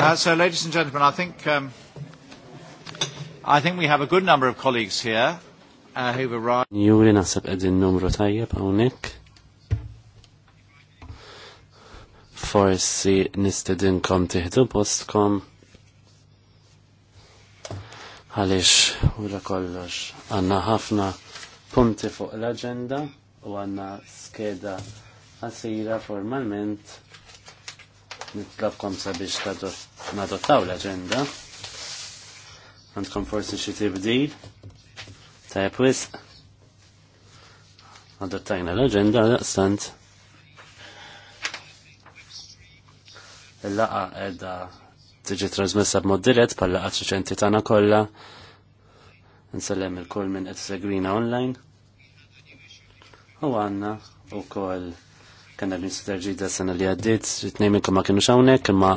Uh, so, ladies and gentlemen, I think, um, I think we have a good number of colleagues here uh, who've arrived. Juri nasab edin numru tajjeb għonek. Forsi nistedinkom tiħdu postkom. Għalix, ura kollox, għanna ħafna punti fuq l-agenda u għanna skeda għasira formalment nitlabkom sabiex ta' dost nadottaw l-agenda. Għandkom forsi xi tibdil. Tajab wisq. Adottajna l-agenda daqstant. Il-laqa edha tiġi trasmessa b'mod dirett pal laqa ċiċenti tagħna kollha. Nsellem il-kull minn qed segwina online. U għanna u koll kanna l-misterġida sena li għaddit, ġitnejn minnkom ma kienu xawnek, imma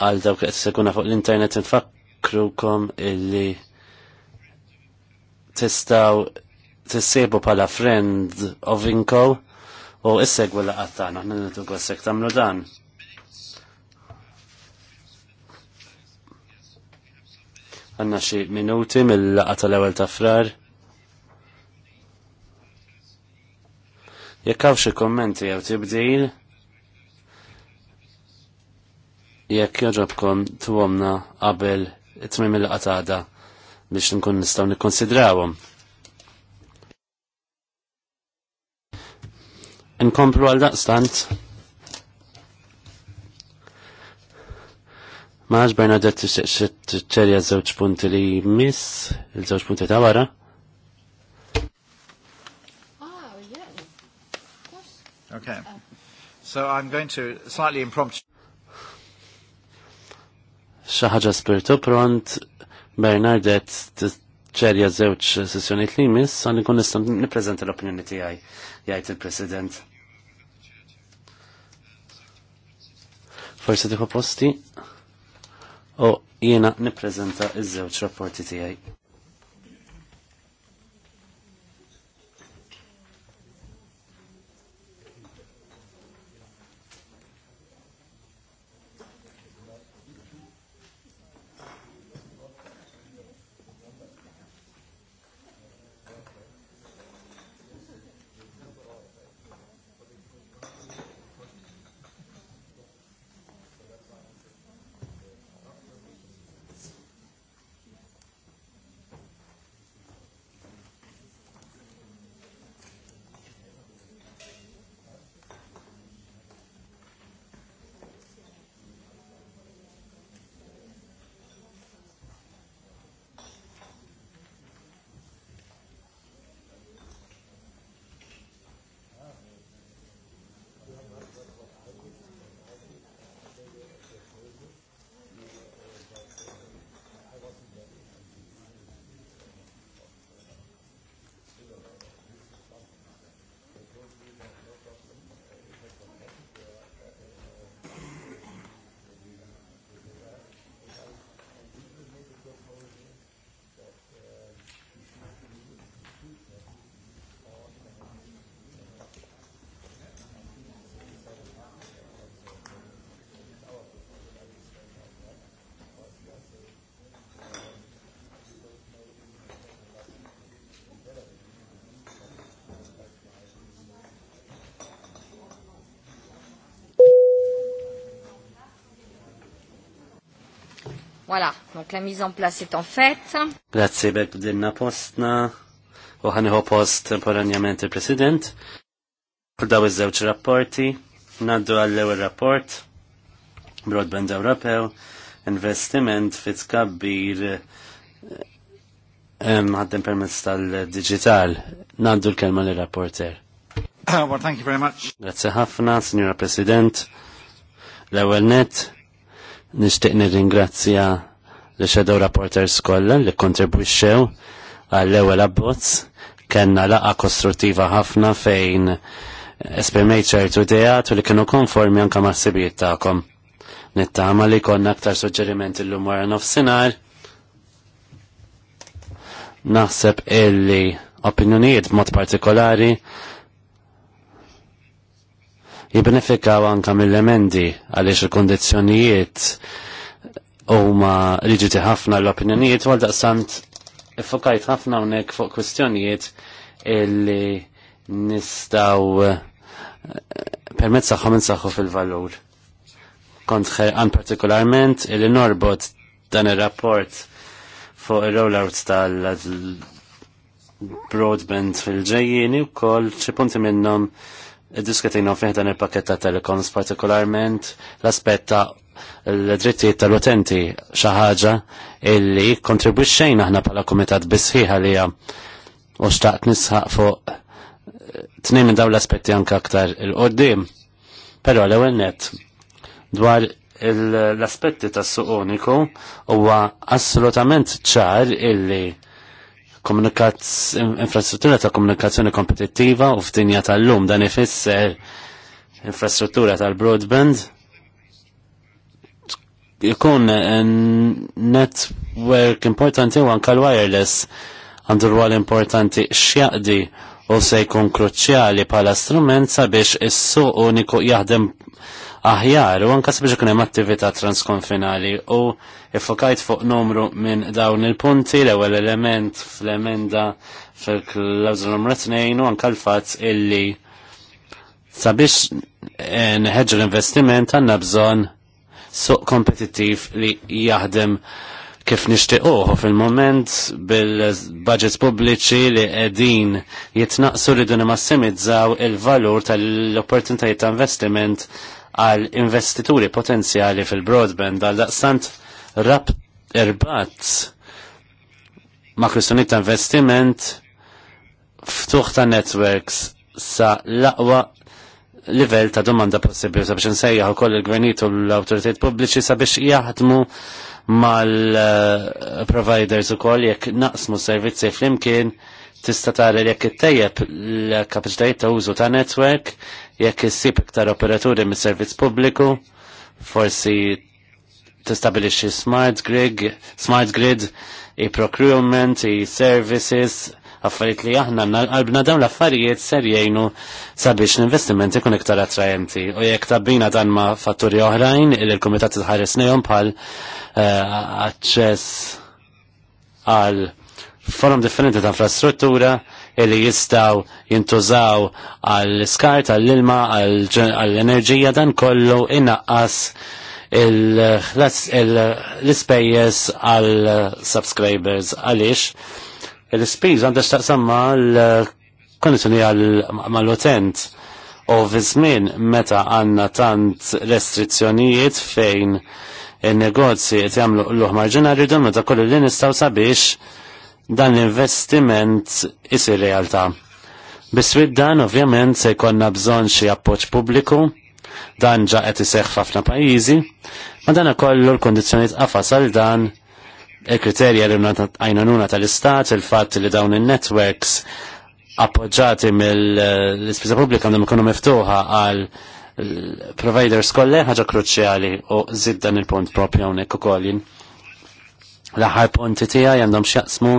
għal dawk qed sekuna fuq l-internet nfakkrukom illi tistaw tissibu pala friend of Inko u issegwu laqat tagħna aħna nitu gossek tagħmlu dan. Għanna xi minuti mill laqgħa tal-ewwel ta' frar. Jekk hawn xi kummenti jew tibdil, jekk joġobkom tuwomna qabel it-tmim il-qatada biex nkun nistaw nikkonsidrawhom. Nkomplu għal daqstant. Maħġ Bernadette t-ċerja z żewġ punti li miss, il-żewġ punti ta' wara. Oh, okay. So I'm going to slightly impromptu ħaġa spiritu pront Bernardet ċerja żewġ sessjonijiet li jmiss għan ikun nista' nippreżenta l-opinjoni tiegħi jgħid il-President. Forsi tieħu posti u jiena nippreżenta iż-żewġ rapporti tiegħi. Voilà, donc la mise en place est en fait. Grazie per dinna postna. U ho post temporanjament il-President. Kull daw iż-żewġ rapporti. Naddu għall-ewwel rapport. Broadband Ewropew. Investiment fit tkabbir ħaddem permezz tal-digital. Naddu l-kelma l-rapporter. Ah, well, thank you very much. Grazie ħafna, Signora President. L-ewwel net Nishtiq nirringrazzja li xedaw rapporters kollha li kontribwixxew għall-ewwel abbozz kellna laqa kostruttiva ħafna fejn esprimejt ċertu ideat u li kienu konformi anke mas-sibijiet tagħkom. Nittama li konna aktar suġġerimenti l-lum wara nofsinhar. Naħseb illi opinjonijiet b'mod partikolari jibbenefikaw anka mill-emendi għaliex il u huma riġiti ħafna l-opinjonijiet għal daqsant fukajt ħafna hawnhekk fuq kwistjonijiet illi nistaw eh, permezz saħħu minn fil-valur. Kont ħerqan partikolarment illi norbot dan ir-rapport fuq ir-rollout tal-broadband fil ġejjini u koll xi punti minnhom Diskutina fih dan il-pakket ta' telecoms partikolarment l-aspett ta' l-drittijiet tal-utenti xi ħaġa illi kontribwixxejn aħna bħala kumitat bisħiħa li u xtaqt nisħaq fuq eh, tnejn minn dawn l-aspetti anke aktar il-qoddim. Però l-ewwel nett dwar l-aspetti tas-suq uniku huwa assolutament ċar illi infrastruttura ta' komunikazzjoni kompetittiva u f'dinja tal-lum dan ifisser infrastruttura tal-broadband jkun eh, network importanti u anka l-wireless għandu rwol importanti x'jaqdi u se jkun kruċjali bħala strument sabiex is-suq uniku jaħdem aħjar u anka sabiex ikun hemm attività transkonfinali u iffokajt fuq numru minn dawn il-punti l-ewwel element fl-emenda fil-klawżol numru tnejn u anka l-fatt illi sabiex eh, nħeġġu l-investiment għandna bżonn suq kompetittiv li jaħdem kif nishtiquh fil-moment bil-budgets pubbliċi li qegħdin jitnaqsu rridu nimassimizzaw il-valur tal-opportunitajiet ta' investiment għal investituri potenzjali fil-broadband għal daqstant rab erbat ma' kwistjoni ta' investiment ftuħ ta' networks sa' l-aqwa livell ta' domanda possibbli sabiex nsejjaħ ukoll il-gvernijiet u l-awtoritajiet pubbliċi sabiex jaħdmu mal-providers eh, ukoll jekk naqsmu servizzi flimkien tista' tara jekk ittejjeb l-kapaċitajiet ta' użu ta' network jekk issib iktar operaturi mis servizz pubbliku, forsi tistabilixxi smart grid, smart grid, i procurement, i services, affarijiet li aħna qalbna dawn l-affarijiet ser jgħinu sabiex l-investimenti kun iktar attrajenti. U jekk tabbina dan ma' fatturi oħrajn il kumitat tħares nejhom bħal eh, aċċess għal forum differenti ta' infrastruttura illi jistaw jintużaw għall-skart, għall-ilma, għall-enerġija dan kollu inaqqas l-ispejjes għal subscribers għaliex l-ispejjeż għandax taqsamma l-kondizjoni mal utent u vizmin żmien meta għandna tant restrizzjonijiet fejn in-negozji qed jagħmlu l-luħ marġinali dan meta kollu li nistgħu sabiex dan l-investiment isir realtà. Biswid dan ovvjament se jkollna bżonn xi appoġġ pubbliku, dan ġa qed iseħħ f'ħafna pajjiżi, ma dan kollu l kundizzjonijiet qafas għal dan il-kriterja li għajnanuna tal-istat, il fat li dawn il-networks appoġġati mill-ispiża pubblika għandhom ikunu miftuħa għal providers kollha ħaġa kruċjali u żid dan il-punt propju hawnhekk ukoll. L-aħħar punti tiegħi għandhom x'jaqsmu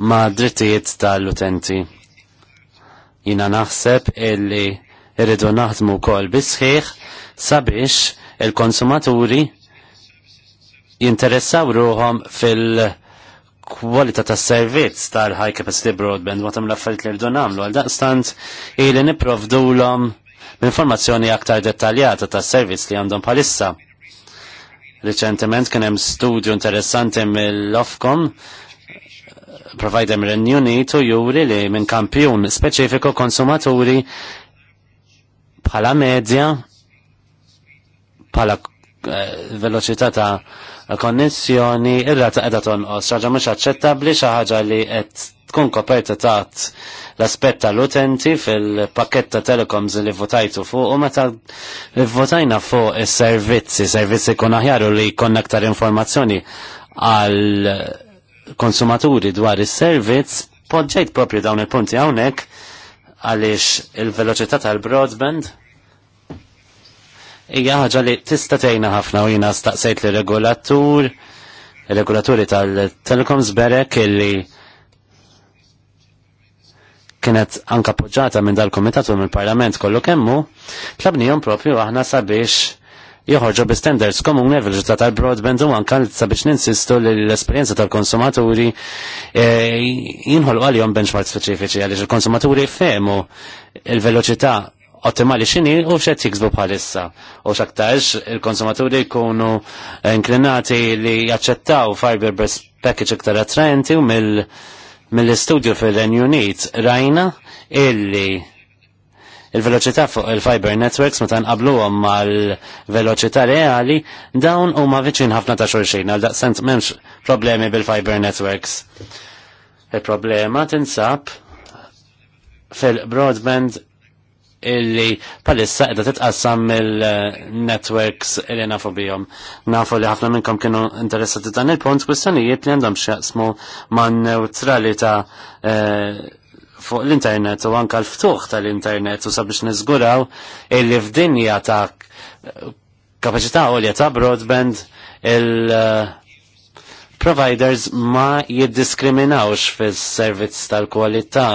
ma' drittijiet tal-utenti. Jina naħseb illi irridu naħdmu kol bisħiħ sabiex il-konsumaturi jinteressaw ruħom fil- kwalità tas servizz tal-high capacity broadband watam l-affarijiet li rridu nagħmlu għal daqstant ili nipprovdulhom informazzjoni aktar dettaljata tas servizz li għandhom bħalissa. Riċentement kien hemm studju interessanti mill-Ofcom provajda mir-Unit juri li minn kampjun speċifiku konsumaturi bħala medja bħala veloċità ta' konnessjoni irra ta' qiegħda tonqos, xi ħaġa mhux aċċettabbli, xi ħaġa li qed tkun koperta tat l-aspett tal-utenti fil paketta ta' li votajtu fuq u meta votajna fuq is-servizzi, e servizzi kun aħjaru li jkun aktar informazzjoni għal konsumaturi dwar is-servizz poġġejt propju dawn il-punti hawnhekk għaliex il-veloċità tal-broadband hija ħaġa li tista' tgħinha ħafna u jiena staqsejt li regolatur regolaturi tal-telecoms berek illi kienet anka poġġata minn dal-komitat u mill-parlament kollu kemmu, jom propju aħna sabiex joħorġu bi standards komuni fil-ġutta tal-broadband u anka sabiex ninsistu li l-esperienza tal-konsumaturi e, għal-jom benchmark speċifiċi għaliex il-konsumaturi fehmu il-veloċità ottimali xini u xed jiksbu bħalissa. U xaktarx il-konsumaturi jkunu inklinati li jaċċettaw fiber package iktar attraenti u mill-studio fil-Renju Unit rajna illi Il-veloċità fuq il-fiber networks meta nqabluhom mal-veloċità reali dawn huma viċin ħafna ta' xulxin għal daqsent m'hemmx problemi bil-fiber networks. Il-problema tinsab fil-broadband illi palissa edha titqassam mill-networks illi nafu bijom. Nafu li ħafna minnkom kienu interessati dan il-punt kwistjonijiet li għandhom xjaqsmu man neutralita eh, fuq l-internet u anka l-ftuħ tal-internet u sabiex nizguraw illi f'dinja ta' kapacità u ta' broadband il-providers uh, ma jiddiskriminawx fil-servizz tal-kualità.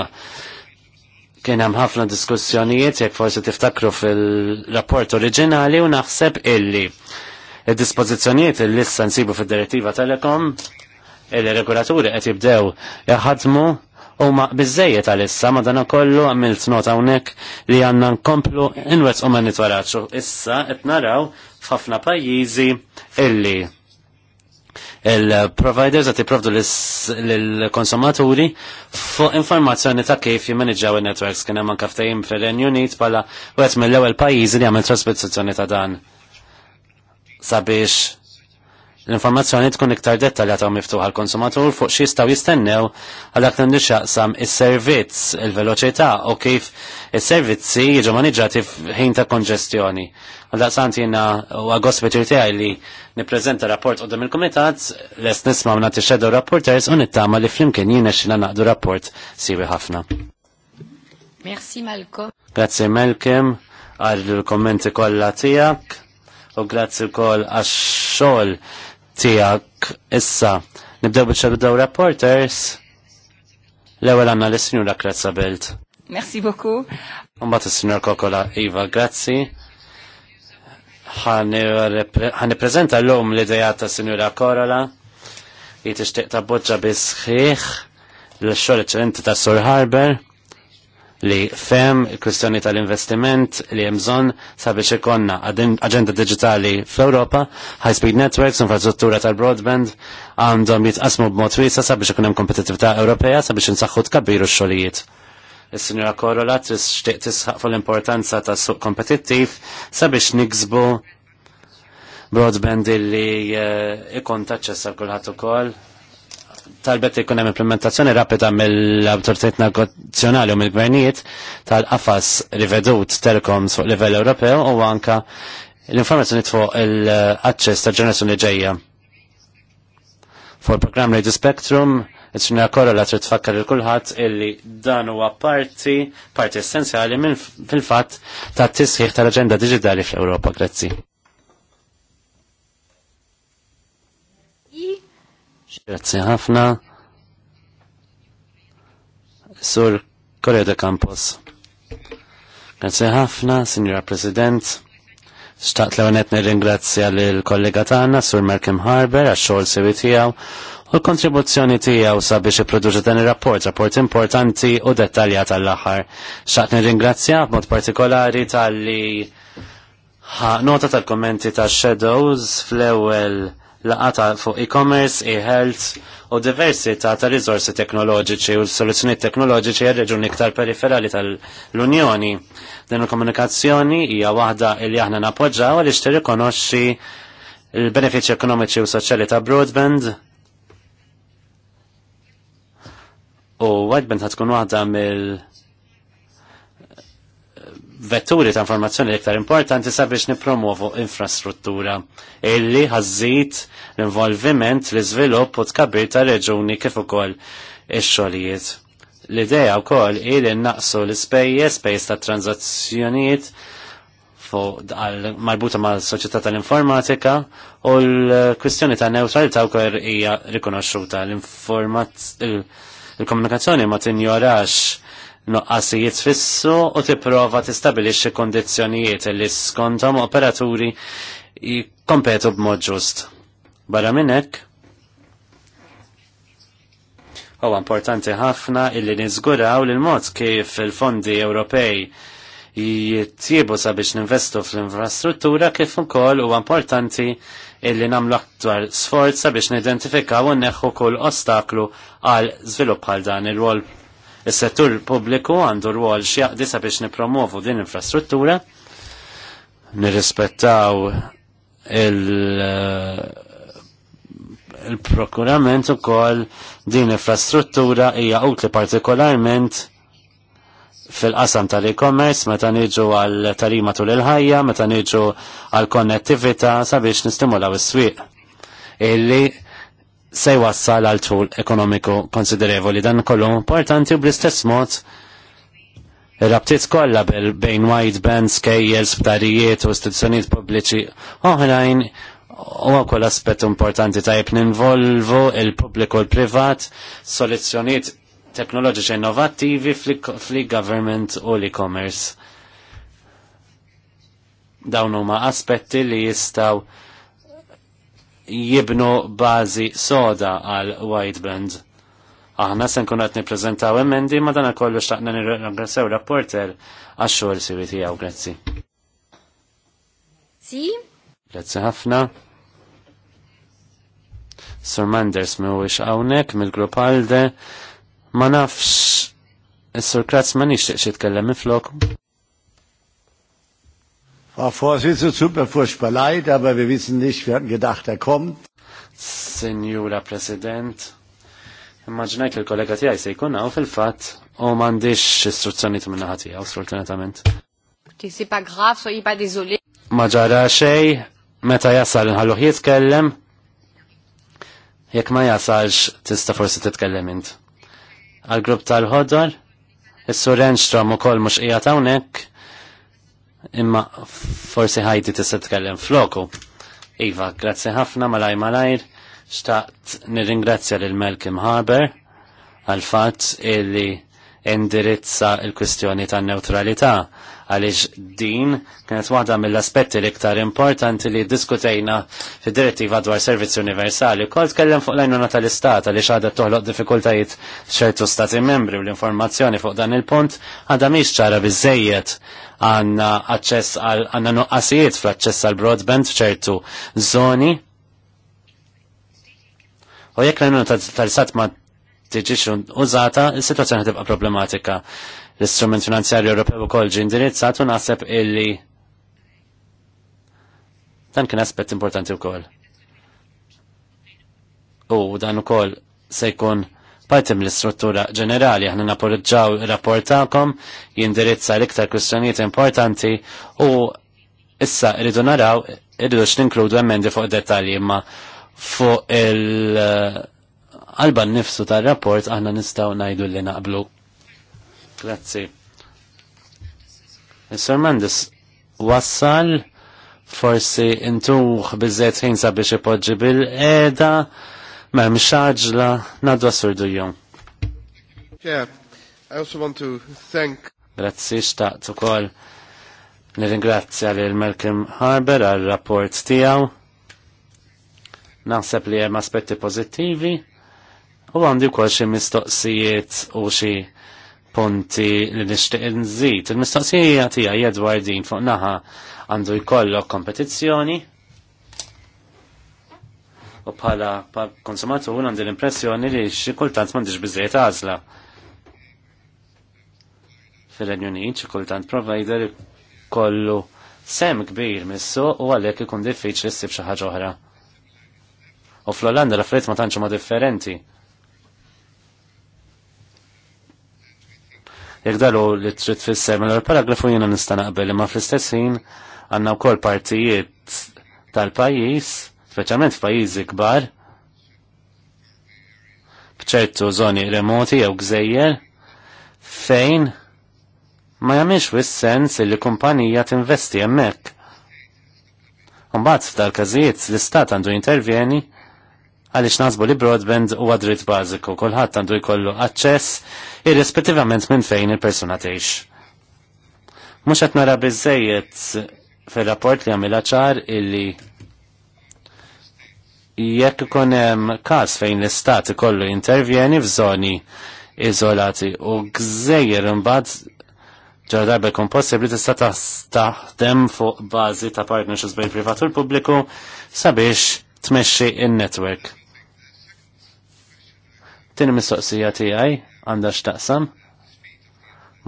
Kien hemm ħafna diskussjonijiet jekk forsi tiftakru fil-rapport oriġinali u naħseb illi id-dispożizzjonijiet il-lissa nsibu fid-direttiva Telekom il-regolaturi qed jibdew jaħadmu u ma bizzejiet għal-issa ma dana kollu għamilt nota unek li għanna nkomplu inwet u monitoraċu. Issa qed naraw f'ħafna pajjiżi illi il-providers għati provdu l-konsumaturi fuq informazzjoni ta' kif jimmanġaw il-networks kien hemm kaftajim fil fir-Renju Unit bħala wieħed mill-ewwel pajjiżi li għamel trasposizzjoni ta' dan sabiex l-informazzjoni tkun iktar dettaljata u miftuħa l-konsumatur fuq xi jistgħu jistennew għal dak li xaqsam is-servizz, il-veloċità u kif is-servizzi jiġu maniġġati f'ħin ta' konġestjoni. Għal daqsant jiena u għagost bitir tiegħi li nippreżenta rapport qudiem il-kumitat lest nisma' nagħti shadow rapporters u nittama li flimkien jina xina naqdu rapport siwi ħafna. Merci Malcolm. Grazie Malcolm għal il-kommenti kollha tiegħek u grazzi wkoll għax-xogħol tijak issa. Nibdew bieċabdew reporters. L-ewel għanna l-Sinjura Kretza Bild. Merci beaucoup. Umbat il sinjura Kokola Iva, grazzi. Għan prezenta l-lum l-ideja ta' Sinjura Korola. Jitixtiq ta' boġġa bisħiħ l-xol eċellenti ta' Sur Harber li fem il-kwestjoni tal-investiment li jemżon sabiex ikonna agenda digitali fl-Europa, high-speed networks, infrastruttura tal-broadband, għandhom jitqasmu b'mod wiesa sabiex ikun hemm kompetitività Ewropea sabiex insaħħu tkabbiru x-xogħlijiet. Is-Sinjora Korola tixtieq tisħaq fuq l-importanza ta' suq kompetittiv sabiex niksbu broadband li eh, ikun taċċessa kulħadd ukoll talbet ikun hemm implementazzjoni rapida mill-awtoritajiet nazzjonali u mill-gvernijiet tal-qafas rivedut telecoms fuq livell Ewropew u anka l-informazzjoni fuq il-aċċess tal-ġenerazzjoni ġejja. Fuq il-programm Radio Spectrum, it-sinja korrela trid tfakkar il kulħadd illi dan huwa parti, parti essenzjali minn fil-fatt ta' tisħiħ tal-aġenda Digitali fl-Ewropa. Grazzi. Grazzi ħafna. Sur Korea de Campos. Grazzi ħafna, Signora President. Xtaqt li għonet nir-ringrazzja l-kollega tagħna Sur Malcolm Harber għax-xogħol sewi tiegħu u l-kontribuzzjoni tiegħu sabiex ipproduċi dan ir-rapport, rapport importanti u dettaljat għall-aħħar. Xtaqt nir-ringrazzja b'mod partikolari tal-li nota tal-kommenti tax Shadows fl-ewwel laqata fuq e-commerce, e-health u diversità ta' risorsi teknoloġiċi u soluzzjonijiet teknoloġiċi għal reġun iktar periferali tal-Unjoni. Din il-komunikazzjoni hija waħda li aħna napoġġaw għaliex tirrikonoxxi l benefiċċji ekonomiċi u soċjali ta' broadband u wideband ħatkun waħda mill- vetturi ta' informazzjoni iktar importanti sabiex nipromovu infrastruttura illi ħażid l-involviment, l-iżvilupp u tkabbir ta' reġuni kif ukoll ix-xogħlijiet. L-idea wkoll hi li naqsu l-ispejjeż spejjeż ta' tranzazzjonijiet marbuta mal soċjetà tal-informatika u l-kwistjoni ta' neutralità wkoll hija rikonoxxuta l-komunikazzjoni ma tinjorax noqqasijiet fissu u tipprova tistabilixxi kondizzjonijiet li skontom operaturi jikkompetu b'mod ġust. Barra minn hekk, huwa importanti ħafna illi niżguraw l mod kif il-fondi Ewropej jittiebu sabiex ninvestu fl-infrastruttura kif ukoll huwa importanti illi nagħmlu aktar sforz sabiex nidentifikaw u neħħu kull ostaklu għal żvilupp għal dan ir-rol Is-settur pubbliku għandu rwol x'jaqdi sabiex nipromovu din infrastruttura, nirrispettaw il- eh, il-prokurament ukoll din infrastruttura hija utli partikolarment fil-qasam tal-e-commerce, meta niġu għal tarima tul il-ħajja, meta niġu għal konnettività sabiex nistimulaw is-swieq illi se jwassal għal tul ekonomiku konsiderevoli dan kollu importanti u bl-istess mod Ir-rabtiet kollha bejn band scales, sptarijiet u istituzzjonijiet pubbliċi oħrajn huwa wkoll aspett importanti tajb ninvolvu il-pubbliku l-privat, soluzzjonijiet teknoloġiċi innovattivi fl-government u l-e-commerce. Dawn huma aspetti li jistgħu jibnu bażi soda għal band. Aħna se nkun qed nippreżentaw emendi ma dan kollu xtaqna nirringrazzjaw rapporter għax-xogħol siwi tiegħu grazzi. Si? Grazzi ħafna. Sir Manders mhuwiex hawnhekk mill-grupp Alde ma nafx is-Sur Kratz ma nixtieqx jitkellem miflok. Frau Vorsitzende, tut mir furchtbar leid, aber wir wissen nicht, wir hatten gedacht, er kommt. Signora President, immaġinajt li l-kollega tijaj se jkunna u fil-fat u mandiċ istruzzjoni tu minna ħatija, sfortunatament. Ti si pa graf, so jiba dizuli. Maġara xej, meta jasal nħallu jitkellem, jekk ma jasalx tista forsi titkellem int. Għal-grupp tal-ħodor, is-sur Enstrom u kol mux ijat hawnhekk, Imma forsi ħajdi tista' tkellem floku. Iva, grazzi ħafna malaj malajr. Xtaqt nirringrazzja lil Malcolm Harber għal fatt illi indirizza il-kwistjoni tan neutralità għaliex din kienet waħda mill-aspetti l-iktar importanti li diskutejna fid direttiva dwar servizzi universali. Kol tkellem fuq l-għajnuna tal-istat għaliex għadha toħloq diffikultajiet ċertu stati membri u l-informazzjoni fuq dan il-punt għadha miex ċara biżejjed għanna aċċess għal għanna nuqqasijiet fl-aċċess għal broadband f'ċertu zoni. U jekk l-għannu tal-sat ma tiġiġ użata, il-situazzjoni tibqa problematika. L-istrument finanzjarju Ewropew ukoll ġi indirizzat u naħseb illi dan kien aspett importanti wkoll. U dan ukoll se jkun parti mill-istruttura ġenerali aħna napoġġaw rapportakom jindirizza l-iktar kwistjonijiet importanti u issa rridu naraw irridu x'ninkludu emendi fuq dettalji imma fuq il qalba nifsu tar-rapport aħna nistgħu ngħidu li naqblu. Grazzi. Mr. sir Mendes wassal forsi intuħ bizzet ħin sabiex ipoġġi bil-eda m'hemmx mela, ħaġla ngħaddu assurdu Yeah, I also want to thank Grazzi xtaqt ukoll nirringrazzja lil Malcolm Harber għal rapport tiegħu. Naħseb li hemm aspetti pożittivi u għandi wkoll xi mistoqsijiet u xi punti li nixtieq nżid. Il-mistoqsija tiegħi jedwar din fuq naħa għandu jkollok kompetizzjoni u bħala konsumatur għandi l-impressjoni li xi kultant m'għandix biżejjed għażla. Fir-Renju xi kultant provider kollu sem kbir missu u għalhekk ikun diffiċli ssib xi ħaġa oħra. U fl-Olanda l-affarijiet ma tanċu ma differenti. Jekk dalu li trid tfisser l paragrafu jiena nista' naqbel ma fl-istess għanna għandna wkoll partijiet tal-pajjiż speċjalment f'pajjiżi kbar, b'ċertu żoni remoti jew gżejjer, fejn ma jagħmilx wis-sens li kumpanija tinvesti hemmhekk. Mbagħad f'dal-każijiet l-istat għandu jintervjeni għaliex nasbu li broadband huwa dritt bażiku, kulħadd għandu jkollu aċċess irrispettivament minn fejn il-persuna tgħix. Mhux qed nara biżejjed fil-rapport li għamilha ċar illi jekk ikun hemm każ fejn l-istat ikollu intervjeni f'żoni iżolati u gżejjer imbagħad ġara darba jkun possibbli tista' taħdem fuq bażi ta' partnerships bejn privat u l-pubbliku sabiex tmexxi in-network. Tieni mistoqsija tiegħi għandha x'taqsam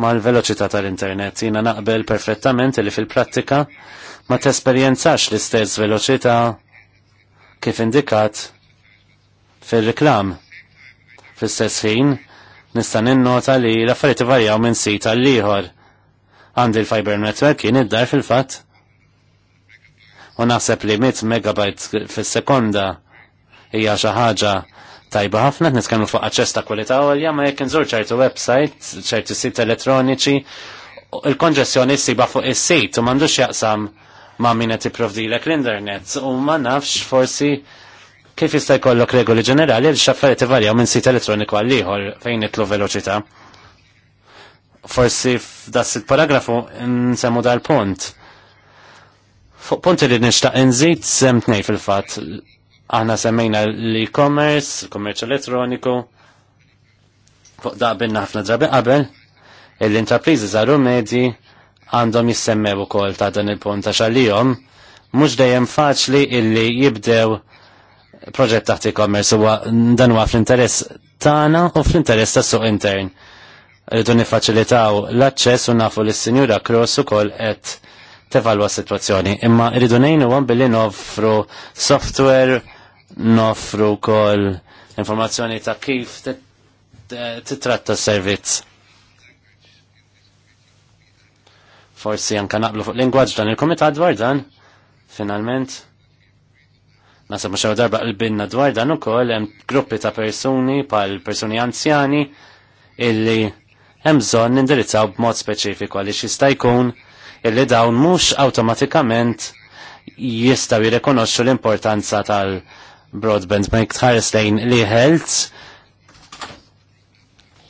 mal-veloċità tal-internet. Jiena naqbel perfettament li fil-prattika ma tesperjenzax l-istess veloċità kif indikat fil-reklam. Fl-istess ħin, nista' ninnota li l-affarijiet varjaw minn sit għal ieħor. Għandi l-fiber network kien id-dar fil-fatt. U naħseb li 100 megabajt fis-sekonda hija xi ħaġa tajba ħafna, nitkellmu fuq aċċess ta' kwalità għolja, ma jekk inżur ċertu website, ċertu sit elettroniċi, il-konġessjoni ssiba fuq is-sit u m'għandux jaqsam ma' minna qed tipprovdilek l-internet u ma nafx forsi kif jista' jkollok regoli ġenerali għal xaffariet varjaw minn sit elettroniku għall ieħor fejn itlu veloċità. Forsi f'das sit paragrafu nsemmu dal-punt. Fuq punti li inżid, semt nej fil-fatt aħna semmejna l-e-commerce, l-commerċ elettroniku, fuq binna ħafna drabi qabel, l-intrapriżi żaru medji, għandhom jissemmew ukoll ta' dan il-punt għax għalihom mhux dejjem faċli illi jibdew proġett taħt e-commerce huwa dan huwa fl-interess tagħna u fl-interess tas-suq intern. Rridu nifaċilitaw l-aċċess u nafu li s-Sinjura Cross ukoll qed tevalwa s-sitwazzjoni. Imma rridu ngħinu għan billi nofru software, nofru wkoll informazzjoni ta' kif eh, titratta s-servizz forsi anka naqblu fuq lingwaġġ dan il-komitat dwar dan, finalment. Nasab muxaw darba qbilna dwar dan ukoll hemm gruppi ta' persuni pal persuni anzjani illi hemm bżonn nindirizzaw b'mod speċifiku għaliex jista' jkun illi dawn mhux awtomatikament jistgħu jirrikonoxxu l-importanza tal- broadband ma jktħares lejn li health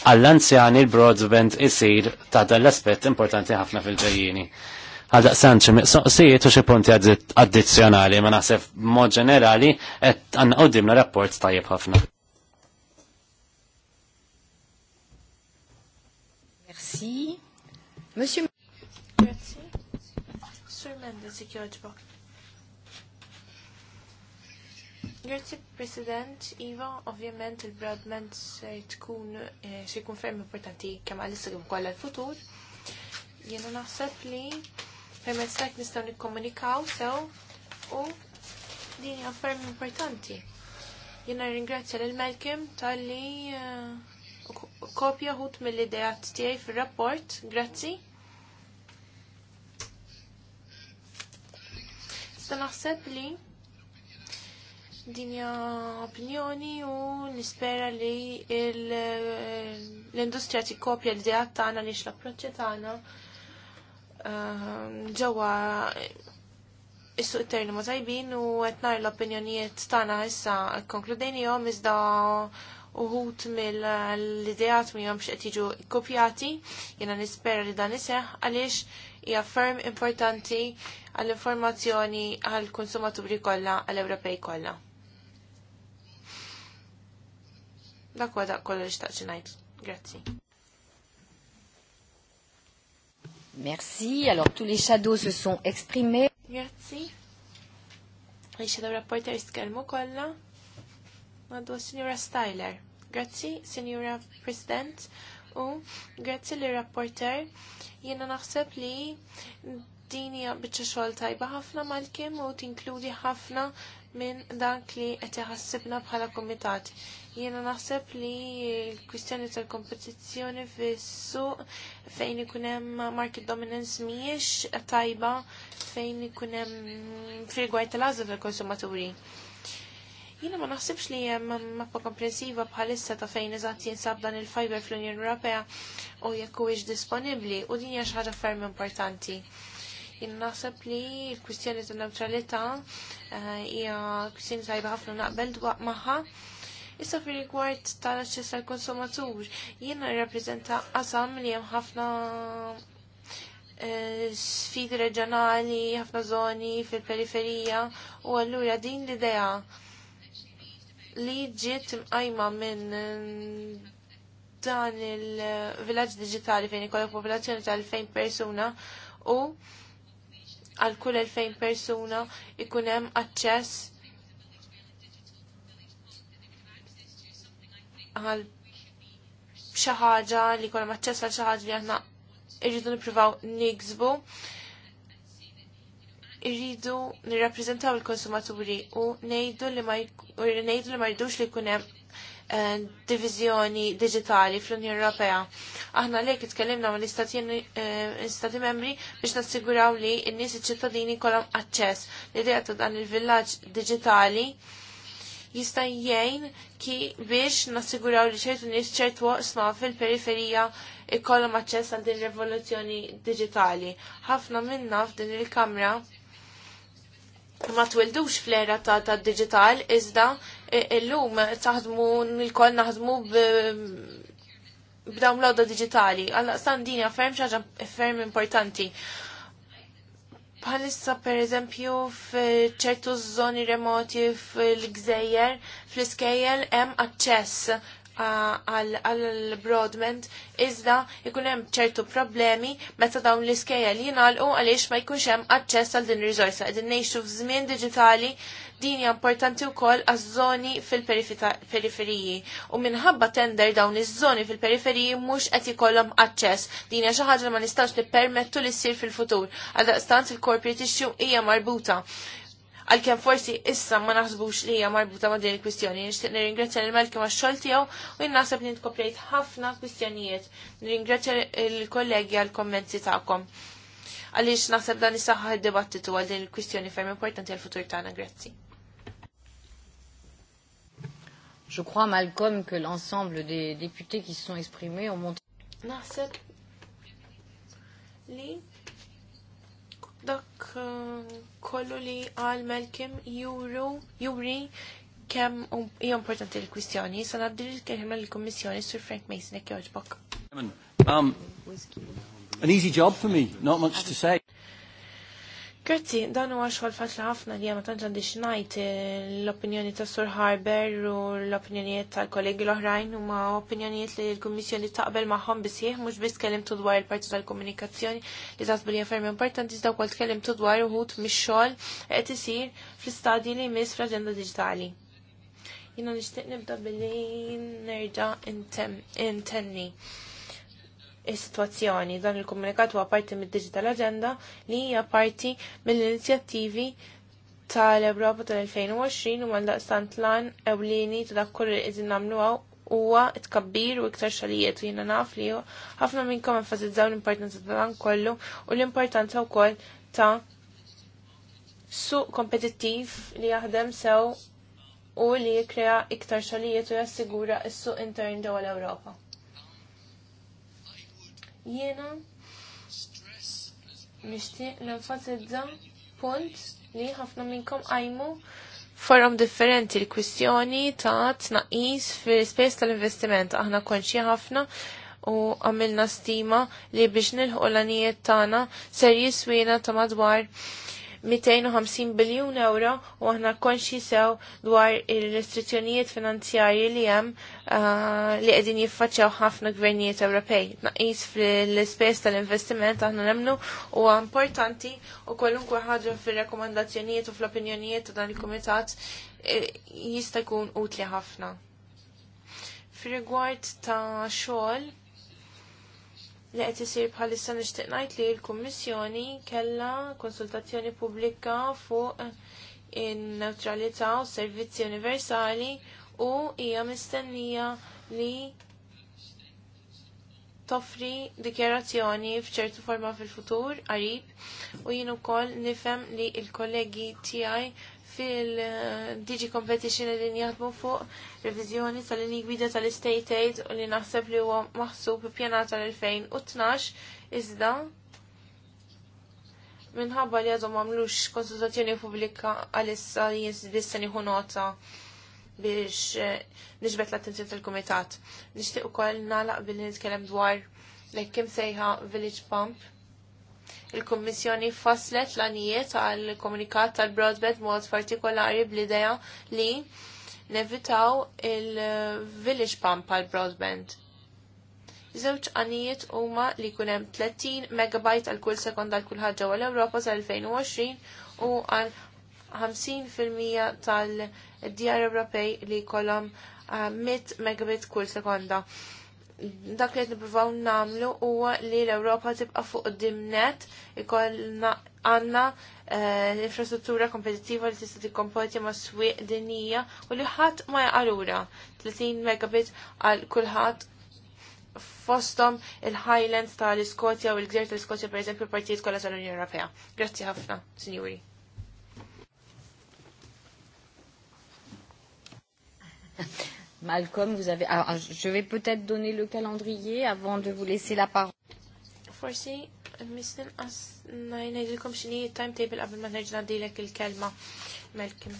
għall-anzjani l-broadband isir ta' dal-aspet importanti ħafna fil-ġejjini. Għaldaq sanċi miqsoqsijiet u xie punti addizzjonali, ma naħseb mod ġenerali qed għandna dimna rapport tajjeb ħafna. Merci. Monsieur Merci. Sur Mendes, ikjoġbok. Grazzi President, Iva, ovvjament il bradment se tkun eh, se jkun ferm importanti kemm għal issa kollha l-futur. Jiena naħseb li permezz tajt nistgħu nikkomunikaw sew u din hija ferm importanti. Jiena ringrazzja lil Malcolm tal-li eh, kopja ħut mill-idejat tiegħi fir-rapport. Grazzi. Sta naħseb li dinja opinjoni u nispera li l-industrija tikkopja l-idea tagħna li l-approċċ tagħna ehm, ġewwa is-suq interni ma tajbin u qed nar l-opinjonijiet tagħna issa konkludejnihom iżda uħut mill-ideat mi jomx qed jiġu kopjati, jena nispera li dan iseħ għaliex hija ferm importanti għall-informazzjoni għall-konsumaturi kollha għall-Ewropej kollha. Dak huwa dak kollu li ngħid. Grazzi. Merci. Alors tous les shadows se sont exprimés. Grazzi. Il-shadow rapporter jitkellmu kollha. Maddu Signora Styler. Grazzi, Signora President. U grazie li rapporter. Jiena naħseb li Din hija biċċa xogħol tajba ħafna mal-kim u tinkludi ħafna minn dak li qed iħassibna bħala kumitat. Jiena naħseb li l-kwistjoni tal-kompetizzjoni fis-suq fejn ikun hemm market dominance mhijiex tajba fejn ikun hemm firgwaj tal-għażla tal-konsumaturi. Jiena ma naħsibx li jem mappa komprensiva bħalissa ta' fejn eżatt jinsab dan il-fiber fl-Unjoni Ewropea u jekk huwiex disponibbli u din hija xi ħaġa ferm importanti. Jien naħseb li l-kwistjoni ta' neutralità eh, hija kwistjoni tajba ħafna naqbel dwaq magħha. Issa fi rigward tal-aċċess għall konsumatur jiena rrappreżenta qasam li hemm ħafna eh, sfidi reġjonali, ħafna żoni fil-periferija u allura din l-idea li ġiet imqajma minn eh, dan il-villaġġ digitali fejn ikollok popolazzjoni tal-2000 persuna u għal kull 2000 persuna ikun hemm aċċess għal xi ħaġa li jkun hemm aċċess għal xi ħaġa li aħna irridu nippruvaw niksbu. Irridu nirrappreżentaw il-konsumaturi u ngħidu li ma jridux li jkun hemm Eh, divizjoni digitali fl-Unjoni Ewropea. Aħna lek itkellimna mal istati eh, membri biex nassiguraw li n-nies iċ-ċittadini kollhom aċċess. L-idea ta' dan il-villaġġ digitali jista' jgħin ki biex nassiguraw li ċertu nies ċertu waqsma fil-periferija ikollhom aċċess għal din rivoluzzjoni digitali. Ħafna minna f'din il-kamra ma twildux fl-era ta', ta digital iżda e, illum taħdmu il-koll naħdmu b'dawn l-għodda digitali. Għalla standini għafferm xaġa ferm importanti. Bħalissa per eżempju f'ċertu zoni remoti fil-gżejjer, fl-iskejjel hemm aċċess għal broadment iżda jkun hemm ċertu problemi meta dawn l-iskejja li jingħalqu għaliex ma jkunx hemm aċċess għal din riżorsa. Qegħdin ngħixu f'żmien diġitali din hija importanti wkoll għaż-żoni fil-periferiji u minħabba tender dawn iż-żoni fil-periferiji mhux qed ikollhom aċċess. Din hija xi ħaġa ma nistgħux nippermettu li ssir fil-futur. daqstant il-corporate issue hija marbuta għalkemm forsi issa ma naħsbux li hija marbuta ma' din il-kwistjoni. Nixtieq nirringrazzja lil Malkem għax-xogħol tiegħu u jien naħseb li nkoprejt ħafna kwistjonijiet. Nirringrazzja l-kollegi għall-kommenti tagħkom. Għaliex naħseb dan isaħħa d-dibattitu għal din il-kwistjoni ferm importanti għal-futur tagħna. Grazzi. Je crois, Malcolm, que l'ensemble des députés qui se sont exprimés ont montré. Naħseb li dak kollu li għal Malcolm juru, juri kem hija importanti l-kwistjoni. Sa naddi l-kelma l-Kummissjoni Sir Frank Mason jekk joġbok. Um, an easy job for me, not much to say. Grazzi, dan huwa xogħol faċli ħafna li ma tantx għandix ngħid eh, l-opinjoni ta' Sur Harber u l-opinjonijiet tal-kollegi l-oħrajn huma opinjonijiet li l-Kummissjoni taqbel magħhom bisih mhux biss tkellimtu dwar il-parti tal-komunikazzjoni li tasbu li ferm importanti iżda wkoll tkellimtu dwar uħud mix-xogħol qed isir fl-istadji li jmiss fl-aġenda diġitali. Jiena nixtieq nibda billi nerġa' intenni is-sitwazzjoni. Dan il-komunikat huwa parti mid-Digital Agenda li hija parti mill-inizjattivi tal-Europa tal-2020 u għandaqstant lan ewlieni ta' dak kull li qegħdin nagħmluha huwa tkabbir u iktar xalijiet u jiena naf li ħafna minnkom enfasizzaw l-importanza ta' dan kollu u l-importanza wkoll ta' suq kompetittiv li jaħdem sew u li jikrea iktar xalijiet u jassigura s-suq intern ġewwa l-Ewropa. Jiena l-enfatizza punt li ħafna minnkom għajmu forum differenti l-kwistjoni ta' tnaqis fil-spess tal-investiment. Aħna konċi ħafna u għamilna stima li biex nilħu l-anijiet tagħna ser jiswina ta' madwar 250 biljun euro u aħna konxi sew dwar il-restrizzjonijiet finanzjarji li hemm uh, li qegħdin jiffaċċjaw ħafna gvernijiet Ewropej. Naqis fl-ispejs tal-investiment aħna nemnu huwa importanti u kwalunkwe ħaġa fir-rekomandazzjonijiet u fl-opinjonijiet ta' dan il-kumitat eh, jista' jkun utli ħafna. Fir-rigward ta' xogħol li qed isir bħalissa nixtieq ngħid li l-Kummissjoni kellha konsultazzjoni pubblika fuq in-neutralità u servizzi universali u hija mistennija li toffri dikjarazzjoni f'ċertu forma fil-futur qarib u jien ukoll nifhem li l-kollegi tiegħi fil-DG Competition li jaħdmu fuq revizjoni tal-linji gwida tal-State Aid u li naħseb li huwa maħsub pjanata l-2012 iżda minħabba li għadhom għamlux konsultazzjoni pubblika għalissa li jizbissa nieħu nota biex eh, niġbed l-attenzjoni tal-Kumitat. Nixtieq ukoll nagħlaq billi nitkellem dwar l-kim sejħa Village Pump Il-Kommissjoni faslet l-anijiet għal komunikat tal-broadband mod partikolari bl-idea li nevitaw il-village pump għal broadband. Żewġ għanijiet huma li jkun hemm 30 megabajt għal kull sekonda għal kull ħagġa għal Ewropa sa' 2020 u għal 50% tal-djar Ewropej li kolom 100 eh, megabit kull sekonda dak li qed nippruvaw nagħmlu huwa li l-Ewropa tibqa' fuq dimnet ikollna għandna eh, infrastruttura kompetittiva li tista' tikkompeti ma' swieq dinija u li ħadd ma jaqalura 30 megabit għal kulħadd fostom il-Highlands tal-Iskotja u l-Gżer tal-Iskotja per eżempju partijiet kollha tal-Unjoni Ewropea. Grazzi ħafna, Sinjuri. Malcolm, vous avez... Ah, ah, je vais peut-être donner le calendrier avant de vous laisser la parole. Forsi, misnin as najnajdilkom xini timetable qabel ma nerġna dilek il-kelma, Malcolm.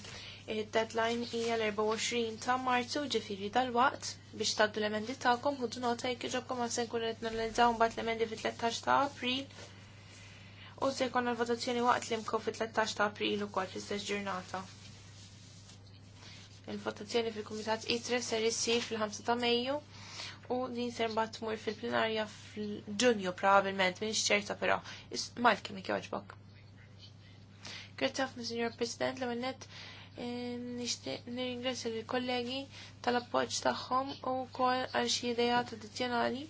Il-deadline eh, hija l-24 ta' Marzu ġifiri dal-waqt biex taddu l-emendi ta'kom u nota jekk iġobkom għan senkun qed nanalizzaw mbagħad l-emendi fit-13 ta' April u se jkollna l-votazzjoni waqt l-imkom fit-13 ta' April ukoll fis-sess ġurnata. Il-votazzjoni fil-Kumitat ITRE ser issir fil-5 ta' Mejju u din ser mbagħad tmur fil-plenarja fil-Ġunju probabbilment minn xċerta però. mal mi jogħġbok. Grazzi ħafna, Signor President, l net eh, nirringrazzja lill-kollegi tal-appoġġ tagħhom u wkoll għal xi idejat addizzjonali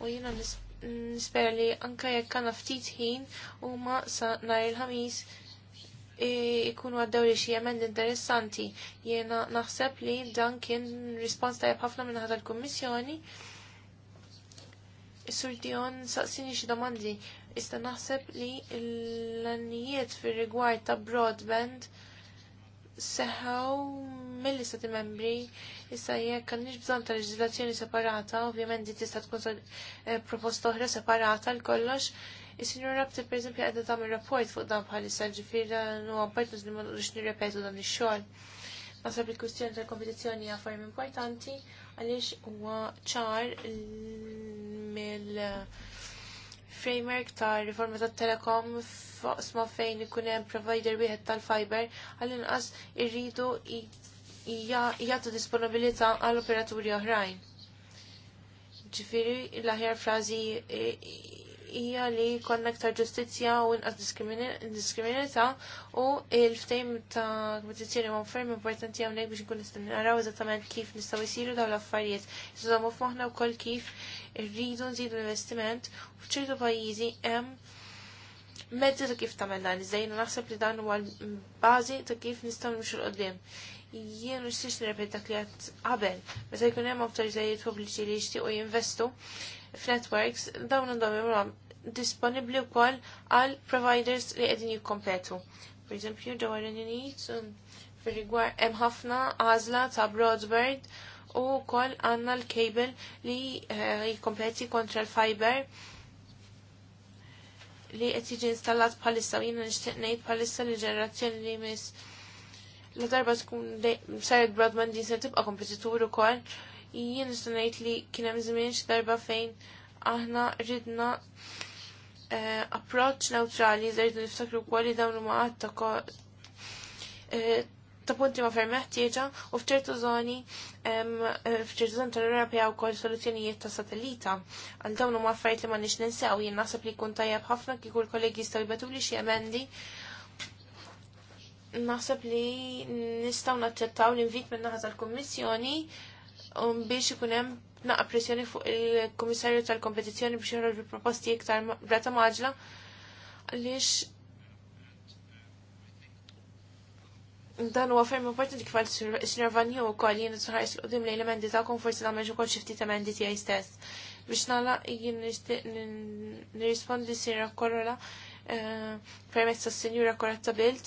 u jiena nispera li anke jekk għandna ftit ħin huma sa nhar il-ħamis ikunu għaddew li xie interessanti. Jena naħseb li dan kien rispons tajab ħafna minn ħadal l-Kommissjoni. is saqsini xi domandi. Ista naħseb li l-annijiet fir rigward ta' broadband seħaw mill-istati membri issa jekk nix bżonn ta' leġislazzjoni separata, ovvjament di tista' tkun eh, proposta oħra separata l-kollox is sinjur Rabti per eżempju għedha tagħmel rapport fuq dan bħalissa ġifieri nu għabbajtu li ma nix nirrepetu dan ix-xogħol. Nasab il-kustjoni tal-kompetizzjoni hija importanti għaliex huwa ċar mill framework ta' riforma ta' telekom sma fejn ikun hemm provider wieħed tal-fiber għall-inqas irridu jagħtu disponibilità għall operaturi oħrajn. Ġifiri, l-aħjar frażi hija li jkollna aktar ġustizja u inqas diskriminata u il-ftejm ta' kompetizjoni ma' ferm importanti hawnhekk biex nkun nistgħu naraw eżattament kif nistgħu jsiru dawn l-affarijiet. f'maħna u wkoll kif rridu nżidu investiment u f'ċertu pajizi hemm mezzi ta' kif tagħmel dan, iżdejn naħseb li dan huwa l-bażi ta' kif nistgħu nimxu l-qoddim. Jien nixtiex nirrepet dak li qed qabel, meta jkun hemm awtoritajiet pubbliċi li jixtiequ jinvestu f'networks, dawn għandhom disponibli wkoll għal providers li qegħdin jikkompetu. Per eżempju, dwar Unit, fir-rigward hemm ħafna għazla ta' broadband u wkoll għanna l-kabel li eh, jikkompeti kontra l-fiber li qed jiġi installat palissa u jiena nixtieq ngħid bħalissa li ġenerazzjoni li mis la darba tkun saret Broadman din se tibqa' kompetitur ukoll jien nista' ngħid li kien hemm żmien darba fejn aħna ridna Eh, Approċċ neutrali zejdu niftakru kwali dawn huma għad ta' eh, punti ma fermeħ meħtieġa u fċertu zoni eh, fċertu zoni tal-Europja u kol soluzzjonijiet ta' satellita. Għal dawn huma affarijiet li ma nix ninsew jien nasab li kun tajjeb ħafna kieku l-kollegi jistgħu jibatu li xi emendi. Naħseb li nistgħu naċċettaw l-invit minn naħa tal-Kummissjoni um, biex ikun hemm naqa pressjoni fuq il-Komissarju tal-Kompetizzjoni biex joħroġ bi proposti iktar brata maġla għaliex dan huwa ferm importanti kif għal Sinjor Vanju wkoll jien tħares l qudiem l-elementi tagħkom forsi nagħmel ukoll xi ftit emendi tiegħi stess. Biex nagħlaq jien nirrispondi Sinjora Korola eh, permezz tas-Sinjura Koretta Bilt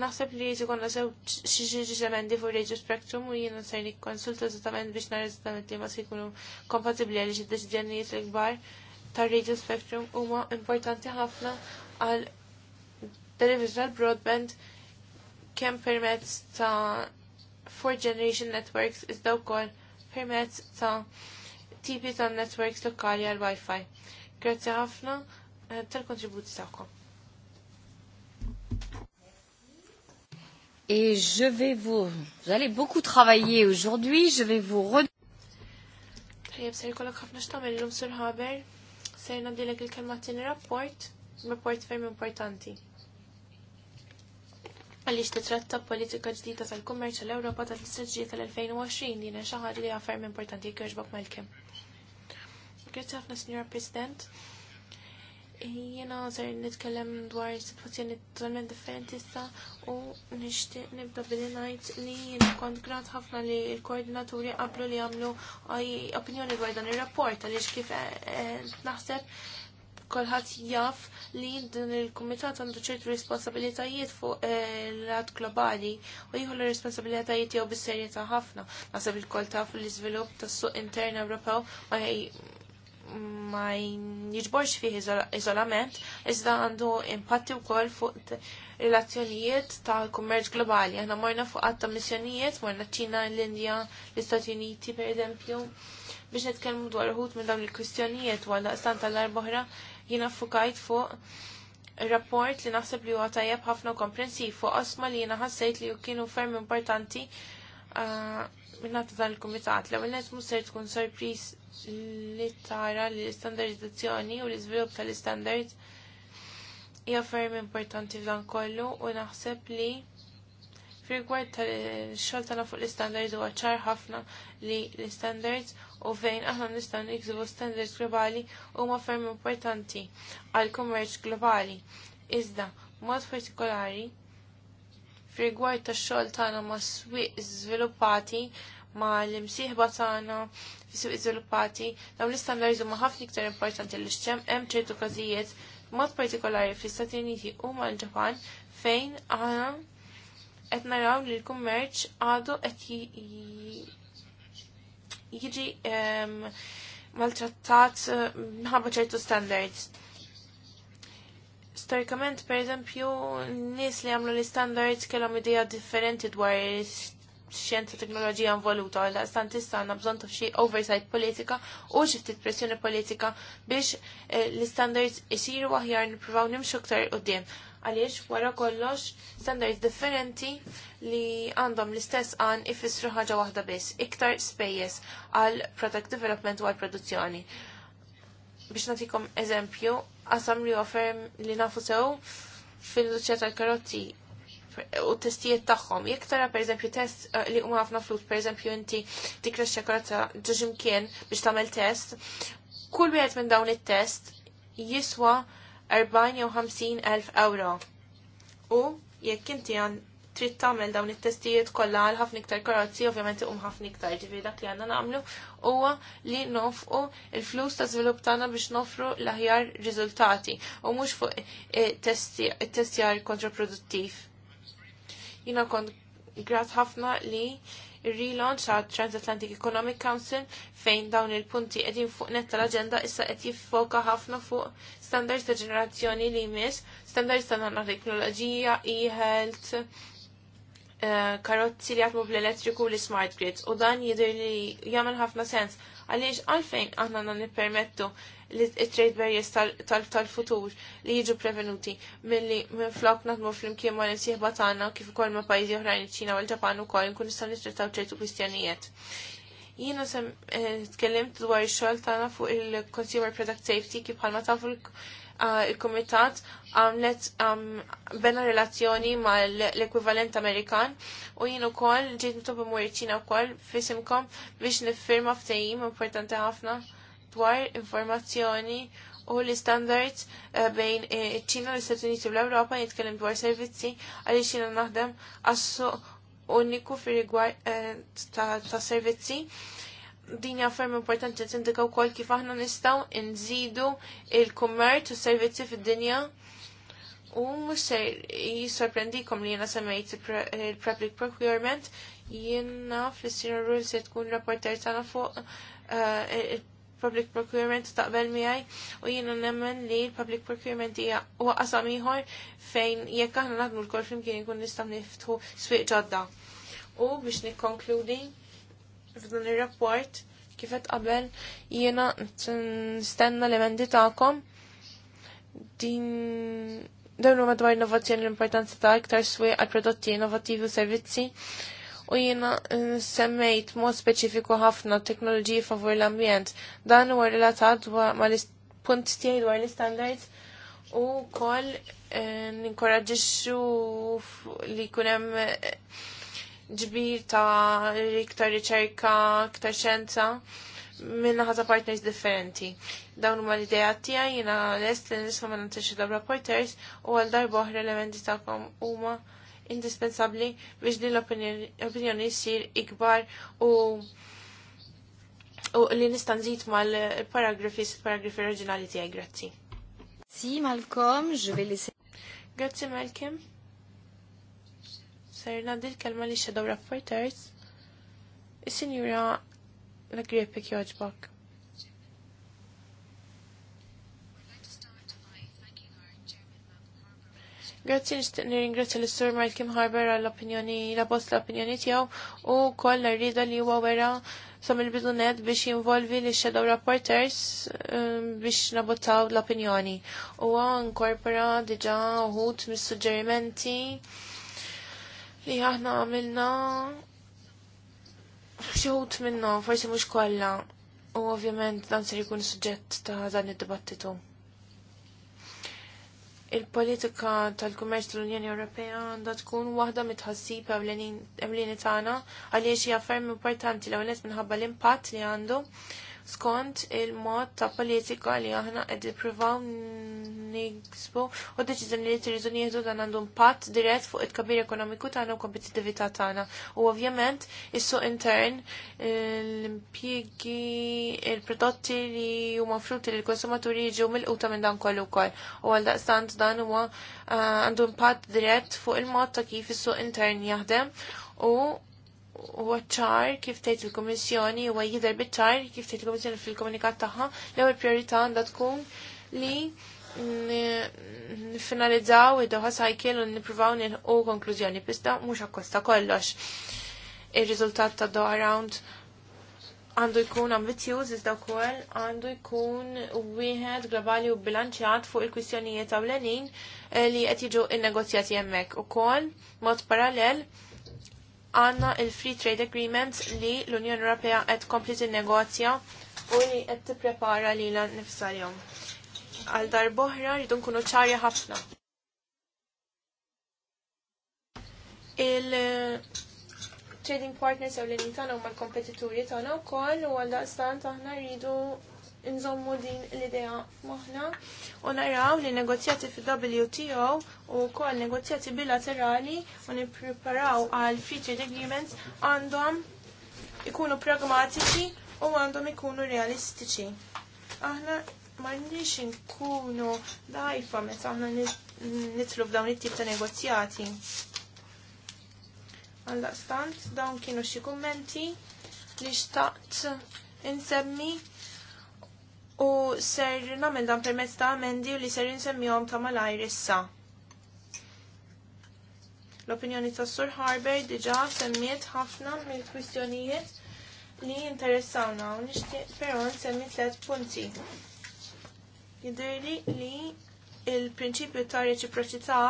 Naħseb li konna sew xieġi emendi fuq Radio Spectrum u jiena ser biex nara ma kompatibbli għaliex id-deċiżjonijiet kbar tar Radio Spectrum huma importanti ħafna għal television broadband kemm permezz ta' fourth generation networks iżda wkoll permezz ta' tipi ta' networks lokali għal wifi Grazie ħafna eh, tal-kontributi tagħkom. Et je vais vous... Vous allez beaucoup travailler aujourd'hui. Je vais vous redonner. Tajjeb, ser rapport, importanti. Għalix titratta politika ġdida tal-kummerċ l-Ewropa tal-istraġġija tal-2020 jina xaħar li għaferm importanti kħiġbok mal-kem. Grazie Signora President. Jena ser nitkellem dwar situazzjoni totalment differenti issa u nixtieq nibda billi ngħid li jien kont grat ħafna li l-koordinaturi qablu li għamlu opinjoni dwar dan ir-rapport għaliex kif eh, naħseb kolħat jaf li din il-kumitat għandu ċertu responsabilitajiet fuq eh, l-għad globali u jieħu l-responsabilitajiet jew bis serjeta ħafna. Naħseb il-kol taf l-iżvilupp tas-suq intern Ewropew ma ma jiġborx fih iżolament, iżda għandu impatti wkoll fuq relazzjonijiet ta' kummerġ globali. Aħna morna fuq għatta missjonijiet, morna ċina, l-Indja, l-Istati Uniti, per eżempju, biex nitkellmu dwar uħut minn dawn il-kwistjonijiet u għalla stan tal-arbohra jina fukajt fuq rapport li naħseb li huwa tajjeb ħafna komprensiv fuq osma li jina ħassejt li kienu ferm importanti minnata dan il-komitat, l għamilnet musser tkun sorpris li tara li l-standardizzazzjoni u l-izvilup tal-standard hija ferm importanti f'dan kollu u naħseb li Rigward tal-xol tagħna fuq l-standards huwa ċar ħafna li l-standards u fejn aħna nistgħu niksubu standards globali huma ferm importanti għall kummerċ globali. Iżda, mod partikolari, Rigward tax-xogħol tagħna ma' swieq żviluppati ma' l-imsieħba tagħna fis-swieq iżviluppati, dawn l-istandards huma ħafna iktar importanti li xċem hemm ċertu każijiet mod partikolari fl-Istati Uniti u mal-Ġapan fejn aħna qed naraw li l-kummerċ għadu qed jiġi ehm, maltrattat minħabba ċertu standards. Storikament, per eżempju, nis li għamlu l-standards kellhom idea differenti dwar xienza teknoloġija involuta, għal stantista għanna bżon ta' oversight politika u xiftit pressjoni politika biex eh, l-standards isiru aħjar nippruvaw nimxu ktar u d Għaliex, wara kollox, standards differenti li għandhom l-istess għan ifissru ħaġa waħda biss, iktar spejjes għal product development u għal produzzjoni. Biex natikom eżempju, għasam li offer li nafu sew fil luċċa tal-karotti u testijiet tagħhom. Jekk tara eżempju, test eh, li huma ħafna flus, pereżempju inti tikrex ġuġim ġimkien biex tagħmel test, kull wieħed minn dawn it-test jiswa 40 jew 50 elf euro. U jekk inti għan trid tagħmel dawn it-testijiet kollha għal ħafna iktar karozzi ovvjament iqum ħafna iktar ġifi dak li għandna nagħmlu huwa li nofqu il-flus ta' żvilupp tagħna biex nofru l-aħjar riżultati u mhux fuq it-testjar kontraproduttiv. Jiena kont grat ħafna li il-relaunch ta' Transatlantic Economic Council fejn dawn il-punti edin fuq net tal-agenda issa qed jiffoka ħafna fuq standards ta' ġenerazzjoni li jmiss, standards ta' nanna teknoloġija, e-health, Eh, karozzi li għatmu bl-elettriku li smart grids u dan jidir li jagħmel ħafna sens għaliex għalfejn aħna na nippermettu li trade barriers tal-futur li jiġu prevenuti milli minn flok naħdmu fl-imkien ma l-imsieħba tagħna kif ukoll ma' pajzi oħrajn iċ-Ċina u l-Ġapan ukoll nkun nistgħu nittrattaw ċertu kwistjonijiet. Jiena sem eh, tkellimt dwar ix-xogħol tagħna fuq il-Consumer Product Safety kif bħalma tafu Ah, il-Kumitat għamlet bena relazzjoni ma l-ekwivalent Amerikan u jien ukoll ġiet nitlob imur u wkoll fisimkom biex niffirma ftehim importanti ħafna dwar informazzjoni u l-standards eh, bejn eh, ċina u l-Stati Uniti u l-Ewropa jitkellem dwar servizzi għalli jiena naħdem għassu uniku fi rigward eh, ta' servizzi din jaffer importanti tindika u kol kif aħna nistaw nżidu il-kummerċ u servizzi fid-dinja u mux jisorprendikom li jena semmejt il-public procurement jena fl-sinu rul se tkun rapporter tana fuq eh, il-public procurement taqbel miħaj u jena nemmen li il-public procurement hija u qasam ieħor fejn jekk aħna naħdmu l-kol flimkien ikun nistgħu niftħu swieq ġodda. U biex nikkonkludi, f'dan ir-rapport kifet qabel jiena nistenna l-emendi tagħkom din dawn huma dwar innovazzjoni l-importanza ta' iktar swieq għal prodotti innovativi u servizzi u jiena eh, semmejt mod speċifiku ħafna teknoloġiji favur l-ambjent. Dan huwa relatat mal-punt tiegħi dwar l-standards u wkoll eh, ninkoraġixxu li kunem hemm eh, ġbir ta' iktar riċerka, iktar xenza minna ħata partners differenti. Dawn huma l-idea tiegħi jiena lest li nisma' minn antixida rapporters u għal darba oħra elementi tagħkom huma indispensabbli biex din l-opinjoni jsir ikbar u u li nista' nżid mal-paragrafi paragrafi oriġinali tiegħi, grazzi. Si Malcolm, ġvili Grazzi Malcolm. Serna dil kelma li xedaw rapporters. Is-sinjura la grepek joġbok. Grazzi nishtiq nirringrazzja l-Sur Malcolm Harbour għall-opinjoni, la bost l-opinjoni tiegħu u koll rida li huwa wera sam il-bidunet biex jinvolvi li shadow rapporters um, biex nabottaw l-opinjoni. U inkorpora diġa uħut mis-suġġerimenti li aħna għamilna xħut minna, forsi mux kolla, u ovvjament dan se jkun suġġett ta' dan id-dibattitu. Il-politika tal-kummerċ tal-Unjoni Ewropea għandha tkun waħda mitħassib ewlieni tagħna għaliex hija ferm importanti l-ewlet minħabba l-impatt li għandu skont il-mod ta' politika li aħna qed ippruvaw niksbu u deċiżjoni li tiridu nieħdu dan għandu impatt dirett fuq it-kabir ekonomiku tagħna u kompetittività tagħna. U ovvjament is-suq intern l-impjiegi il-prodotti li huma frutti li l-konsumaturi jiġu mill-quta minn dan kollu wkoll. U għal daqstant dan huwa eh, għandu pat dirett fuq il-mod ta' kif is-suq intern jaħdem u huwa ċar kif tgħid il-Kummissjoni huwa jidher biċ-ċar kif tgħid il-Kummissjoni fil-komunikat tagħha l-ewwel priorità għandha tkun li nifinalizzaw id-doħa cycle u nippruvaw nilħu konklużjoni pista mhux akkosta kollox. Ir-riżultat ta' do around għandu jkun ambizjuż iżda wkoll għandu jkun wieħed globali u bilanċjat fuq il-kwistjonijiet ewlenin eh, li qed jiġu nnegozjati hemmhekk ukoll mod parallel għanna il-Free Trade Agreement li l-Unjoni Ewropea qed kompli tinnegozja u li qed tipprepara lilha nifsarjom Għal darboħra rridu nkunu ċarja ħafna. Il-trading eh, partners ew l-inin tagħna mal l-kompetituri tagħna wkoll u għal daqstant aħna rridu nżommu din l-idea moħna u naraw li negozjati fi WTO u kol negozjati bilaterali u nipreparaw għal featured agreements għandhom ikunu pragmatiċi u għandhom ikunu realistiċi. Aħna marnix nkunu dajfa meta aħna nitlu f'dawn it-tip ta' negozjati. Għallaqstant dawn kienu xi kummenti li xtaqt insemmi u ser namel dan permezz ta' amendi u li ser insemmihom ta' malajr issa. L-opinjoni ta' Sur Harber diġa semmiet ħafna mill-kwistjonijiet li jinteressawna u nixtieq però nsemmi tliet punti. Jidhirli li il-prinċipju ta' reċiproċità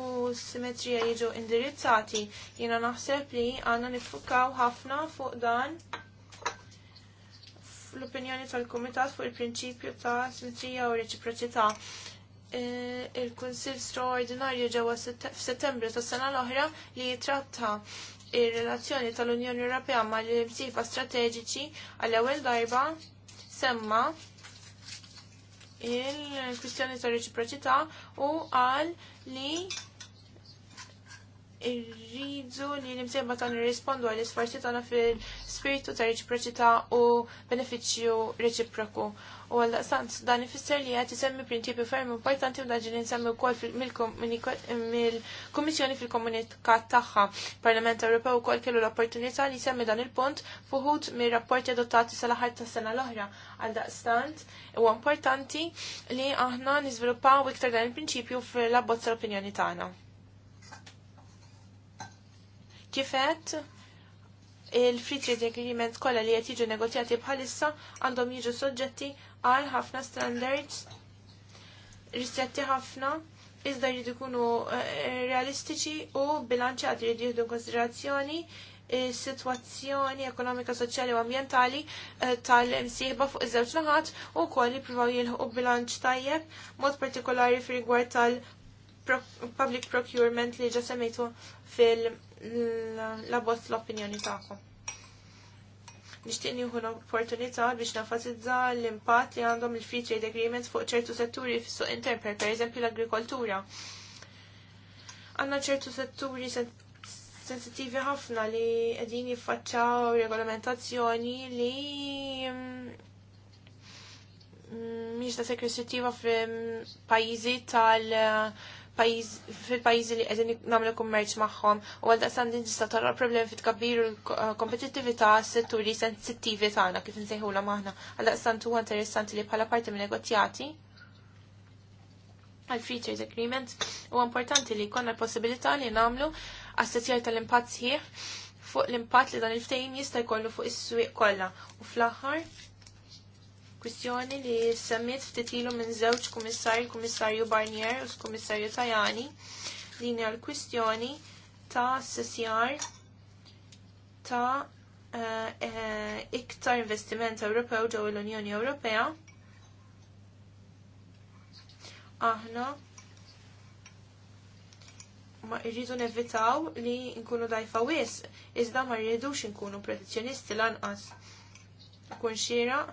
u simetrija jiġu indirizzati. Jiena naħseb li għandna nifukaw ħafna fuq dan l opinjoni tal-Kumitat fuq il-prinċipju ta' siltrija u reċiprocità. E, Il-Kunsil straordinarju ġewwa f'Settembru tas-sena l-oħra li jitratta ir-relazzjoni tal-Unjoni Ewropea mal l-imsifa strateġiċi għall-ewwel darba semma il-kwistjoni tar reċiproċità u għal li irridu li nimsemma ta' nirrispondu għal isforzi tagħna fil-spiritu ta' reċiproċità u benefiċċju reċiproku. U għal sant dan ifisser li qed isemmi prinċipju ferm importanti u dan ġin u wkoll mill-Kummissjoni fil-Komunikat tagħha. Parlament Ewropew ukoll kellu l-opportunità li semmi dan il-punt fuħud mir-rapporti adottati sal-aħħar tas-sena l-oħra. Għal daqstant huwa importanti li aħna niżviluppaw iktar dan il-prinċipju fil-abbozz tal-opinjoni tagħna. Kifet, il-Free Trade Agreement kolla li qed jiġu negozjati bħalissa għandhom jiġu soġġetti għal ħafna standards ristretti ħafna iżda jridu jkunu eh, realistiċi u bilanċati jridu jieħdu konsiderazzjoni eh, situazzjoni ekonomika, soċjali u ambientali eh, tal-imsieħba fuq iż-żewġ naħat u wkoll jippruvaw jilħu bilanċ tajjeb, mod partikolari fir rigward tal-public procurement li ġa semmejtu fil- l-abbozz l-opinjoni tagħkom. Nixtieq nieħu l-opportunità biex nafasizza l-impatt li għandhom il-free trade agreements fuq ċertu setturi fis interpret, per eżempju l-agrikoltura. Għandna ċertu setturi sensittivi ħafna li qegħdin jiffaċċaw regolamentazzjoni li miex mm, mm, ta' sekri sittiva f'pajjiżi tal- uh, fil-pajizi li għedin namlu kummerċ maħħom u għalda daqsan din tarra problemi fit kabbiru u l-kompetitivita eh, setturi sensittivi tagħna kif nsejħu la maħna. Għalda daqsan tu interessanti li bħala parti minn negozjati għal free trade agreement u importanti li konna l-possibilità li namlu assessjar tal-impatt sħiħ fuq l-impatt li dan il-ftejn jista' jkollu fuq is-swieq kollha u fl-aħħar kwistjoni li semmiet ftitilu minn żewġ kummissarju, kummissarju Barnier u kummissarju Tajani, din hija l-kwistjoni ta' sessjar ta' eh, eh, iktar investiment Ewropew ġew l-Unjoni Ewropea. Aħna ma irridu nevitaw li nkunu dajfa wis, iżda ma rridux nkunu protezzjonisti lanqas. Kun xira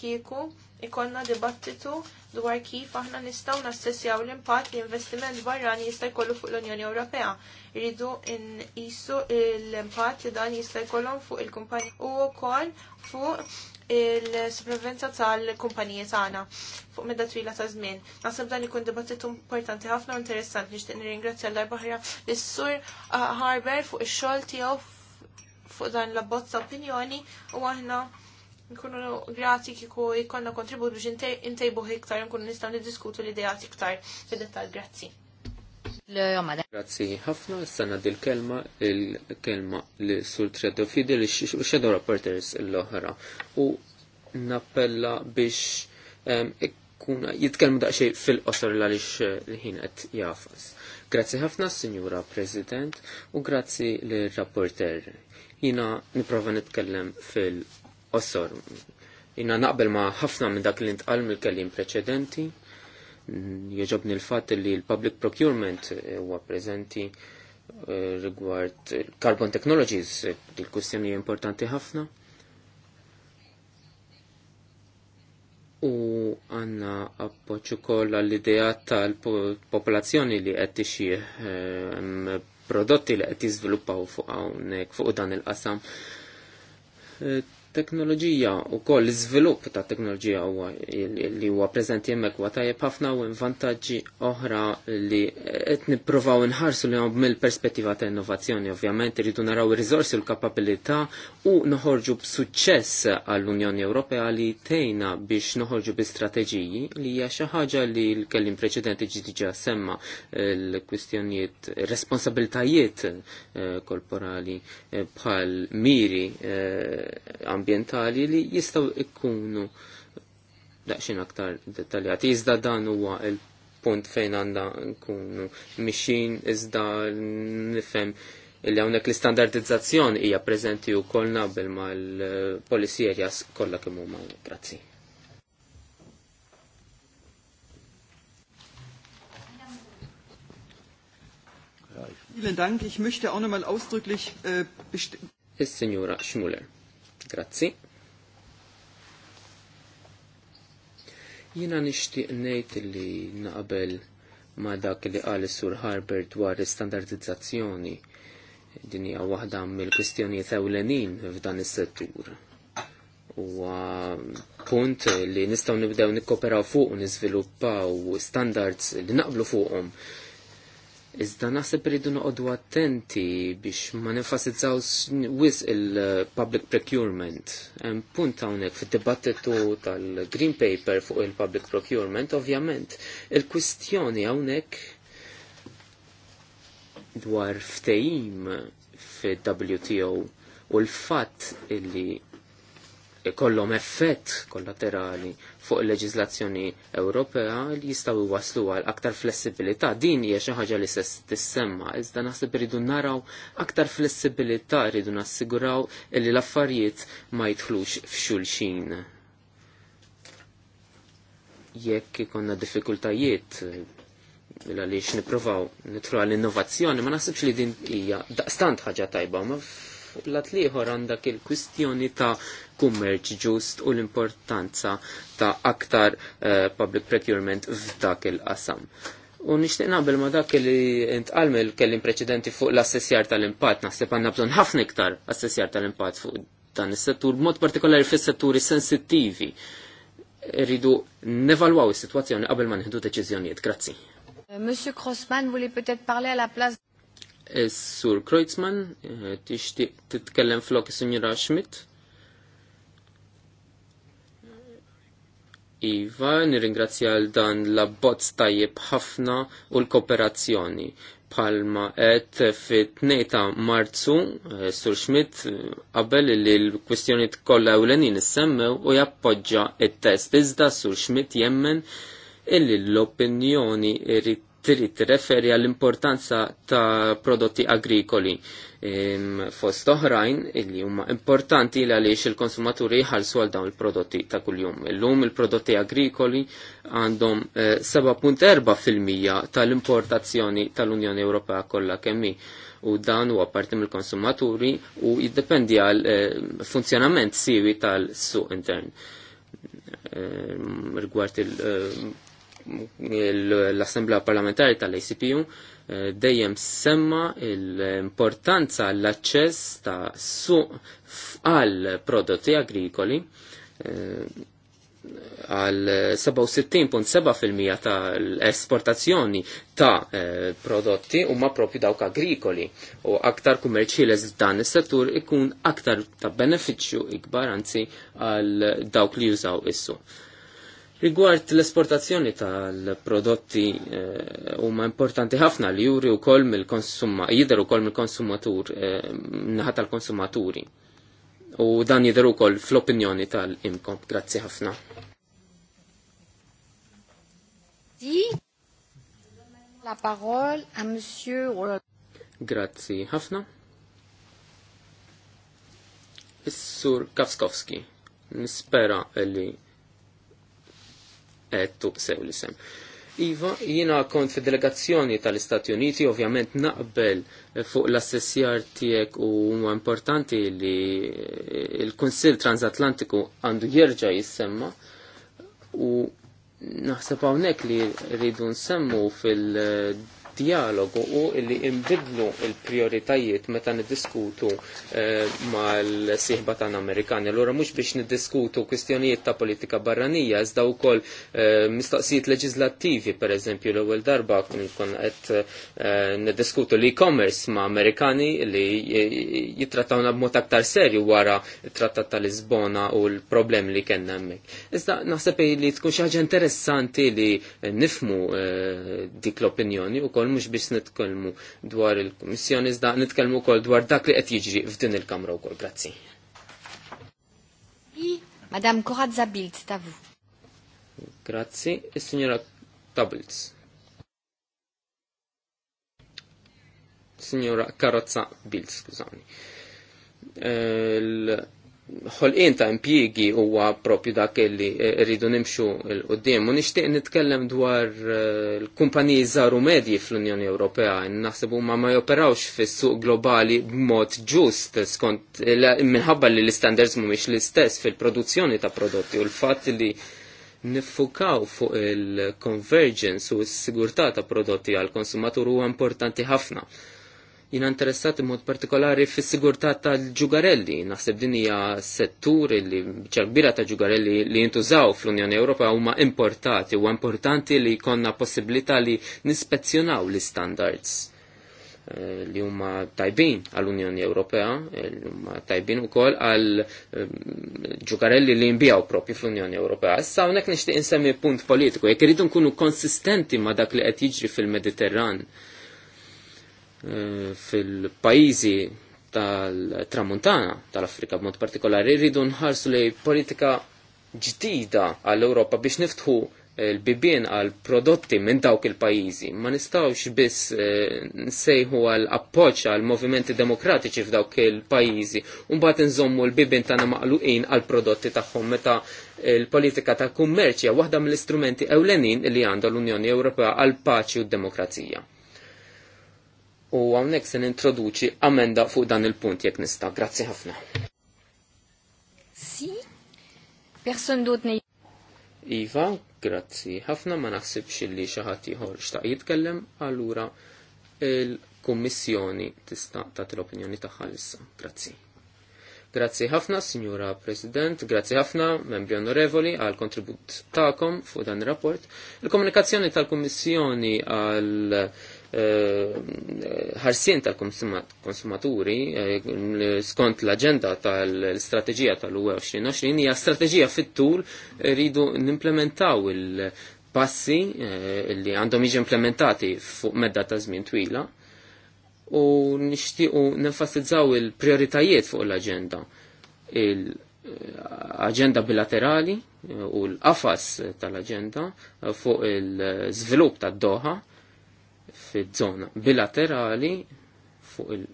kieku ikonna dibattitu dwar kif aħna nistgħu nassessjaw l-impatt li investiment barrani jista' jkollu fuq l-Unjoni Ewropea. Iridu nqisu l-impatt li dan jista' jkollhom fuq il-kumpanji u wkoll fuq il-sopravivenza tal-kumpaniji tagħna fuq medda twila ta' żmien. Naħseb dan ikun dibattitu importanti ħafna u interessanti nixtieq nirringrazzja l-darbaħra lis-sur uh, Harber fuq ix-xogħol tiegħu fuq dan l abbozza opinjoni u aħna nkunu grati kiku jkollna kontributu biex intejbu iktar nkunu nistgħu niddiskutu l-idejat iktar fil-detal, Grazzi. Oh, grazzi ħafna, s-sana dil-kelma, il-kelma li sul treddu fidi li xedu rapporters l-oħra u nappella biex kuna jitkelmu daqxej fil-qosor l għalix eh, l-ħin qed jafas. Grazzi ħafna Signora President u grazzi l-rapporter. Jina niprofa nitkellem fil Ossor, qossor Jina naqbel ma ħafna minn dak li ntqal mill-kellim preċedenti, jieġobni l-fat li l-public procurement eh, huwa preżenti eh, rigward carbon technologies, eh, il-kustjoni importanti ħafna. U għanna appoċu koll għall-idea tal-popolazzjoni li qed tixie prodotti li qed jiżviluppaw fuq hawnhekk fuq dan il-qasam teknoloġija u koll l izvilup ta' teknoloġija huwa li huwa preżenti jemmek huwa tajjeb ħafna u vantaġġi oħra li qed nippruvaw inħarsu li hom mill-perspettiva ta' innovazzjoni. Ovvjament irridu naraw ir-riżorsi u l-kapabilità u noħorġu b'suċċess għall-Unjoni Ewropea li tejna biex noħorġu bi strateġiji li hija xi ħaġa li l-kellim preċedenti ġdiġa semma l-kwistjonijiet responsabilitajiet eh, korporali eh, bħal miri eh, ambientali li jistaw ikkunu daqxin aktar dettaljati. Iżda dan huwa il-punt fejn għanda nkunu mixin, iżda nifem illi hawnhekk l-istandardizzazzjoni hija preżenti wkoll nabel mal-polisierja kollha kemm huma. Grazzi. Vielen Dank. Ich möchte auch nochmal ausdrücklich äh, bestimmen. Signora Schmuller. Grazzi. Jina nishtiq nejt li naqbel ma dak li għal sur Harber dwar standardizzazzjoni din hija waħda mill-kwistjonijiet ewlenin f'dan is-settur. U punt li nistgħu nibdew nikkoperaw fuq u niżviluppaw standards li naqblu fuqhom Iżda naħseb rridu noqogħdu attenti biex ma nenfasizzaw wis il-public procurement. Hemm punt hawnhekk fid-dibattitu tal-Green Paper fuq il-public procurement, ovvjament, il-kwistjoni hawnhekk dwar ftehim fil-WTO u l-fatt illi kollhom effett kollaterali fuq il-leġizlazzjoni Ewropea li jistaw waslu għal aktar flessibilità. Din hija xi ħaġa li se tissemma, iżda naħseb iridu naraw aktar flessibilità rridu nassiguraw li l-affarijiet ma jidħlux f'xulxin. Jekk ikonna diffikultajiet għaliex niprovaw nitru għall-innovazzjoni, ma naħsibx li din hija daqstant ħaġa tajba, ma l-atliħor għandak il-kwistjoni ta' kummerċ ġust u l-importanza ta' aktar uh, public procurement f'dak il-qasam. U nishtiq nabel ma dak li ntqalmel kellim preċedenti fuq l-assessjar tal-impatt, naħseb għandna bżonn ħafna iktar assessjar tal-impatt fuq dan is-settur, b'mod partikolari fis-setturi sensittivi. Rridu nevalwaw is-sitwazzjoni qabel ma nħidu deċiżjonijiet. Grazzi. Euh, Monsieur Crossman, vuli peut-être parler à la place eh, Sur Kreutzmann, eh, tixtieq titkellem flok is-Sinjura Schmidt? Iva, nirringrazzja għal dan l-abbozz tajjeb ħafna u l-kooperazzjoni. Palma et fit-2 ta' marzu, eh, Sur Schmidt eh, qabel li l-kwistjoni kollha ewlenin issemmew u jappoġġa it-test. Iżda Sur Schmidt jemmen illi l-opinjoni irid trid tirreferi għall-importanza ta' prodotti agrikoli fost oħrajn illi huma importanti li għaliex il-konsumaturi jħallsu għal dawn il-prodotti ta' kuljum. Illum il-prodotti agrikoli għandhom 7.4% eh, tal-importazzjoni tal-Unjoni Ewropea kollha kemmi u dan huwa parti mill-konsumaturi u jiddependi għal eh, funzjonament siwi tal-suq intern rigward il- eh, l-Assemblea Parlamentari tal-ACPU eh, dejjem semma l-importanza l-aċċess ta' suq għal prodotti agrikoli eh, għal 67.7% tal-esportazzjoni ta' eh, prodotti huma propju dawk agrikoli u aktar kummerċiles dan is-settur ikun aktar ta' benefiċċju ikbar anzi għal dawk li jużaw is-suq Rigward l-esportazzjoni tal-prodotti eh, huma importanti ħafna li juri wkoll mill-konsumma jidheru ukoll mill-konsumatur e, tal-konsumaturi. U dan jidheru ukoll fl-opinjoni tal-imkom. Grazzi ħafna. La parole monsieur Grazzi ħafna. Is-sur Kafskowski. Nispera li għettu sew l-isem. Iva, jina kont fi delegazzjoni tal-Istati Uniti, ovvjament naqbel fuq l-assessjar tijek u importanti li il-Konsil Transatlantiku għandu jerġa jissemma u naħseb hawnhekk li rridu nsemmu fil- dialogu u illi imbidlu il-prioritajiet meta niddiskutu eh, mal-sieħba tan Amerikani. Allura mhux biex niddiskutu kwistjonijiet ta' politika barranija, iżda wkoll eh, mistoqsijiet leġislattivi, pereżempju l-ewwel darba kun qed eh, niddiskutu l-e-commerce ma' Amerikani li jittrattawna b'mod aktar serju wara t trattat ta' Lisbona u l-problemi li kellna hemmhekk. Iżda naħseb li tkun xi ħaġa interessanti li nifmu dik l-opinjoni u kol mhux biex nitkellmu dwar il komissjoni iżda nitkellmu wkoll dwar dak li qed jiġri f'din il-Kamra wkoll. Grazzi. Madam Korazza Bilt, tavu. Grazzi, is-Sinjora Tables. Signora Karozza Bilt, skużani ħolqien ta' impjiegi huwa propju dak li eh, rridu nimxu l-qoddim. U nixtieq nitkellem dwar eh, l-kumpaniji żaru medji fl-Unjoni Ewropea. Naħseb huma ma joperawx fis-suq globali b'mod ġust skont minħabba li l-istandards mhumiex l-istess fil-produzzjoni ta' prodotti u l-fatt li nifukaw fuq il-convergence u s-sigurtà ta' prodotti għal konsumatur huwa importanti ħafna jina interessat mod partikolari fis sigurtà tal-ġugarelli. Naħseb din hija settur li ċarbira ta' ġugarelli li jintużaw fl-Unjoni Ewropea huma importati u importanti li jkollna possibilità li nispezzjonaw l-standards eh, li huma tajbin għall-Unjoni Ewropea, eh, li huma tajbin ukoll għal eh, ġugarelli li jinbijaw propju fl-Unjoni Ewropea. Issa hawnhekk nixtieq insemmi punt politiku, jekk iridu nkunu konsistenti ma' dak li qed jiġri fil-Mediterran Eh, fil-pajizi tal-tramuntana tal-Afrika b'mod partikolari rridu nħarsu li politika ġdida għall-Europa biex niftħu l-bibien għal prodotti minn dawk il-pajizi. Ma nistawx biss eh, nsejħu għal appoċ għal movimenti demokratiċi f'dawk il-pajizi, unbat nżommu l-bibien tana maqluqin għal prodotti tagħhom meta l-politika ta' kummerċja waħda mill-istrumenti ewlenin li għandha l-Unjoni Ewropea għal paċi u d-demokrazija u għawnek se nintroduċi amenda fuq dan il-punt jek nista. Grazzi ħafna. Si, person dutni. Iva, grazzi ħafna ma naħsibx li xaħat jħor xtaq jitkellem, allura il-kommissjoni tista' tat l-opinjoni tagħha issa. Grazzi. Grazzi ħafna, Signora President, grazzi ħafna, membri onorevoli, għal kontribut ta'kom fuq dan il-rapport. Il-komunikazzjoni tal-Kommissjoni għal ħarsin tal-konsumaturi eh, skont l-agenda tal-strategija tal-UE 2020 hija strategija fit-tul rridu nimplementaw il-passi eh, li għandhom jiġi implementati fuq medda ta' żmien twila u nixtiequ nenfasizzaw il-prioritajiet fuq l-agenda eh, agenda bilaterali u l-qafas tal-agenda fuq il-żvilupp tad-Doha fid-żona bilaterali fuq il-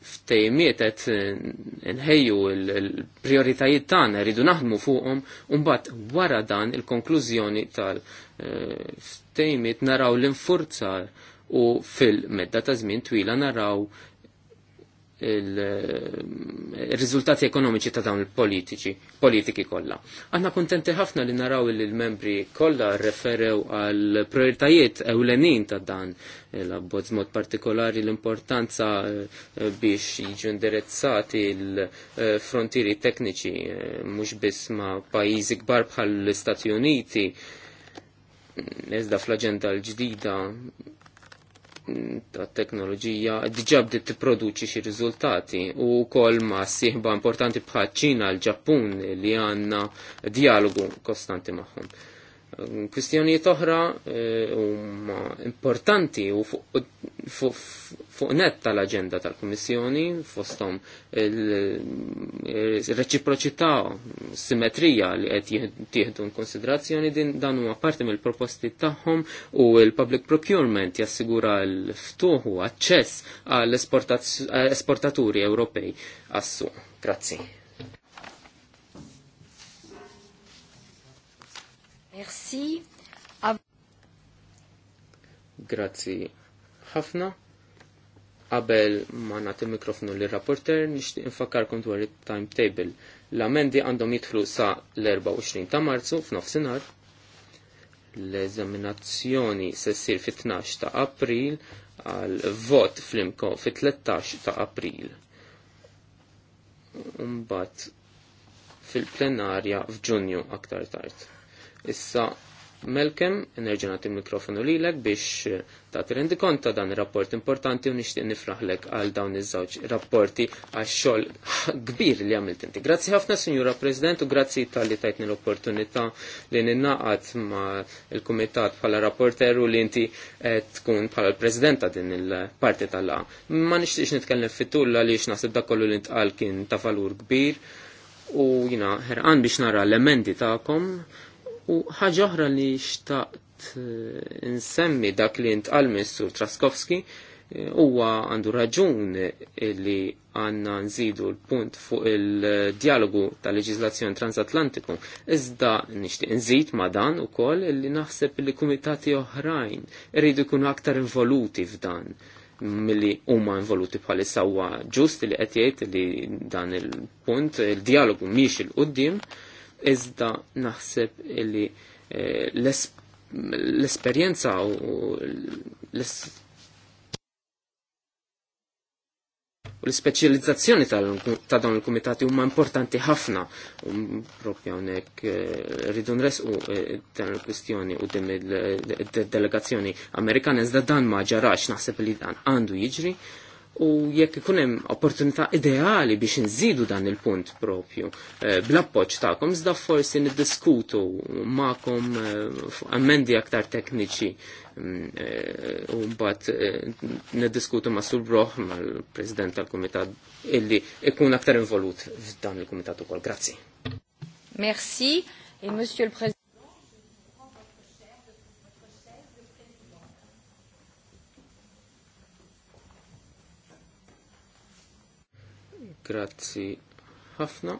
ftejmiet qed nħejju l-prioritajiet tagħna rridu naħdmu fuqhom u mbagħad wara dan il-konklużjoni tal-ftejmiet eh, naraw l-infurzar u fil-medda ta' żmien twila naraw Eh, il-rizultati ekonomiċi ta' dawn il-politiċi, politiki kollha. Aħna kuntenti ħafna li naraw li l-membri kollha rreferew għal prioritajiet ewlenin ta' dan l-abbozz mod partikolari l-importanza eh, biex jiġu indirezzati l-frontieri tekniċi eh, mhux biss ma' pajjiżi kbar bħal l-Istati Uniti iżda fl-aġenda l-ġdida tat-teknoloġija diġà bdiet tipproduċi xi riżultati u wkoll ma' sieħba importanti bħal ċina l-Ġappun li għandna dialogu kostanti magħhom. Kwistjonijiet oħra eh, huma importanti u fuq net tal-aġenda tal-Kummissjoni fosthom il-reċiproċità, eh, simetrija li qed tieħdu konsiderazzjoni din dan huwa parti mill-proposti tagħhom u l-public procurement jassigura l-ftuħ u aċċess għall-esportaturi Ewropej għas-suq. Grazzi. Merci. Grazzi ħafna. Qabel ma nagħti mikrofonu lir rapporter nixtieq infakkarkom dwar it-timetable. L-amendi għandhom jidħlu sa l-24 ta' Marzu f'nofsinhar. L-eżaminazzjoni se ssir fit-12 ta' April għal vot flimko fit-13 ta' April. Mbagħad fil-plenarja f'Ġunju aktar tard. Issa, Melkem, nerġa' nagħti mikrofonu lilek biex eh, tagħti rendi konta ta' dan ir-rapport importanti u nixtieq nifraħlek għal dawn iż-żewġ rapporti għax xogħol kbir li għamilt inti. Grazzi ħafna Sinjura President u grazzi tal-li tajtni l-opportunità li ninnaqat ma' il-Kumitat bħala rapporter u li inti eh, tkun bħala l-President ta' din il-parti tal la Ma nixtiex nitkellem fitulla li għaliex naħseb dak kollu li ntqal kien ta' valur kbir u jina ħerqan biex nara l-emendi ta'kom U ħaġa oħra li xtaqt eh, nsemmi dak li intqal Mr. Traskowski eh, huwa għandu raġun li għanna nżidu l-punt fuq il-dialogu tal leġizlazzjoni transatlantiku. Iżda nixtieq nżid ma dan ukoll li naħseb li kumitati oħrajn irridu jkunu aktar involuti f'dan milli huma involuti bħalissa huwa ġust li qed jgħid li dan il-punt il-dialogu mhix il-qudiem. il punt il dialogu miex il qudiem il mhix il qudiem iżda naħseb illi eh, l-esperjenza u l-speċjalizzazzjoni ta' dawn il-kumitati huma importanti ħafna propja hawnhekk eh, rridu nresqu eh, dan il-kwistjoni u dim il-delegazzjoni Amerikana iżda dan ma ġarax naħseb li dan għandu jiġri u jekk ikunem opportunità ideali biex nżidu dan il-punt propju eh, bl appoċ ta'kom, zda forsi niddiskutu magħkom eh, ammendi aktar tekniċi mm, eh, u mbagħad niddiskutu ma' Sur Broħ l president tal-Kumitat illi ikun aktar involut f'dan il-Kumitat ukoll. Grazzi. Merci. Et Monsieur le Président. Grazzi ħafna.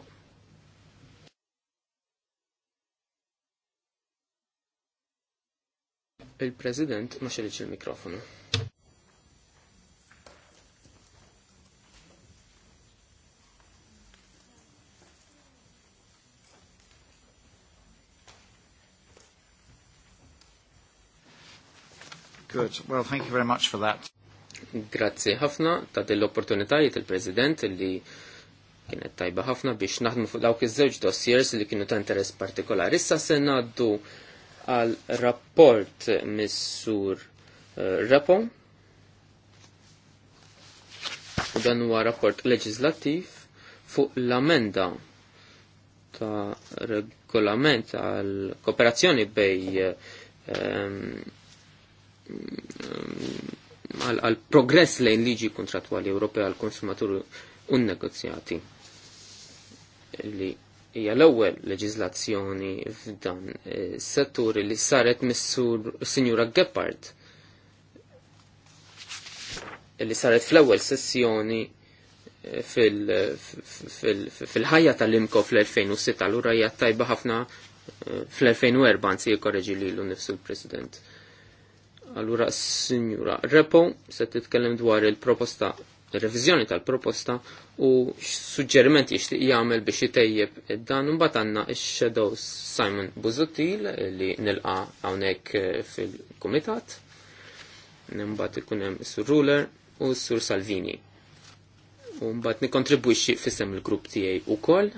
Il-President ma xeliċ il-mikrofonu. Good. Well, thank you very much for that. Grazzi ħafna ta' dell-opportunitajiet il-President li kienet tajba ħafna biex naħdmu fuq dawk iż-żewġ dossiers li kienu ta' interess partikolari. Issa se ngħaddu għal rapport missur uh, Repo. U dan huwa rapport leġislattiv fuq l-amenda ta' regolament għal kooperazzjoni bej um, um, għal progress lejn liġi kontratwali Ewropea għal konsumaturi un negozjati li hija l-ewwel leġiżlazzjoni f'dan is-settur e, li saret missur Sinjura Gepard li saret fl-ewwel sessjoni e, fil-ħajja tal-imko fl-2006 allura hija tajba ħafna e, fl-2004 anzi li lilu nifsu l-President Allura, signora Repo, se titkellem dwar il-proposta, il-revizjoni tal-proposta u suġġerimenti ixti jagħmel biex jitejjeb dan imbagħad għandna il shadow Simon Buzuttil li nilqa hawnhekk eh, fil-kumitat. Imbagħad ikun hemm Sur Ruler u Sur Salvini. U mbagħad nikkontribwixxi fissem il-grupp tiegħi ukoll.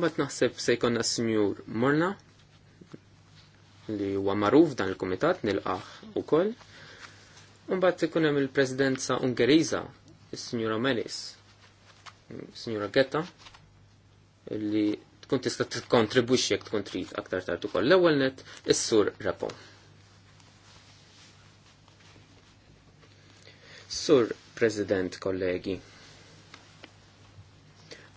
Mbagħad naħseb se jkollna Sinjur Morna li huwa magħruf dan il-kumitat nilqaħ ukoll. Mbagħad ikun hemm il-Presidenza Ungeriża, is-Sinjura Melis, Sinjura Getta, li tkun tista' tikkontribwixxi jekk tkun trid aktar tard ukoll. L-ewwel net is-sur Repo. Sur President, kollegi,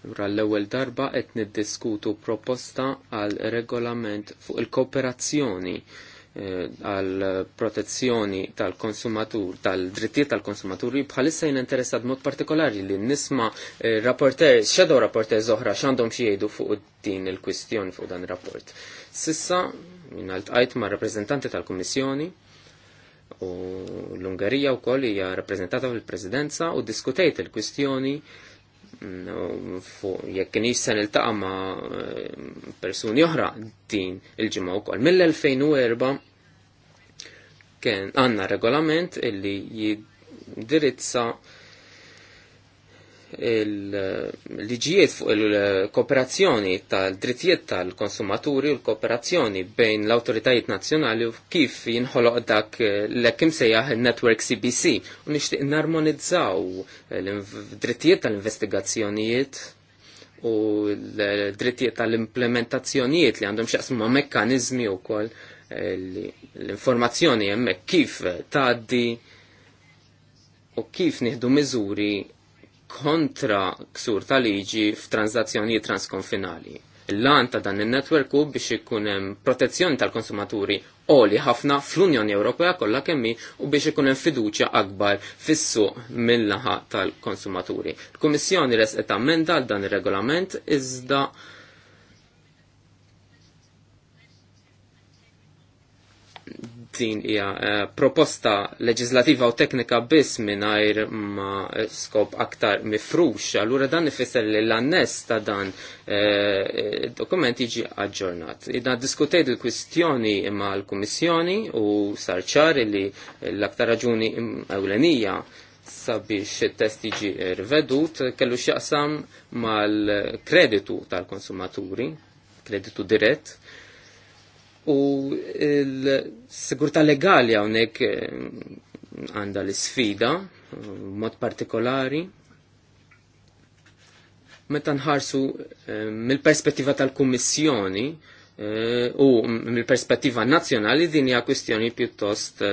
Ura l-ewwel darba qed niddiskutu proposta għal regolament fuq il-kooperazzjoni eh, għal protezzjoni tal-konsumatur, tal-drittijiet tal-konsumaturi, bħalissa jien interessat mod partikolari li nisma eh, rapporter, shadow rapporter zoħra xandom xiejdu fuq din il-kwistjoni fuq dan rapport Sissa, minn għalt ma' rappresentanti tal kummissjoni u l-Ungarija u koll hija rappresentata fil-Presidenza u diskutejt il-kwistjoni jekk kien jista' niltaqa' ma' persuni oħra din il-ġimgħa wkoll. Mill-2004 kien għandna regolament illi jiddirizza il-liġijiet fuq il-kooperazzjoni tal-drittijiet tal-konsumaturi u l-kooperazzjoni bejn l-autoritajiet nazzjonali u kif jinħoloq dak l-ekim sejjaħ il-Network CBC u nixtieq narmonizzaw l-drittijiet tal-investigazzjonijiet u l-drittijiet tal-implementazzjonijiet li għandhom xaqsma mekkanizmi u kol eh, l-informazzjoni jemmek kif taddi u kif nieħdu miżuri kontra ksur ta' liġi f'tranzazzjonijiet transkonfinali. L-lan ta' dan il-network u biex ikun hemm protezzjoni tal-konsumaturi oli ħafna fl-Unjoni Ewropea kollha kemmi u biex ikun hemm fiduċja akbar fis-suq mill-laħa tal-konsumaturi. l kummissjoni res ammenda dan ir-regolament iżda din hija eh, proposta leġislativa u teknika biss mingħajr ma eh, skop aktar mifrux, allura dan ifisser li l-annes ta' dan eh, dokument jiġi aġġornat. Idna diskutejt il-kwistjoni imma l-Kummissjoni u sarċar li l-aktar raġuni ewlenija sabiex it-test jiġi rivedut kellu x'jaqsam mal-kreditu tal-konsumaturi, kreditu dirett u l-sigurta legali għonek eh, għanda l-sfida, mod partikolari. Meta nħarsu eh, mill-perspettiva tal-Kummissjoni eh, u mill-perspettiva nazzjonali din hija kwistjoni pjuttost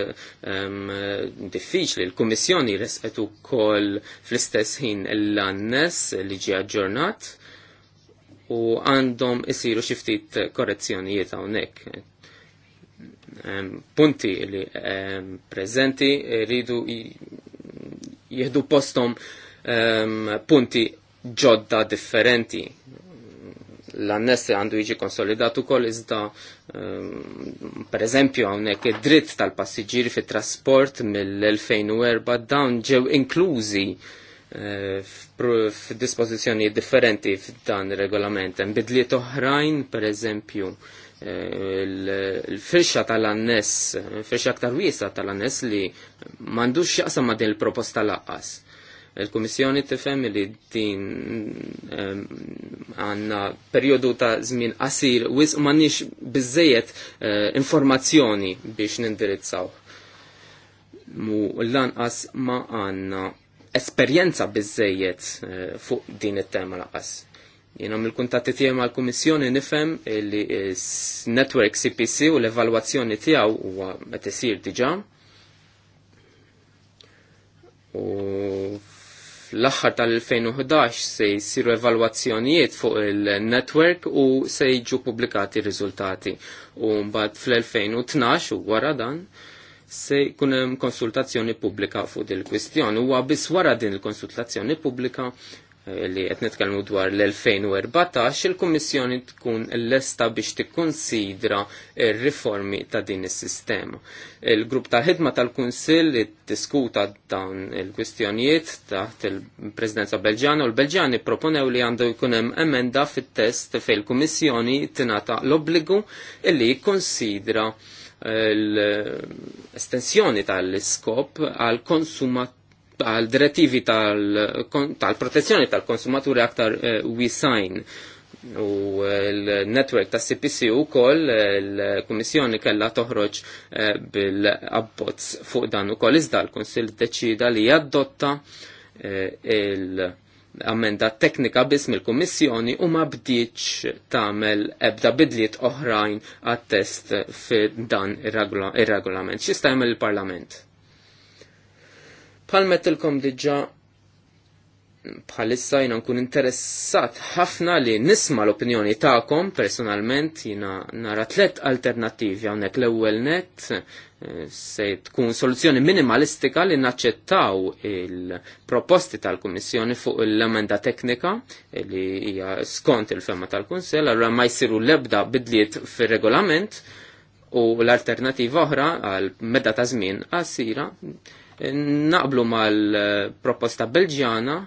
diffiċli. L-Kummissjoni resqet ukoll fl-istess ħin l-annes li ġie aġġornat u għandhom isiru xiftit korrezzjonijiet hawnhekk. Punti li prezenti rridu jihdu postom punti ġodda differenti l-annessi għandu jiġi konsolidatu kol iżda um, per eżempju għonek id-dritt tal-passiġġieri fit trasport mill-2004 dawn ġew inklużi Eh, f'dispożizzjoni differenti f'dan dan regolament bidliet oħrajn, pereżempju, eh, il-firxa tal-annes, firxa aktar wiesa tal-annes li m'għandux jaqsam ma' din il-proposta laqqas. Il-Kummissjoni tifhem li din ehm, għandna perjodu ta' żmien qasir wis u m'għandniex bizzejet eh, informazzjoni biex nindirizzaw. Mu lanqas ma' għanna esperjenza bizzejiet eh, fuq din it-tema laqas. Jenom il-kuntatti tiegħi mal-Kummissjoni nifhem li network CPC u l-evalwazzjoni tiegħu huwa għet isir diġà. U fl axħar tal-2011 se jisiru evalwazzjonijiet fuq il-network u se jġu publikati riżultati. U mbagħad fl-2012 u wara dan se jkun hemm konsultazzjoni pubblika fuq din il-kwistjoni. Huwa biss wara din il-konsultazzjoni pubblika eh, li qed nitkellmu dwar l-2014 il-Kummissjoni tkun lesta biex tikkunsidra r-riformi ta' din is-sistema. Il-grupp ta' ħidma tal-Kunsill li diskuta dawn il-kwistjonijiet taħt il-Presidenza Belġana u l-Belġani proponew li għandu jkun hemm emenda fit-test fejn il-Kummissjoni tingħata l-obbligu li jikkonsidra l-estensjoni tal-iskop għal konsumat għal direttivi tal-protezzjoni tal tal-konsumaturi aktar eh, wisajn u eh, l-network ta' CPC u koll eh, l-Komissjoni kella toħroġ bil-abbozz fuq dan u koll iżda l-Konsil deċida li jaddotta il- ammenda teknika biss mill-Kummissjoni u ma bdiċ tagħmel ebda bidliet oħrajn għat-test fi dan ir-regolament. Xista' jagħmel il-Parlament? Palmet ilkom diġà bħalissa jina nkun interessat ħafna li nisma l-opinjoni ta'kom personalment jina nara tlet alternativi għonek l-ewel net eh, se tkun soluzzjoni minimalistika li naċċettaw il-proposti tal-Kummissjoni fuq l-emenda teknika eh, li hija skont il-femma tal-Kunsell, allura ma jsiru l-ebda bidliet fir-regolament u l-alternativa oħra għal medda ta' żmien għasira eh, naqblu mal-proposta Belġjana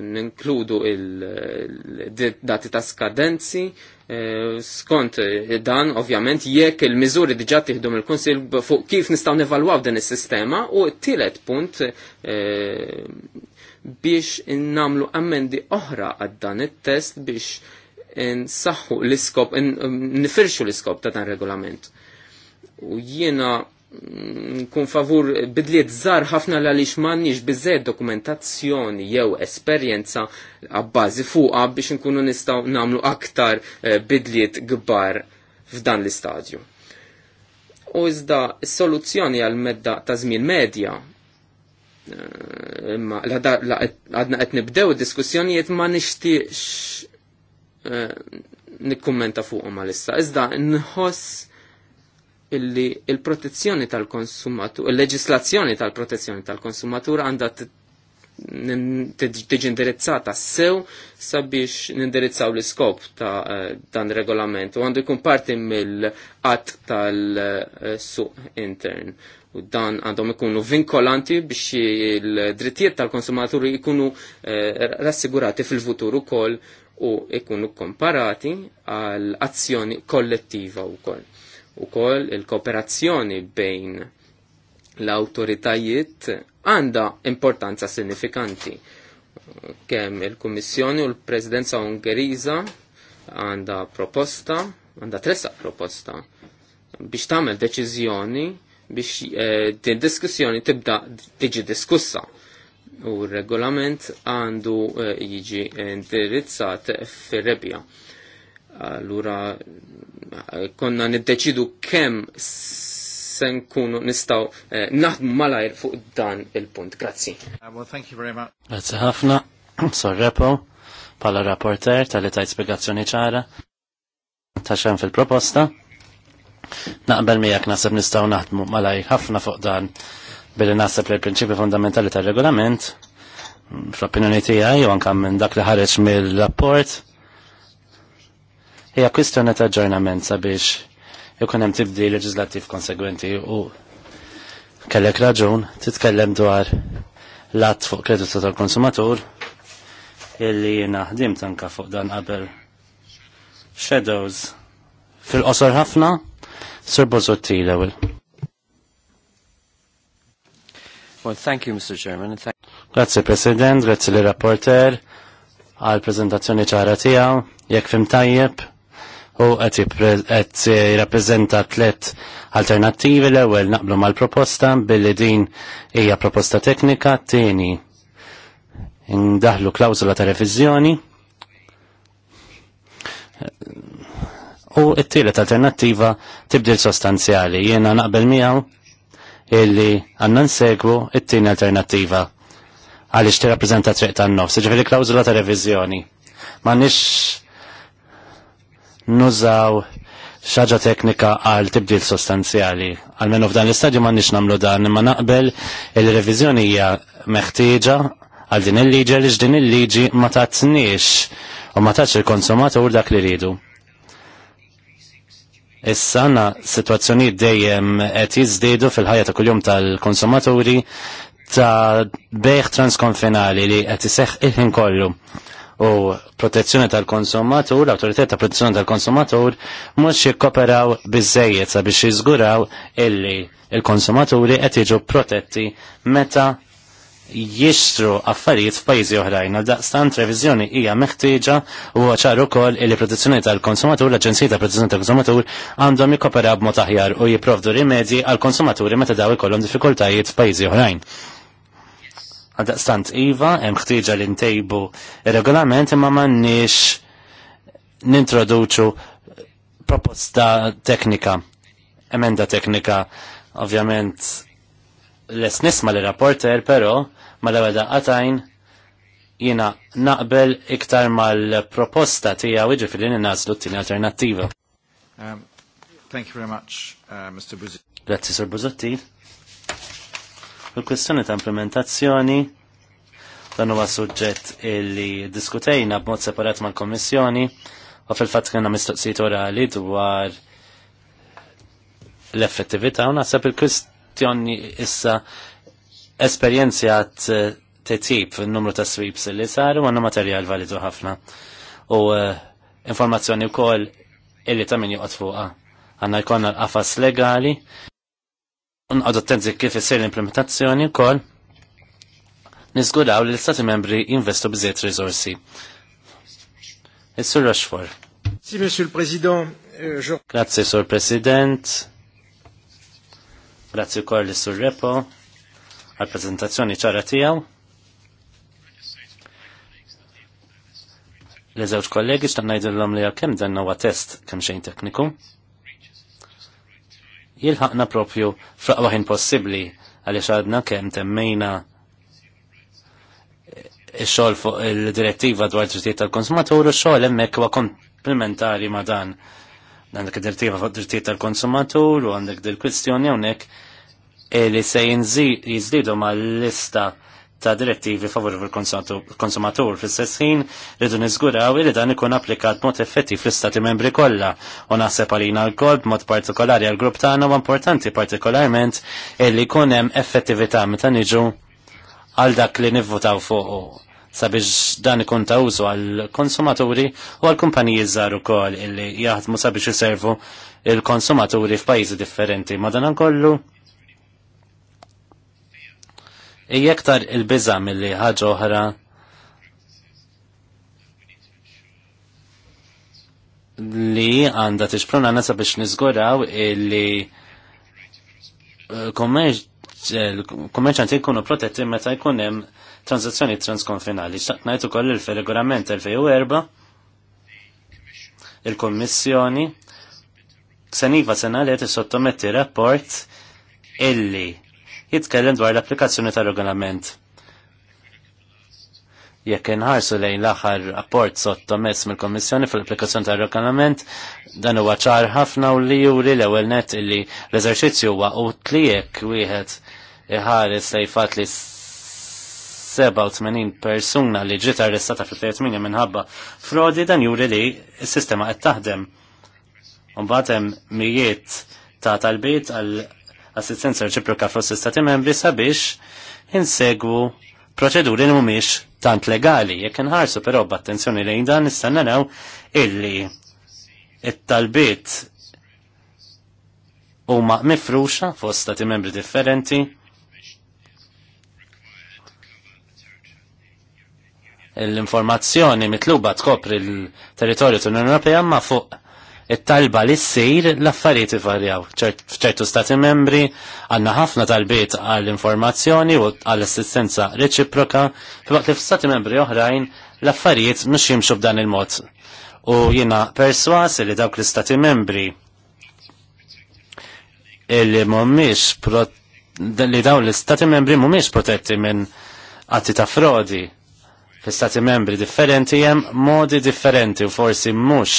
ninkludu il-dati ta' skadenzi eh, skont eh, dan ovvjament jekk il-miżuri diġà tieħdu mill-Kunsil fuq kif nistgħu nevalwaw din is-sistema u t-tielet punt eh, biex innamlu ammendi oħra għad dan it-test biex nsaħħu l-iskop, nifirxu l-iskop ta' dan regolament. U jiena Kun favur bidliet żar ħafna għaliex m'għandniex biżejjed dokumentazzjoni jew esperjenza għabbażi fuqha biex inkunu nistgħu nagħmlu aktar eh, bidliet kbar f'dan l-istadju. U iżda s-soluzzjoni għal medda ta' żmien medja eh, imma għadna qed nibdew diskussjonijiet ma nixtiex eh, nikkummenta fuqhom għalissa. Iżda nħoss illi il-protezzjoni tal-konsumatur, il-leġislazzjoni tal-protezzjoni tal-konsumatur għandha tiġi indirizzata sew sabiex nindirizzaw l-iskop ta' eh, dan regolament u għandu jkun parti mill att tal-suq intern u dan għandhom ikunu vinkolanti biex il-drittijiet tal konsumatur ikunu eh, rassigurati fil-futur ukoll u ikunu komparati għal azzjoni kollettiva wkoll kol il-kooperazzjoni bejn l-autoritajiet għanda importanza sinifikanti. Kemm il-Kummissjoni u l-Presidenza Ungeriża għanda proposta, għanda tressa proposta biex tagħmel deċiżjoni biex eh, din diskussjoni tibda tiġi diskussa u r-regolament għandu eh, jiġi indirizzat fir-rebja. Allura konna niddeċidu kemm se nkunu nistgħu eh, naħdmu malajr fuq dan il-punt. Grazzi. Uh, Grazzi ħafna. Sorrepo, pala rapporter tal-li spiegazzjoni ċara ta' xem fil-proposta. Naqbel miegħek nasib nistgħu naħdmu malajr ħafna fuq dan billi naħseb li l-prinċipi fundamentali tal-regolament mm, fl-opinjoni tiegħi u anke minn dak li ħareġ mill-rapport Ija kwistjoni ta' ġornament sabiex ikun hemm tibdi leġislattiv konsegwenti u kellek raġun titkellem dwar l-att fuq kreditu tal-konsumatur illi jiena ħdimt anka fuq dan qabel shadows fil-qosor ħafna sur Bozotti l-ewwel. Well, thank you, Mr. Chairman. thank grazie, President, grazie l-rapporter għal prezentazzjoni ċara tiegħu, jekk fim tajjeb u qed jirrappreżenta tliet alternattivi l-ewwel naqblu mal-proposta billi din hija proposta teknika, tieni ndaħlu klawzula ta' reviżjoni u t-tielet alternattiva tibdil sostanzjali. Jiena naqbel miegħu illi għandna nsegwu it-tieni alternattiva għaliex rapprezenta triq tan-nofs, ġifiri klawzula ta' reviżjoni. Ma nix nużaw xaġa teknika għal tibdil sostanzjali. Għalmenu f'dan l-istadju ma nix namlu dan, imma naqbel il-revizjoni hija meħtieġa għal din il-liġi għal din il-liġi ma tatniex u ma tatx il-konsumatur dak li ridu. Issa na situazzjoni dejjem qed jiżdiedu fil-ħajja ta' kuljum tal-konsumaturi ta' beħ transkonfinali li qed iseħħ il-ħin kollu u protezzjoni tal-konsumatur, l-autorità ta' protezzjoni tal-konsumatur, mux jikkoperaw bizzejiet sabiex jizguraw illi il-konsumaturi qed jiġu protetti meta jixtru affarijiet f'pajjiżi oħrajn. Għal daqstant reviżjoni hija meħtieġa u ċar ukoll li protezzjoni tal-konsumatur, l-Aġenzija ta' Protezzjoni tal-Konsumatur għandhom jikkoperaw b'mod aħjar u jipprovdu rimedji għal konsumaturi meta daw ikollhom diffikultajiet f'pajjiżi oħrajn. Għadaqstant Iva, hemm ħtieġa li ntejbu ir-regolament imma m'għandniex nintroduċu proposta teknika, emenda teknika, ovvjament les nisma li rapporter, pero ma l daqqatajn jina naqbel iktar mal-proposta tija uġi fil-lini nazlu t-tini alternativa. Um, thank you very much, uh, Mr. Buzotti. Grazie, Sir Buzotti. Il-kwestjoni ta' implementazzjoni dan huwa suġġett illi diskutejna b'mod separat mal-Kommissjoni u fil-fatt kienna mistoqsijiet orali dwar l-effettività u naħseb il-kwestjoni issa esperjenzjat eh, t-tip numru ta' sweeps li saru għannu materjal validu ħafna u eh, informazzjoni u koll illi ta' min juqat fuqa għanna jkonna l-qafas legali nqod attenti kif issir l-implementazzjoni wkoll niżguraw li l-Stati membri jinvestu biżejt riżorsi. Is-Sur Rochefort. Si, Monsieur le euh, Grazie, Sur President. Grazie wkoll lis sur Repo għal-prezentazzjoni ċara tiegħu. Le żewġ kollegi x'tan ngħidilhom li kemm dan huwa test kemm xejn tekniku jilħaqna propju fraqwaħin possibli għaliex għadna kemm temmejna xogħol fuq il-direttiva dwar drittijiet tal-konsumatur u xogħol hemmhekk huwa komplementari ma' dan. Għandek id-direttiva fuq drittijiet tal-konsumatur u għandek dil-kwistjoni hawnhekk eh, li se ma l lista ta' direttivi favori fil-konsumatur fil-stess ħin rridu niżguraw li dan ikun applikat mod effettiv fl-istati membri kollha u naħseb għalina l-kolb mod partikolari għal grupp tagħna u importanti partikolarment illi jkun hemm effettività meta niġu għal dak li nivvutaw fuq sabiex dan ikun ta' użu għal konsumaturi u għal kumpaniji żgħar ukoll illi jaħdmu sabiex iservu il-konsumaturi f'pajjiżi differenti. Madankollu kollu Ijektar il-biza mill-li ħagġa oħra li għanda t-iġpruna nasa biex nizguraw li eh, kummerċanti eh, jkunu protetti meta jkunem transazzjoni transkonfinali. Xtaqnajt koll il-regolament 2004 il-Kommissjoni seniva sena li sottometti rapport illi jitkellem dwar l-applikazzjoni tal-regolament. Jekk inħarsu lejn l-aħħar rapport sottomess mill-Kommissjoni fl applikazzjoni tal-regolament, dan huwa ċar ħafna u li juri l-ewwel net illi l-eżerċizzju huwa utlijek wieħed iħares lejfat li 87 persuna li ġiet arrestata fil-38 minħabba frodi dan juri li s-sistema qed taħdem. Mbagħad hemm mijiet ta' talbiet għal assistenza reċiproka fost istati membri sabiex insegwu proċeduri li mhumiex tant legali. Jekk inħarsu però b'attenzjoni lejn dan nista' naraw illi it-talbiet huma mifruxa fost stati membri differenti. L-informazzjoni mitluba tkopri l-territorju tal-Unjoni Ewropea ma fuq it-talba li ssir l-affarijiet ivarjaw. ċertu stati membri għandna ħafna talbiet għall-informazzjoni u għall-assistenza reċiproka, f'waqt li f'stati membri oħrajn l-affarijiet mhux jimxu b'dan il-mod. U jiena perswas li dawk l-istati membri illi mumiex li dawn l-istati membri mhumiex protetti minn atti ta' frodi fl-istati membri differenti hemm modi differenti u forsi mhux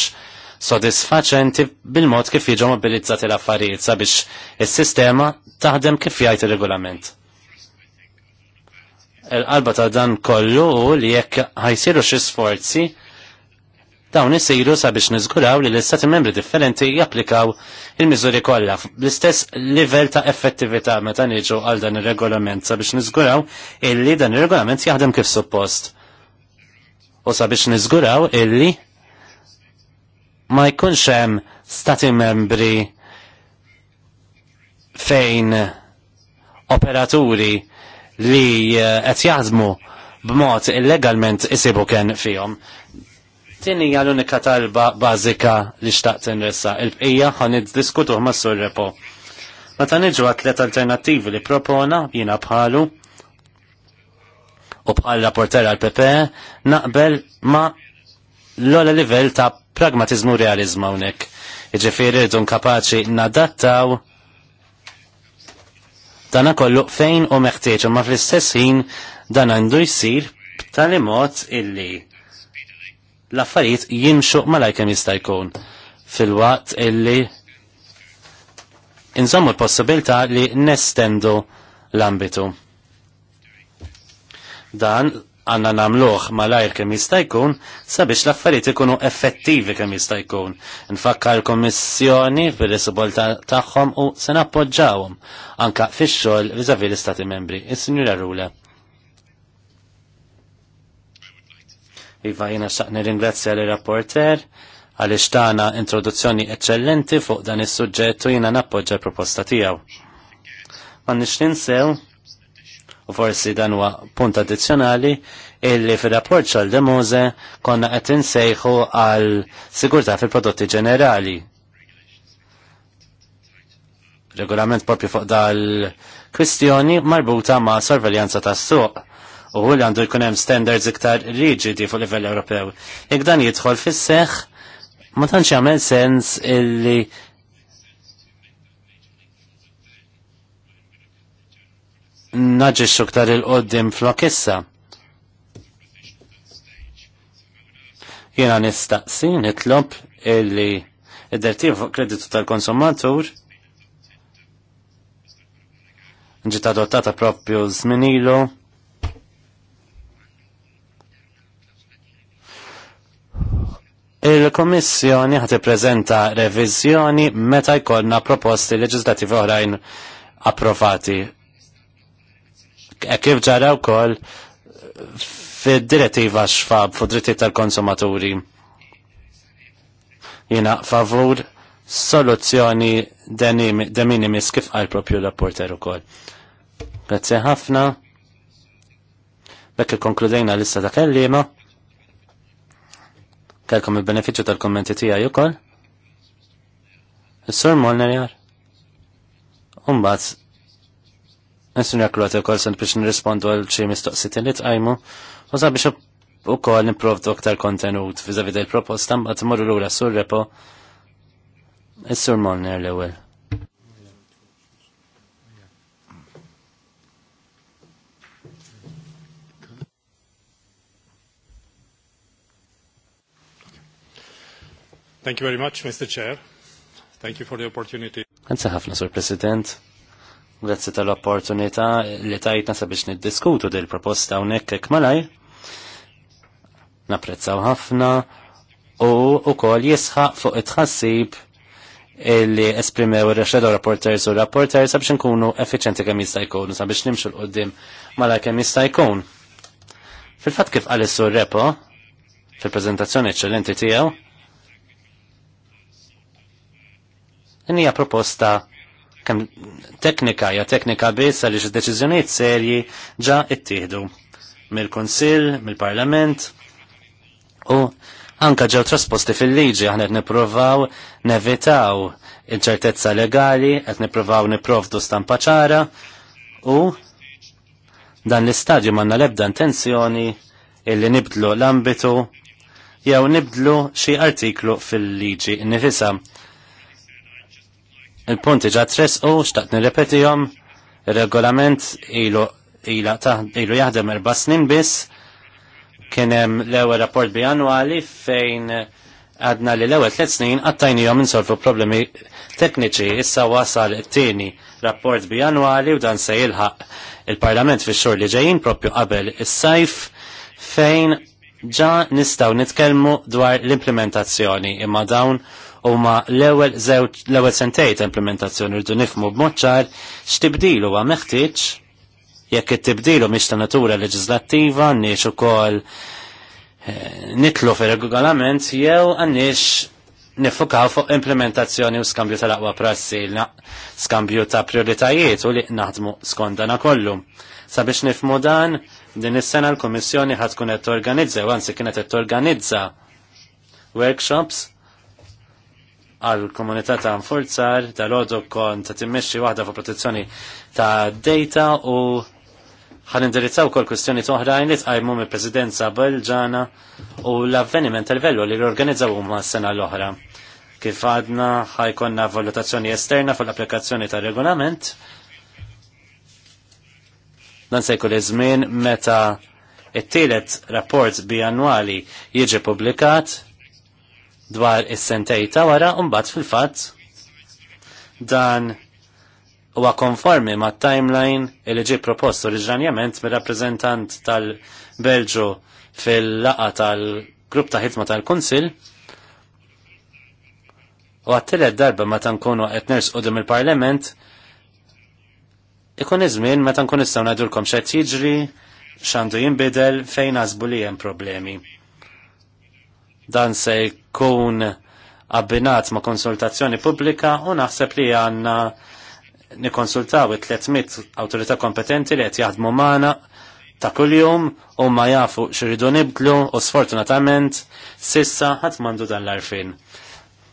sodisfaċenti bil-mod kif jiġu mobilizzati l-affarijiet sabiex is-sistema taħdem kif jgħid ir-regolament. Il-qalba ta' dan kollu li jekk ħajsiru xi sforzi dawn isiru sabiex niżguraw li l-istati membri differenti japplikaw il-miżuri kollha bl-istess livell ta' effettività meta niġu għal dan ir-regolament sabiex niżguraw illi dan ir-regolament jaħdem kif suppost. U sabiex niżguraw illi ma jkunx hemm stati membri fejn operaturi li eh, qed jaħdmu b'mod illegalment isibu kien fihom. Tin hija l-unika talba bażika li xtaqt inressa. Il-bqija ħan iddiskutuh ma' sur repo. Meta niġu għat alternattivi li propona jiena bħalu u bħal rapporter għal PP naqbel ma' l-ola livell ta' pragmatizmu realizmu hawnhekk. Iġifiri dun kapaċi nadattaw dana kollu fejn u meħtieġ ma fl-istess ħin dan għandu jsir b'tali mod illi l-affarijiet jimxu malajkem jista' jkun fil-waqt illi inżommu l-possibilità li nestendu l-ambitu. Dan għanna namluħ malajr kem jistajkun sabiex l-affarijiet ikunu effettivi kem jistajkun. Nfakka l-Kommissjoni fil subol tagħhom u se nappoġġawhom anka fix-xogħol viżavi l-Istati Membri. Is-Sinjura Rule. Iva jina xaqni ringrazzja l rapporter għaliex tagħna introduzzjoni eċċellenti fuq dan is-suġġett u jina nappoġġa proposta tiegħu. Ma nix ninsew U forsi dan huwa punt addizzjonali illi fir-rapport xal demoze konna qed insejħu għal sigurtà fil-prodotti ġenerali. Regolament propju fuq dal-kwistjoni marbuta ma' sorveljanza tas-suq u li għandu jkun hemm standards iktar rigidi fuq livell Ewropew. Jekk dan jidħol fis-seħħ, ma tantx jagħmel sens illi naġiċu ktar il-qoddim flokissa. Jena nistaqsi, nitlob illi id-dertiv fuq kreditu tal-konsumatur ġiet adottata propju zminilu Il-Komissjoni ħati prezenta reviżjoni meta jkollna proposti leġislativi oħrajn approvati E kif ġara wkoll fid-direttiva xfab fuq dritti tal-konsumaturi. Jina favur soluzzjoni de minimis kif għal propju rapporter ukoll. Grazie ħafna. Bekk il-konkludejna l-lista ta' kellima. Kelkom il-benefiċċju tal-kommenti tiegħi ukoll. Is-sur Molner jar. Nessun jakru għat il-kol sant biex nirrispondu għal xi mistoqsit li tqajmu, u sa biex u kol niprovdu aktar kontenut fi zavid il-proposta mbagħad l lura sur repo is-sur Molner l-ewwel. Thank you very much, Mr. Chair. Thank you for the opportunity. Għanza ħafna, Sir President. Grazzi tal-opportunità li tajtna sabiex niddiskutu dil proposta hawnhekk ek malaj. Naprezzaw ħafna u kol jisħaq fuq it-tħassib li esprimew ir reċedo rapporters u rapporters sabiex nkunu effiċenti kemm jista' jkunu sabiex nimxu l qoddim mala kemm jista' jkun. Fil-fatt kif qal sur repo fil-preżentazzjoni eċċellenti tiegħu, hija proposta Kem teknika ja teknika biss għaliex id-deċiżjonijiet serji ġa ittieħdu mill-Kunsill, mill-Parlament u anka ġew trasposti fil-liġi aħna qed nippruvaw nevitaw iċ-ċertezza legali, qed nippruvaw nipprovdu stampa ċara u dan l-istadju manna lebda intenzjoni illi nibdlu l-ambitu jew nibdlu xi artiklu fil-liġi nifisa. Il-punti ġa tres u xtaqt nirrepetijom il-regolament ilu ilu jaħdem erba' snin biss kien hemm l-ewwel rapport bi annuali fejn għadna li l-ewwel tliet snin jom insolfu problemi tekniċi issa wasal it-tieni rapport bi annuali u dan se jilħaq il-Parlament fix-xhur li ġejjin propju qabel is-sajf fejn ġa nistgħu nitkellmu dwar l-implementazzjoni imma dawn u l-ewwel l ewel sentej ta' implementazzjoni rridu nifmu b'moċċar, ċar x'tibdil meħtieġ jekk it-tibdilu mhix ta' natura leġislattiva għandniex ukoll eh, nitlu fir-regolament jew għandniex nifukaw fuq implementazzjoni u skambju tal-aqwa prassi, skambju ta' prioritajiet u li naħdmu skondana kollu. Sabiex nifmu dan, din is-sena l-Kummissjoni ħad tkun qed torganizza, u anzi kienet qed torganizza workshops għal komunità ta' nfurzar tal-ħodu kont ta' timmexxi waħda fuq protezzjoni ta' data u ħan indirizzaw kol kwestjoni toħrajn li tqajmu mill presidenza Belġana u l-avveniment tal-vellu li l-organizzaw huma s-sena l-oħra. Kif għadna ħajkonna valutazzjoni esterna fuq l-applikazzjoni ta' regolament dan se jkun iż-żmien meta it-tielet rapport annwali jiġi publikat dwar is-sentej ta' wara mbagħad fil-fatt dan huwa konformi ma' timeline li ġie propost oriġinarjament mir-rappreżentant tal-Belġu fil-laqa tal-grupp ta' ħidma tal-Kunsill u għattilet darba ma ta' nkunu qed nersqu il-Parlament ikun iż-żmien meta nkun nistgħu ngħidulkom x'qed jiġri, x'għandu jinbidel fejn għażbu li hemm problemi Dan se jkun abbinat ma' konsultazzjoni pubblika u naħseb li għanna nikonsultaw 300 autorità kompetenti li qed jaħdmu magħna ta' kuljum u ma jafu xiridu nibdlu u sfortunatament sissa ħadd mandu dan l-arfin.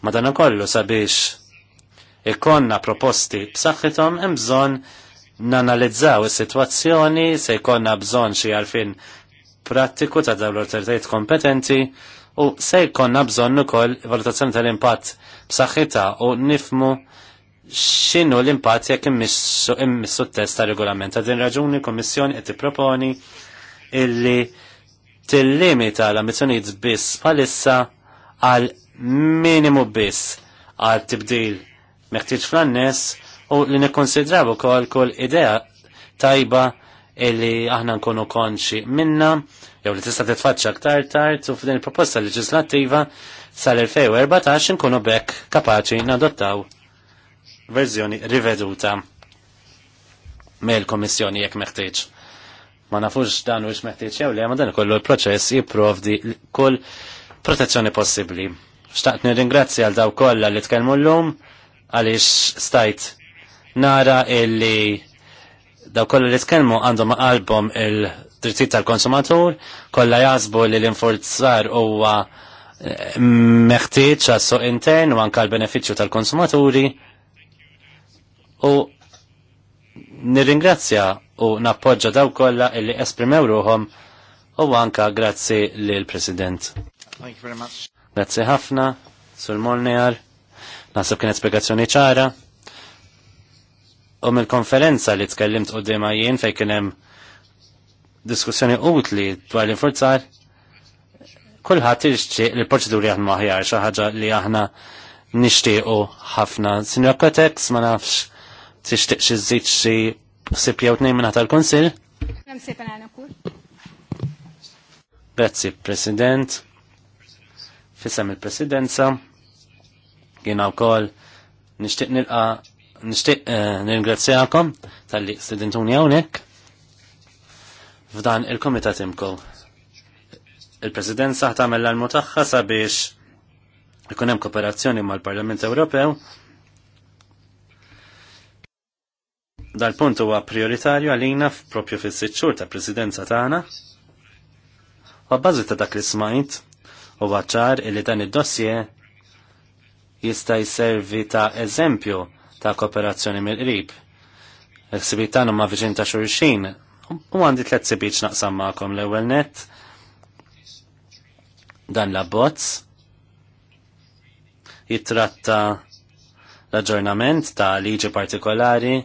Madankollu sabiex ikonna proposti b'saħħithom hemm bżonn nanalizzaw is-sitwazzjoni se jkollna bżonn xi għalfin prattiku ta' dawn l-autoritajiet kompetenti u se jkonna bżonn ukoll valutazzjoni tal-impatt b'saħħitha u nifmu x'inhu l-impatt jekk immissu t-test ta' regolament. Ta' din raġuni l-Kummissjoni qed tipproponi illi tillimita l-ambizzjonijiet biss bħalissa għal minimu biss għal tibdil meħtieġ fl-annes u li nikkonsidraw ukoll kull idea tajba illi aħna nkunu konxi minna jew li tista' titfaċċa aktar tard u f'din il-proposta leġislattiva sal-2014 nkunu bekk kapaċi nadottaw verżjoni riveduta mill-Komissjoni jekk meħtieġ. Ma nafux dan u meħtieġ jew li għamadan dan ikollu l-proċess jipprovdi kull protezzjoni possibbli. Xtaqt nirringrazzja għal daw kollha li tkellmu llum għaliex stajt nara illi daw kolla li tkellmu għandhom qalbhom il- drittijiet tal-konsumatur, kollha jasbu li l-infurzar huwa eh, meħtieġ għas-suq intern u anke l-benefiċċju tal-konsumaturi. U nirringrazzja u nappoġġa daw kollha illi esprimew ruhom u anka grazzi lil President. Thank you very much. Grazzi ħafna, Sur Molnear, Nasib kien spiegazzjoni ċara. U mill-konferenza li tkellimt u jien fej kien hemm diskussjoni utli dwar l-infurzar kulħadd irċtieq li l-proċeduri aħna maħjar xi ħaġa li aħna nixtiequ ħafna. Sinjor Kotex ma nafx tixtieq xi żid xi sib jew tnejn minn tal-Kunsill. Grazzi President. Fissam il-Presidenza. Jiena wkoll nixtieq nilqa' nixtieq eh, nirringrazzjakom tal-li stedintuni hawnhekk f'dan il-Komitat Imko. Il-Presidenza tagħmel l-almu sabiex ikun hemm kooperazzjoni mal-Parlament Ewropew. Dal-punt huwa prioritarju għalina propju fis-sitt xhur ta' Presidenza tagħna. U bbażi ta' dak li smajt huwa ċar li dan id-dossier jista' jservi ta' eżempju ta' kooperazzjoni mill-qrib. Il-ħsibiet tagħna ma' viġin ta' xulxin U għandi tlet sibiċ naqsam maqom l ewwel net. Dan la bozz jitratta l-aġġornament ta' liġi partikolari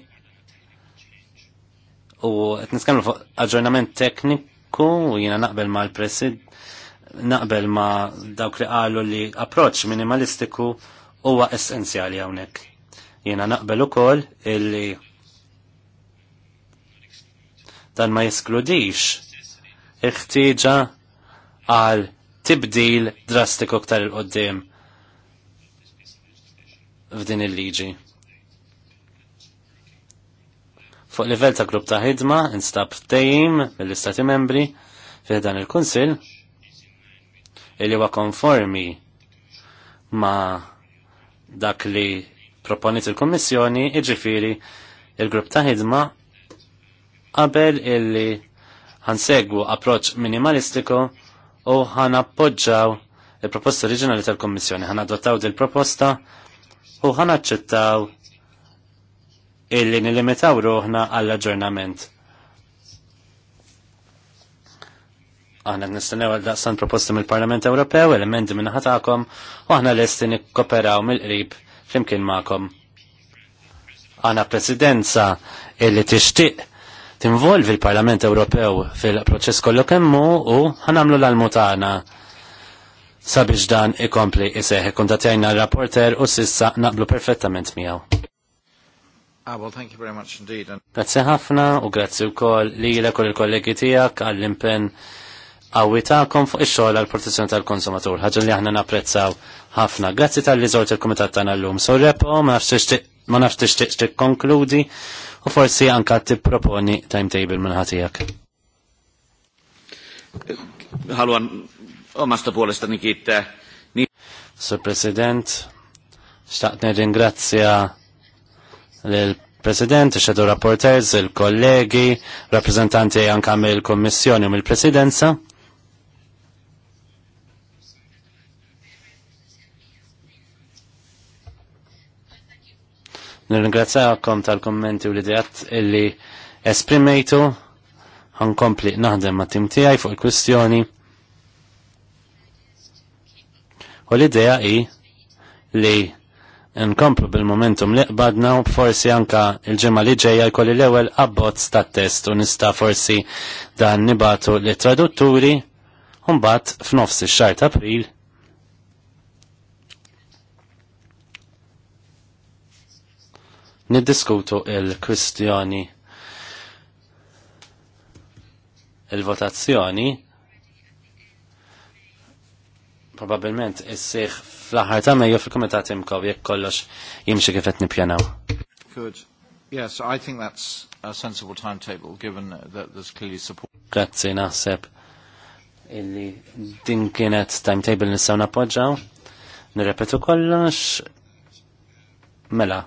u qed nitkellmu fuq aġġornament tekniku u jiena naqbel mal-presid naqbel ma dawk li qalu li approċ minimalistiku huwa essenzjali hawnhekk. Jiena naqbel ukoll illi Dan ma jeskludix iħtieġa għal tibdil drastiku ktar il-qoddim f'din il-liġi. Fuq livell ta' grupp ta' ħidma instab tejjim mill-Istati membri fi dan il-Kunsill illi huwa konformi ma' dak li proponit il-Kommissjoni iġifiri il-grupp ta' ħidma qabel illi ħansegwu approċ minimalistiku u ħan appoġġaw il-proposta oriġinali tal-Kommissjoni. Ħan adottaw dil proposta u ħan aċċettaw illi nilimitaw ruħna għall-aġġornament. Aħna nistennew għal daqsan proposta mill-Parlament Ewropew, elementi minn ħatakom, u aħna lesti nikkoperaw mill-qrib flimkien ma'kom. Aħna presidenza illi tixtieq tinvolvi l-Parlament Ewropew fil-proċess kollu kemmu u ħanamlu l-almutana sabiex dan ikompli iseħ kontatjajna l-rapporter u sissa naqblu perfettament miegħu. Ah, well, thank you very much indeed. And... Grazie ħafna u grazie u koll li l il-kollegi tijak għall-impen għawitakom fuq il-xol għal-protezzjoni tal-konsumatur. ħagġa li aħna napprezzaw ħafna. Grazie tal-li il-komitat tana l-lum. So, repo, ma nafx tixtiq konkludi u forsi anka tipproponi timetable minn ħatijak. u omasta puolestani kiittää. Niin... Sir President, xtaqt ringrazzja l President, Shadow Rapporters, il-kollegi, rappresentanti anka mill-Kommissjoni u mill-Presidenza. Nirringrazzjakom tal-kommenti u l-idejat illi esprimejtu ħankompli naħdem ma' tim tiegħi fuq il-kwistjoni. U l-idea hi li nkomplu bil-momentum li qbadna u forsi anka il-ġimgħa li ġejja jkolli l-ewwel abbozz tat-test u nista' forsi dan nibatu li tradutturi u mbagħad f'nofs ix-xahar ta' April niddiskutu il-kwistjoni il-votazzjoni probabilment is isseħ fl-aħħar ta' Mejju fil-Kumitat Imkow jekk kollox jimxi kif qed nippjanaw. Good. Yes, I think that's a sensible timetable given that there's clearly support. Grazzi naħseb illi din kienet timetable nistgħu nappoġġaw. Nirrepetu kollox mela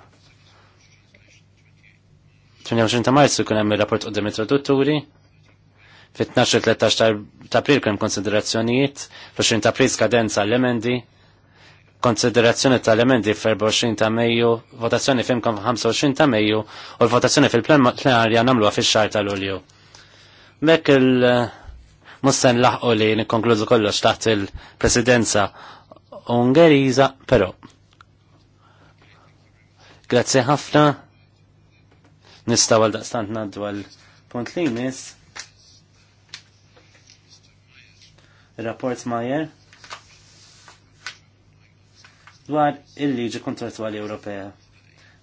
28 ta' marzu kun hemm ir-rapport qudiem it-tradutturi. Fit-12 13 ta' april kemm konsiderazzjonijiet, fl-20 ta' april skadenza l-emendi, konsiderazzjoni tal-emendi f-24 ta' Mejju, votazzjoni fimkom 25 ta' Mejju u l-votazzjoni fil-plenarja nagħmluha fix-xahar tal-Ulju. Mek il- mussen laħqu li nikkonkludu kollox taħt il-presidenza Ungeriża, però. Grazie ħafna Nistaw għal daqstant naddu għal punt li jmiss. Rapport Majer dwar il-liġi kontrattuali Ewropea.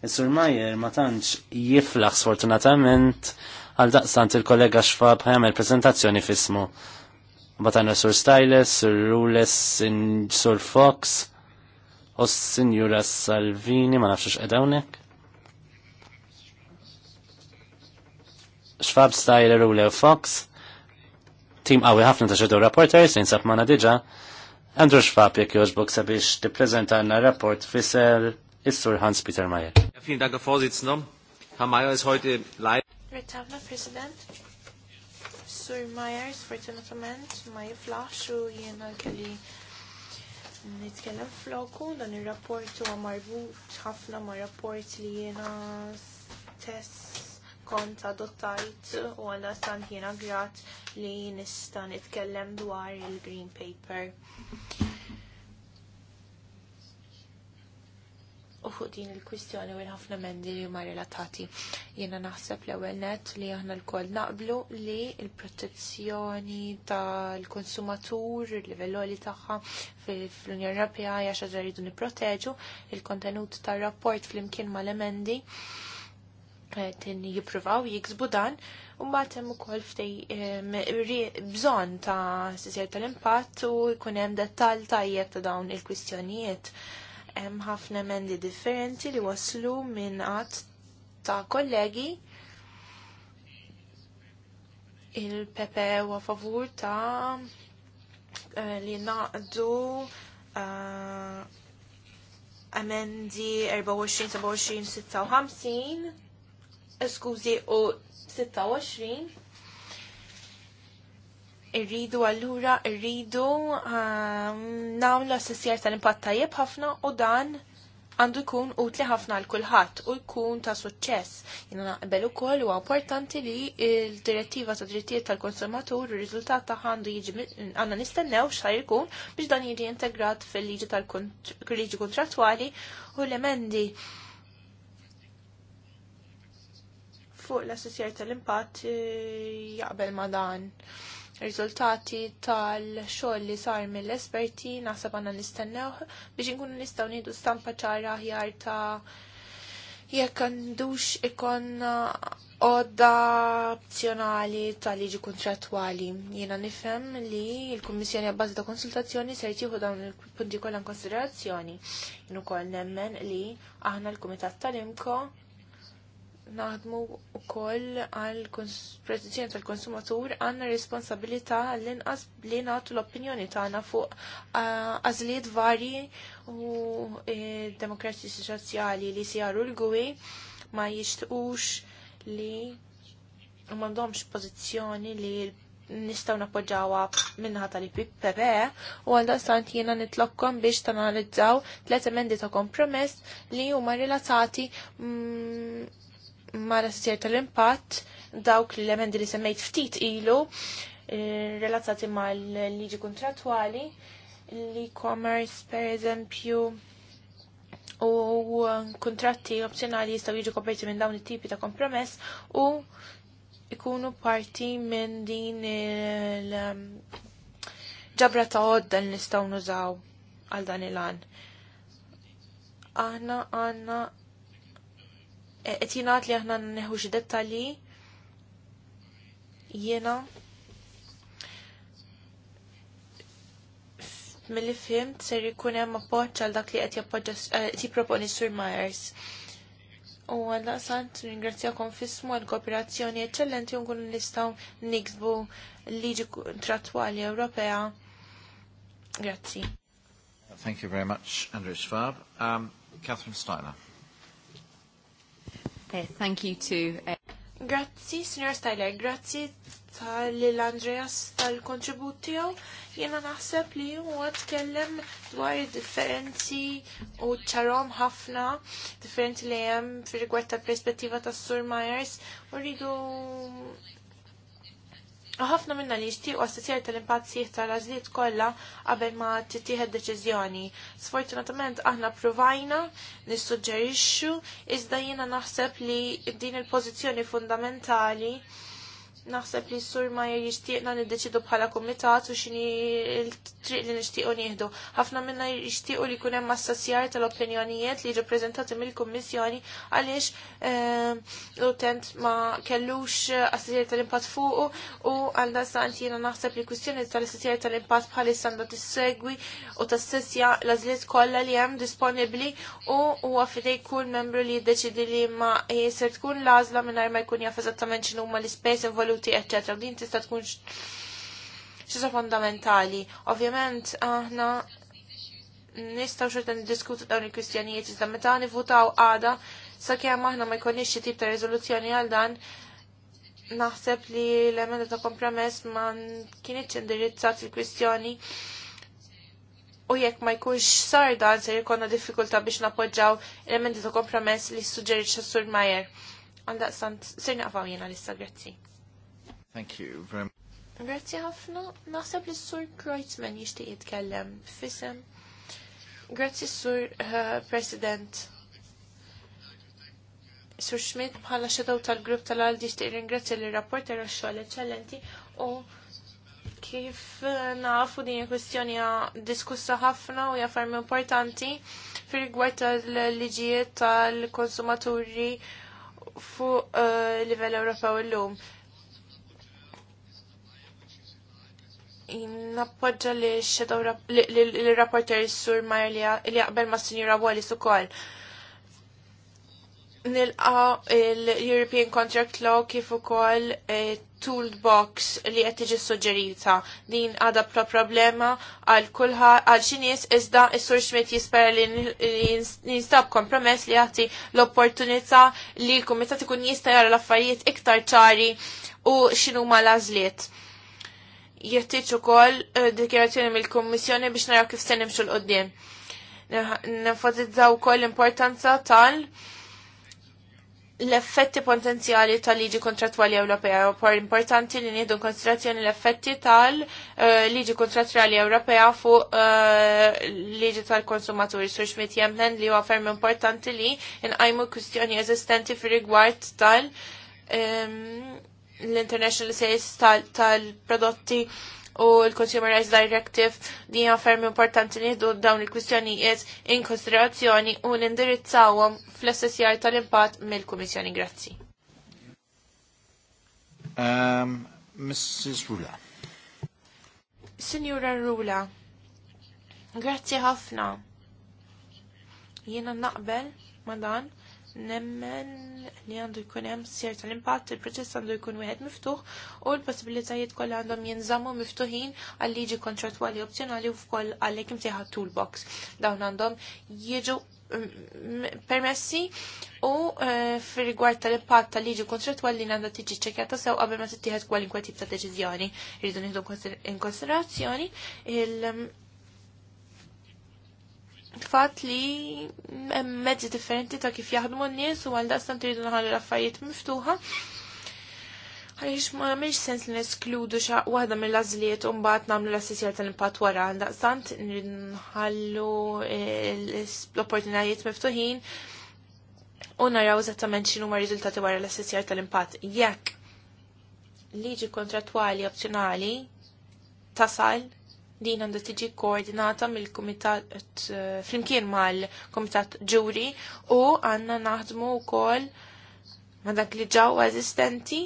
Is-Sur Majer ma tantx jiflaħ sfortunatament għal daqstant il-kollega xfab ħajamel prezentazzjoni fismu. Batana Sur Styles, Sur Rules, Sur Fox, u Sinjura Salvini, ma nafxux edawnek. Schwab Styler u Leo Fox, tim għawi ħafna ta' xedur rapporters, sejn ma' diġa, Andrew Schwab jek joġbok sabiex ti prezenta għanna rapport fissel is-sur Hans Peter Mayer. Vielen Dank, Herr Vorsitzender. Herr Mayer is heute leider. Retavna, President. Sur Mayer, sfortunatament, ma jiflax u jena kelli nitkellem floku dan il-rapport huwa marbut ħafna ma' rapport li jena test kont adottajt u għalla stan jena grat li nista' nitkellem dwar il-Green Paper. u fuq din il-kwistjoni u ħafna mendi li ma relatati. Jena naħseb l ewwel net li aħna l-koll naqblu li il-protezzjoni tal-konsumatur, il-livello li taħħa fl-Unjoni Ewropea jaxa rridu niproteġu il-kontenut tal-rapport fl-imkien mal emendi qed jippruvaw jiksbu dan u mbagħad hemm ukoll ftej bżonn ta' sisir tal-impatt u jkun hemm dettall tajjeb ta' dawn il-kwistjonijiet. Hemm ħafna emendi differenti li waslu minn qatt ta' kollegi il-Pepe u favur ta' eh, li naqdu uh, amendi 24, 27, 56 skużi u 26 irridu allura irridu um, nagħmlu assessjar tal-impatt tajjeb ħafna u dan għandu jkun utli ħafna għal kulħadd u jkun ta' suċċess. Jiena naqbel ukoll huwa importanti li l-direttiva ta' drittijiet tal-konsumatur u r-riżultat ta' għandu jiġi għandna nistennew x'għar jkun biex dan jiġi integrat fil-liġi tal-liġi kontrattwali u l-emendi fuq l-assessjar tal-impatt eh, jaqbel ma dan. Riżultati tal-xogħol li sar mill-esperti naħseb għandna nistennew biex inkunu nistgħu nidu stampa ċara aħjar ta' jekk għandux ikon odda opzjonali tal-liġi kontrattwali. Jiena nifhem li l-Kummissjoni għabbażi ta' konsultazzjoni se jtieħu dawn il-punti kollha konsiderazzjoni. Jien ukoll nemmen li aħna l-Kumitat tal-Imko naħdmu u koll għal protezzjoni tal-konsumatur għanna responsabilità l-inqas li nagħtu l-opinjoni tagħna fuq għażliet varji u d-Demokrati e, soċjali li sjaru l-gwi ma jixtqux li m'għandhomx pożizzjoni li nistaw napoġġawa minnaħa tal-PP e u għal stant jiena nitlokkom biex tanalizzaw tlet emendi ta' kompromess li huma relatati mm, mara s-sir tal-impatt dawk l-emendi li semmejt ftit ilu eh, relazzati ma l-liġi kontratwali l-e-commerce per eżempju u kontratti opzjonali jistaw jiġu koperti minn dawn it-tipi ta' kompromess u ikunu parti minn din il-ġabra um, ta' għodda li nistaw nużaw għal dan il-għan. Aħna għanna qed li aħna neħu xi dettalji jiena li fimt ser jkun hemm appoġġ għal dak li qed jappoġġa eh, tipproponi Sur Myers. U għalla sant ringrazzjakom fismu għal kooperazzjoni eccellenti u nkunu nistgħu niksbu liġi trattwali Ewropea. Grazzi. Thank you very much, Andrew Schwab. Um, Catherine Steiner. Eh, thank you to... Eh... Grazzi, signor Styler, grazzi tal-Andreas tal-kontribut Jena naħseb li huwa tkellem dwar differenzi u ċarom ħafna differenti li jem fil rigward perspettiva tas-Sur Myers u rridu ħafna minna li jixtiequ assessjar tal-impatt sieħ tal-għażliet kollha qabel ma tittieħed deċiżjoni. Sfortunatament aħna provajna nissuġġerixxu iżda jiena naħseb li din il-pożizzjoni fundamentali naħseb li s-sur ma jishtiqna niddeċidu bħala komitat u xini il-triq li nishtiqu nieħdu. ħafna minna jishtiqu li kunem massassjar tal-opinjonijiet li rappresentati mill-kommissjoni għaliex eh, l-utent ma kellux eh, assessjar tal-impat fuqu u għalda sant jena naħseb li kustjoni tal-assessjar tal-impat bħal sanda tissegwi u tassessja lażliet kollha li hemm disponibbli u huwa fidej kull membru li jiddeċidi li ma jisir eh, tkun lażla minn ma jkun jaf eżattament x'inhuma l-ispejs involuti saluti, eccetera. Din tista' tkun xisa fondamentali. Ovvjament aħna nistgħu xorta niddiskutu dawn il-kwistjonijiet iżda meta nivutaw għada sakemm aħna ma jkollniex xi tip ta' riżoluzzjoni għal dan naħseb li l-emenda ta' kompromess ma kienitx indirizzat il-kwistjoni u jekk ma jkunx sar dan se jkollna diffikultà biex napoġġaw elementi ta' kompromess li ssuġġerixxa Sur Majer. Għandaq se ser naqfaw jena grazzi. Thank you very much. Grazzi ħafna. Naħseb li s-sur Kreutzmann jishtiq jitkellem fisem. Grazzi s-sur uh, President. Sur Schmidt bħala xedaw tal-grupp tal-għaldi jishtiq ringrazzja li rapporter għaxxol eccellenti u kif uh, nafu din kwestjoni diskussa ħafna u jaffarmi importanti fir rigward tal-liġijiet tal-konsumaturi fuq uh, livell Ewropew l lum nappoġġa li l-rapporter sur Marlia li jaqbel ma' Sinjura Wallis ukoll. Nilqa l-European Contract Law kif ukoll eh, toolbox li qed tiġi suġġerita. Din għadha pro problema għal kullħa għal xi nies iżda s-sur Schmidt jispera li jinstab kompromess li jagħti l-opportunità li l komitati kun jista' jara l-affarijiet iktar ċari u x'inhuma l lażliet u kol eh, dikjerazzjoni mill-Kummissjoni biex naraw kif se nimxu l-qoddim. Nenfasizzaw ukoll l-importanza tal- l-effetti potenzjali tal-liġi kontrattwali Ewropea. Por importanti li nieħdu konsiderazzjoni l-effetti tal-liġi eh, kontrattwali Ewropea fuq eh, liġi tal-konsumaturi. Sur Schmidt jemmen li huwa ferm importanti li nqajmu kwistjoni eżistenti fir rigward tal- ehm, l-International Sales tal-prodotti u l-Consumer Rights Directive din fermi importanti nieħdu dawn il-kwistjonijiet in konsiderazzjoni u l indirizzawom fl-assessjar tal-impatt mill-Kummissjoni. Grazzi. Um, Mrs. Rula. Signora Rula, grazzi ħafna. Jiena naqbel ma dan nemmen li għandu jkun hemm sir tal-impatt, il-proċess għandu jkun wieħed miftuħ u l-possibilitajiet kollha għandhom jinżammu miftuħin għal liġi kontrattwali opzjonali u fkoll għalhekk imtieħed toolbox. Dawn għandhom jiġu mm, mm, permessi u eh, fir-rigward tal-impatt tal-liġi kontrattwali għandha tiġi ċekjata sew qabel ma tittieħed kwalinkwe tip ta' deċiżjoni. Irridu nieħdu in konsiderazzjoni il- mm, fatt li hemm mezzi differenti ta' kif jaħdmu n-nies u għal daqstan tridu nħallu l-affarijiet miftuħa. Għaliex ma mhix sens li neskludu xaq waħda mill-għażliet u mbagħad nagħmlu l-assessjar tal impat wara għal daqstant nħallu l opportunajiet miftuħin u naraw eżattament xinu ma riżultati wara l-assessjar tal impat Jekk liġi kontrattwali opzjonali tasal din għandha tiġi koordinata mill-kumitat eh, flimkien mal-kumitat ġuri u għandna naħdmu wkoll ma' dak li ġaw għazistenti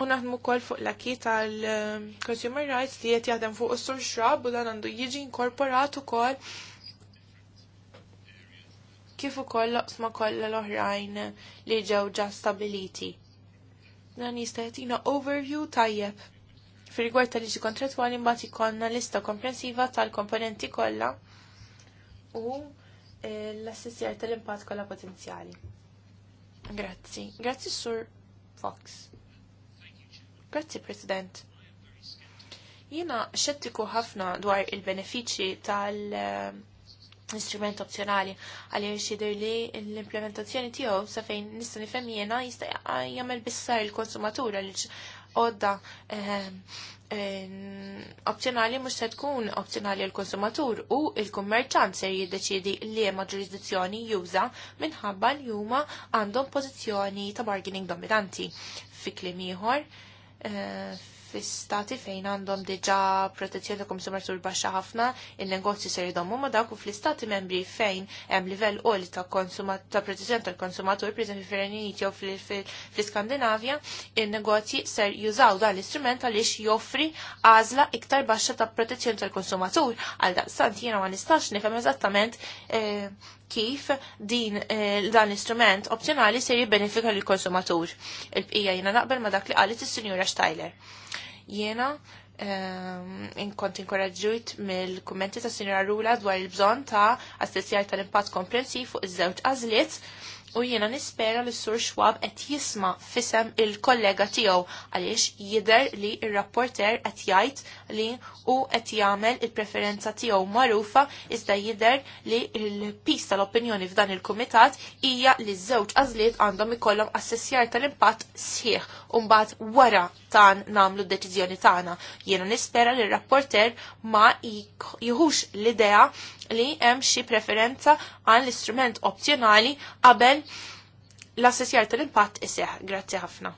u naħdmu wkoll fuq l-akki tal-consumer rights li qed jaħdem fuq is-sur xrab u dan għandu jiġi inkorporat ukoll kif ukoll oqsma kol l-oħrajn li ġew ġa stabiliti. Dan jista' overview tajjeb fil rigward tal-liġi kontratwali mbagħad ikollna lista komprensiva tal-komponenti kollha u eh, l-assessjar tal-impatt kollha potenzjali. Grazzi. Grazzi Sur Fox. Grazzi President. Jiena xettiku ħafna dwar il-benefiċċji tal- instrument opzjonali għaliex jidher li l-implementazzjoni tiegħu sa fejn nista' nifhem jiena jista' jagħmel bissar il-konsumatura odda ehm, ehm, opzjonali mhux se tkun opzjonali l konsumatur u il-kummerċant se jiddeċiedi li ma ġurisdizzjoni juża minħabba li huma għandhom pożizzjoni ta' bargaining dominanti. Fi kliem ieħor, eh, fi stati fejn għandhom diġa protezzjoni konsumer konsumatur baxxa ħafna, il-negozju ser jidhom ma dawk u fl-istati membri fejn hemm livell qoli ta' ta' protezzjoni tal-konsumatur, preżempju fir-Renju u jew fl-Iskandinavja, il-negozji ser jużaw dan l-istrument għaliex joffri għażla iktar baxxa ta' protezzjoni tal-konsumatur. Għal daqstant jiena ma nistax nifhem eżattament eh, kif din eh, dan l-istrument opzjonali ser jibbenefika l-konsumatur. Il-bqija jiena naqbel ma dak li qalet is-Sinjura Steiler. Jena ehm, inkont inkoraġġujt mill-kummenti ta' Sinjora Rula dwar il-bżonn ta' assessjar tal-impatt komprensiv fuq iż-żewġ għażliet u jiena nispera li sur Xwab qed jisma fisem il-kollega tiegħu għaliex jidher li r rapporter qed jgħid li u qed jagħmel il-preferenza tiegħu magħrufa iżda jidher li l-pis tal-opinjoni f'dan il-kumitat hija li ż-żewġ għażliet għandhom ikollhom assessjar tal-impatt sħiħ u mbagħad wara tan namlu d-deċiżjoni tagħna. Jiena nispera li r-rapporter ma jieħux l-idea li hemm xi preferenza għal l-istrument opzjonali qabel l-assessjar tal-impatt iseħ. Grazzi ħafna.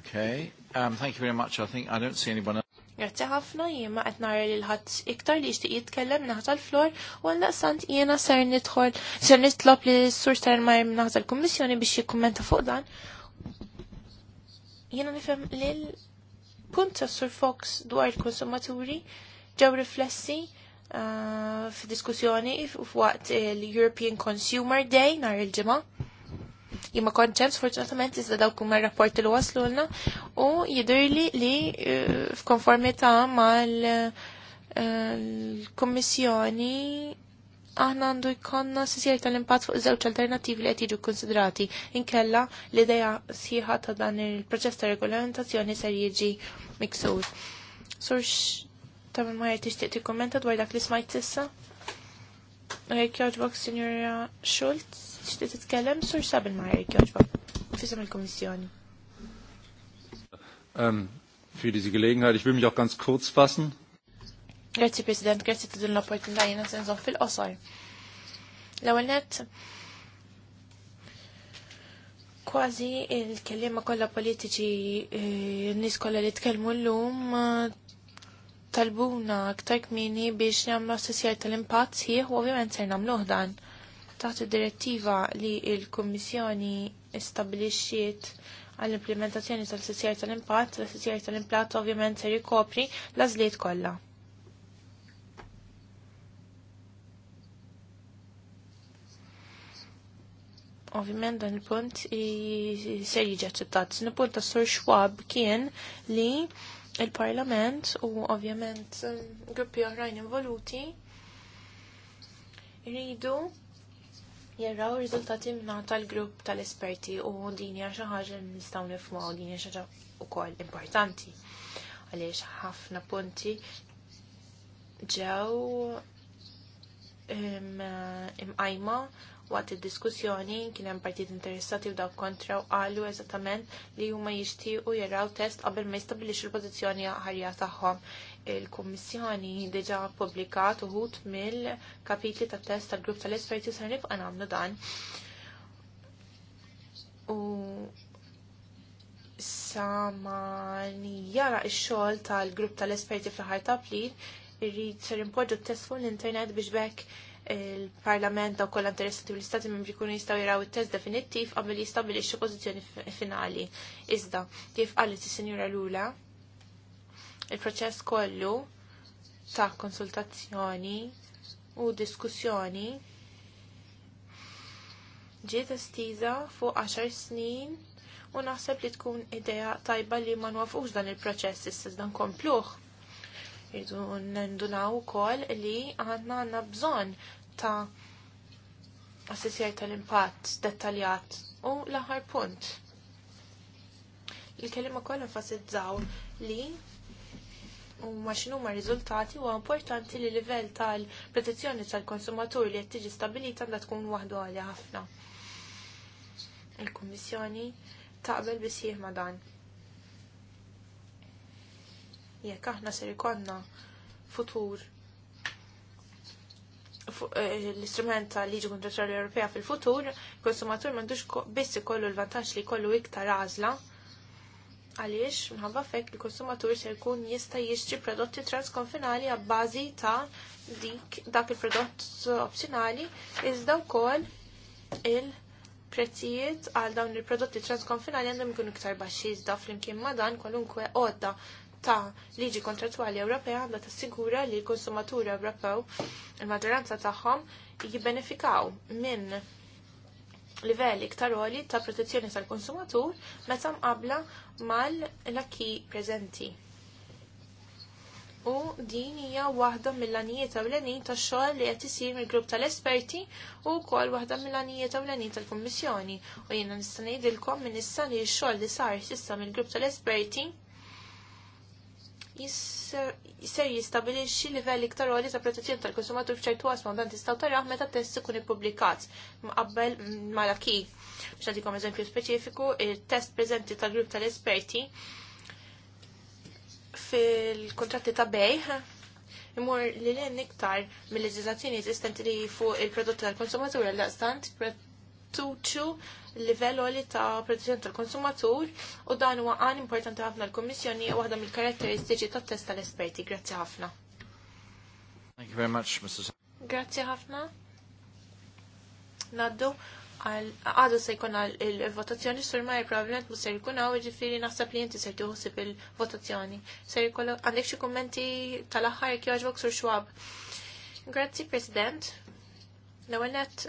Okay, um, thank you very much. I think I don't see anyone else. Grazzi ħafna jiema qed nara li l-ħadd iktar li jixtieq jitkellem naħta l-flor u għaldaqstant jiena ser nidħol ser nitlob li s-sur Sternmajr naħta l-Kummissjoni biex jikkumenta fuq dan. Jiena nifhem lil punt ta' Sur Fox dwar il-konsumaturi ġew riflessi uh, f'diskussjoni f'waqt l-European Consumer Day nhar il-ġimgħa. Jimma konċem, sfortunatament, iżda dawk kumma rapporti li waslulna u jidirli li uh, f'konformità mal-Kommissjoni uh, aħna għandu jkonna s-sir tal-impat fuq żewġ alternativi li qed jiġu konsidrati. Inkella l-idea sħiħa ta' dan il-proċess ta' regolamentazzjoni ser jiġi miksur. Surx ta' minn ma ti kommenta dwar dak li smajt sissa. U joġbok, Signora Schultz, xtiet titkellem, sur sabin ma jgħek joġbok. Fisem il-Komissjoni. Ähm, für diese Gelegenheit, ich will mich auch ganz kurz fassen. Grazie Präsident, grazie ta' din l-opportunità jena senżon fil-qosor. L-ewwel net kważi il-kelliema kolla politiċi eh, nies kollha li tkellmu llum talbuna aktar kmini biex nagħmlu assessjar tal-impatt sħiħ u ovvjament ser nagħmluh dan. Taħt id-direttiva li l-Kummissjoni stabilixxiet għall-implementazzjoni tal-assessjar tal-impatt, l-assessjar tal-impatt ovvjament ser jikopri l-għażliet kollha. ovvjament dan il-punt ser jiġi aċċettat. Il-punt ta' Sur Schwab kien li il-Parlament u ovvjament um, gruppi oħrajn involuti rridu jarraw riżultati minna tal-grupp tal-esperti u dini għaxa ħagġa nistaw nifmu u dini xaġa u koll importanti għaliex ħafna punti ġew um, imqajma im Waqt id-diskussjoni kien hemm partit interessati u dawk kontra u qalu eżattament li huma jixtiequ jaraw test qabel ma jistabilixxu l-pożizzjoni ħarja tagħhom. Il-Kummissjoni diġà ppubblikat uħud mill-kapitli tat-test tal-grupp tal-esperti se nibqa' nagħmlu dan. U samani jara x-xogħol tal-grupp tal-esperti fl-ħar ta' plin irrid ser impoġġu t-test fuq l-internet biex bekk il-Parlament u kollha interessati u l-Istati membri jkunu jistgħu jaraw it-test definittiv qabel jistabbilixxu pożizzjoni finali. Iżda, kif qalet is senjura Lula, il-proċess kollu ta' konsultazzjoni u diskussjoni ġiet estiza fuq 10 snin u naħseb li tkun idea tajba li ma nwafux dan il-proċess issa dan kompluħ Idu nendunaw ukoll li għandna għandna bżonn ta' assessjar tal-impatt dettaljat u l-aħħar punt. Il-kelima koll enfasizzaw li u maċinu ma rizultati u importanti li livell tal-protezzjoni tal-konsumatur li jattiġi stabilita għanda tkun wahdu għalja ħafna. Il-Kommissjoni taqbel bisħieħ ma dan jekk aħna ser ikonna futur eh, l-istrument ta' liġi kontrattuali Ewropea fil-futur, konsumatur m'għandux biss ikollu l-vantaġġ li jkollu iktar għażla għaliex minħabba fekk il-konsumatur se jkun jista' jixtri prodotti transkonfinali għabbażi ta' dik dak il-prodott opzjonali iżda wkoll il-prezzijiet għal dawn il-prodotti transkonfinali għandhom ikunu iktar baxxi iżda flimkien ma' dan kwalunkwe għodda ta' liġi kontratwali Ewropea għandha tassigura li l-konsumaturi Ewropew il-maġġoranza tagħhom jibbenefikaw minn livelli iktar għoli ta' protezzjoni tal-konsumatur meta mqabla mal-lakki preżenti. U din hija waħda mill għanijiet ewlenin tax-xogħol li qed isir mill-grupp tal-esperti u wkoll waħda mill għanijiet ewlenin tal-Kummissjoni. U jiena nista' ngħidilkom minn issa li x-xogħol li sar s'issa mill-grupp tal-esperti jisser jistabilixxi livell iktar għali ta' protezzjoni tal-konsumatur f'ċertu għasma dan tistaw taraħ meta test ikun ippubblikat mqabbel mal-aki. Biex eżempju speċifiku, il-test preżenti tal-grupp tal-esperti fil-kontratti ta' bej imur li l iktar mill-leġizazzjoni esistenti li fuq il-prodotti tal-konsumatur l laqstant pretuċu livell li ta' protezzjoni tal-konsumatur u dan huwa għan importanti ħafna l-Kummissjoni u waħda mill-karatteristiċi tat-test tal-esperti. Grazzi ħafna. Thank you very much, Mrs. Grazzi ħafna. Naddu għadu se jkun il-votazzjoni sur ma probablement mu ser jkun għaw ġifiri naħseb li jinti ser tuħsib il-votazzjoni. Ser jkun għandek xie kommenti tal-axħar kjoġbok sur xwab. Grazzi, President. L-għanet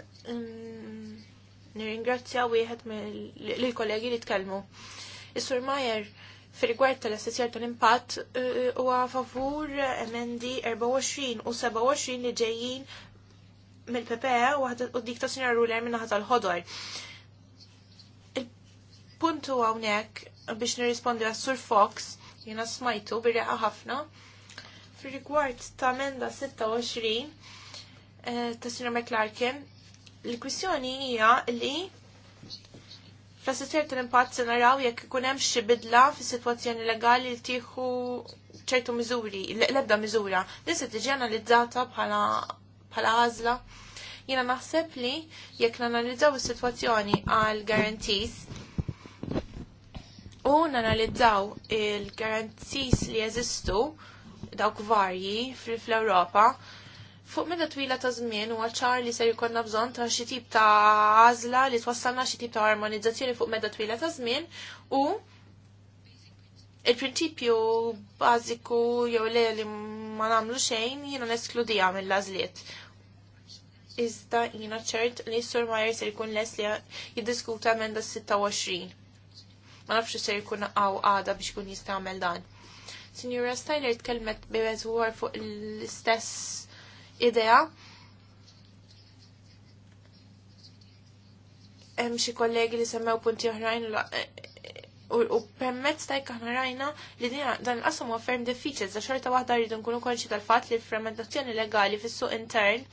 nirringrazzja wieħed lill-kollegi li tkellmu. Is-Sur Majer fil-rigward tal-assessjar tal-impatt eh, eh, huwa favur emendi 24 u 27 li ġejjin mill-PPE u dik ta' sinjar ruler minna ħata ħodor Il-puntu għawnek biex nirrispondi għas-Sur Fox jena smajtu birreqa ħafna fil-rigward ta' emenda 26 eh, ta' sinjar McClarkin Il-kwistjoni hija li fl-assessjer tal-impatt se naraw jekk ikun hemm xi bidla fis-sitwazzjoni legali li tieħu ċertu miżuri, l-ebda miżura. li se tiġi analizzata bħala għażla. Jiena naħseb li jekk nanalizzaw is-sitwazzjoni għal guarantees u nanalizzaw il-guarantees li jeżistu dawk varji fl-Ewropa, Fuq minna twila ta' żmien u ċar li ser jkollna bżonn ta' xi tip ta' għażla li twassalna xi tip ta' armonizzazzjoni fuq minna twila ta' żmien u il-prinċipju bażiku jew le li ma nagħmlu xejn jiena neskludija mill-għażliet. Iżda jiena ċert li Sur Majer ser jkun les li jiddiskuta emenda 26. Ma nafx ser jkun għaw għada biex kun jista' jagħmel dan. Signora Steiner tkellmet bebez war fuq l-istess idea hemm xi kollegi li semmew punti oħrajn u permezz ta' aħna rajna li dina dan qasam huwa ferm diffiċil za xorta waħda rridu nkunu konxi tal-fatt li l-fermentazzjoni legali fis-suq intern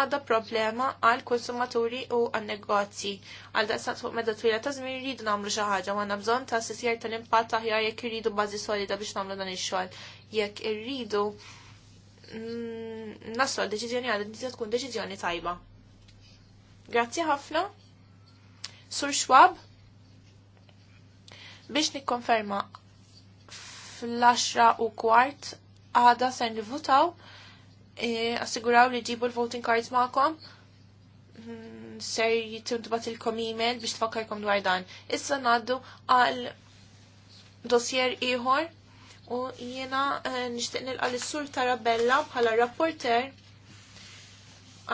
għadha problema għal konsumaturi u għal negozji. Għal s-sat fuq medda twila ta' zmin rridu nagħmlu xi ħaġa għandna bżonn ta' sisjer tal-impatt aħjar jekk irridu bażi solida biex nagħmlu dan ix-xogħol. Jekk irridu Mm, naslu għal-deċizjoni għal tkun deċizjoni tajba. Grazzi ħafna. Sur Schwab, biex nikkonferma fl-10 u kwart għada se nivutaw, e, assiguraw li ġibu l-voting cards ma'kom, mm, ser jitintubat il-kom email biex tfakkarkom dwar dan. Issa naddu għal dossier iħor u jiena eh, nixtieq nilqa l-sur Tarabella bħala rapporter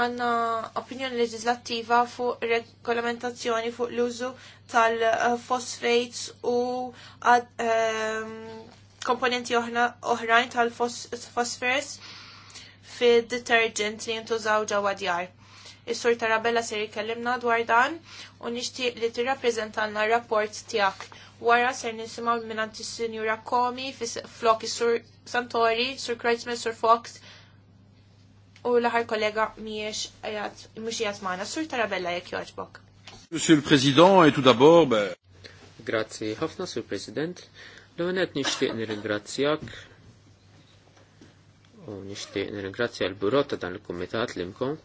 għanna opinjoni leġislattiva fuq regolamentazzjoni fuq l-użu tal-fosfates u ehm, komponenti oħrajn tal-fosfers fil-detergent li jintużaw ġewwa djar. Is-sur Tarabella se jkellimna dwar dan u nixtieq li tirrappreżentanna r-rapport tiegħek wara ser nisimaw minant il-Sinjura Komi flok sur Santori, sur Kreuzman, sur Fox u laħar kollega miex mux maħna, Sur Tarabella jek joġbok. Monsieur le Président, et tout d'abord, ben... Grazie ħafna, Sur President. L-għanet nishtiq nir-ingrazzjak u nishtiq nir-ingrazzja l-burot ta' dan il-komitat l-imkom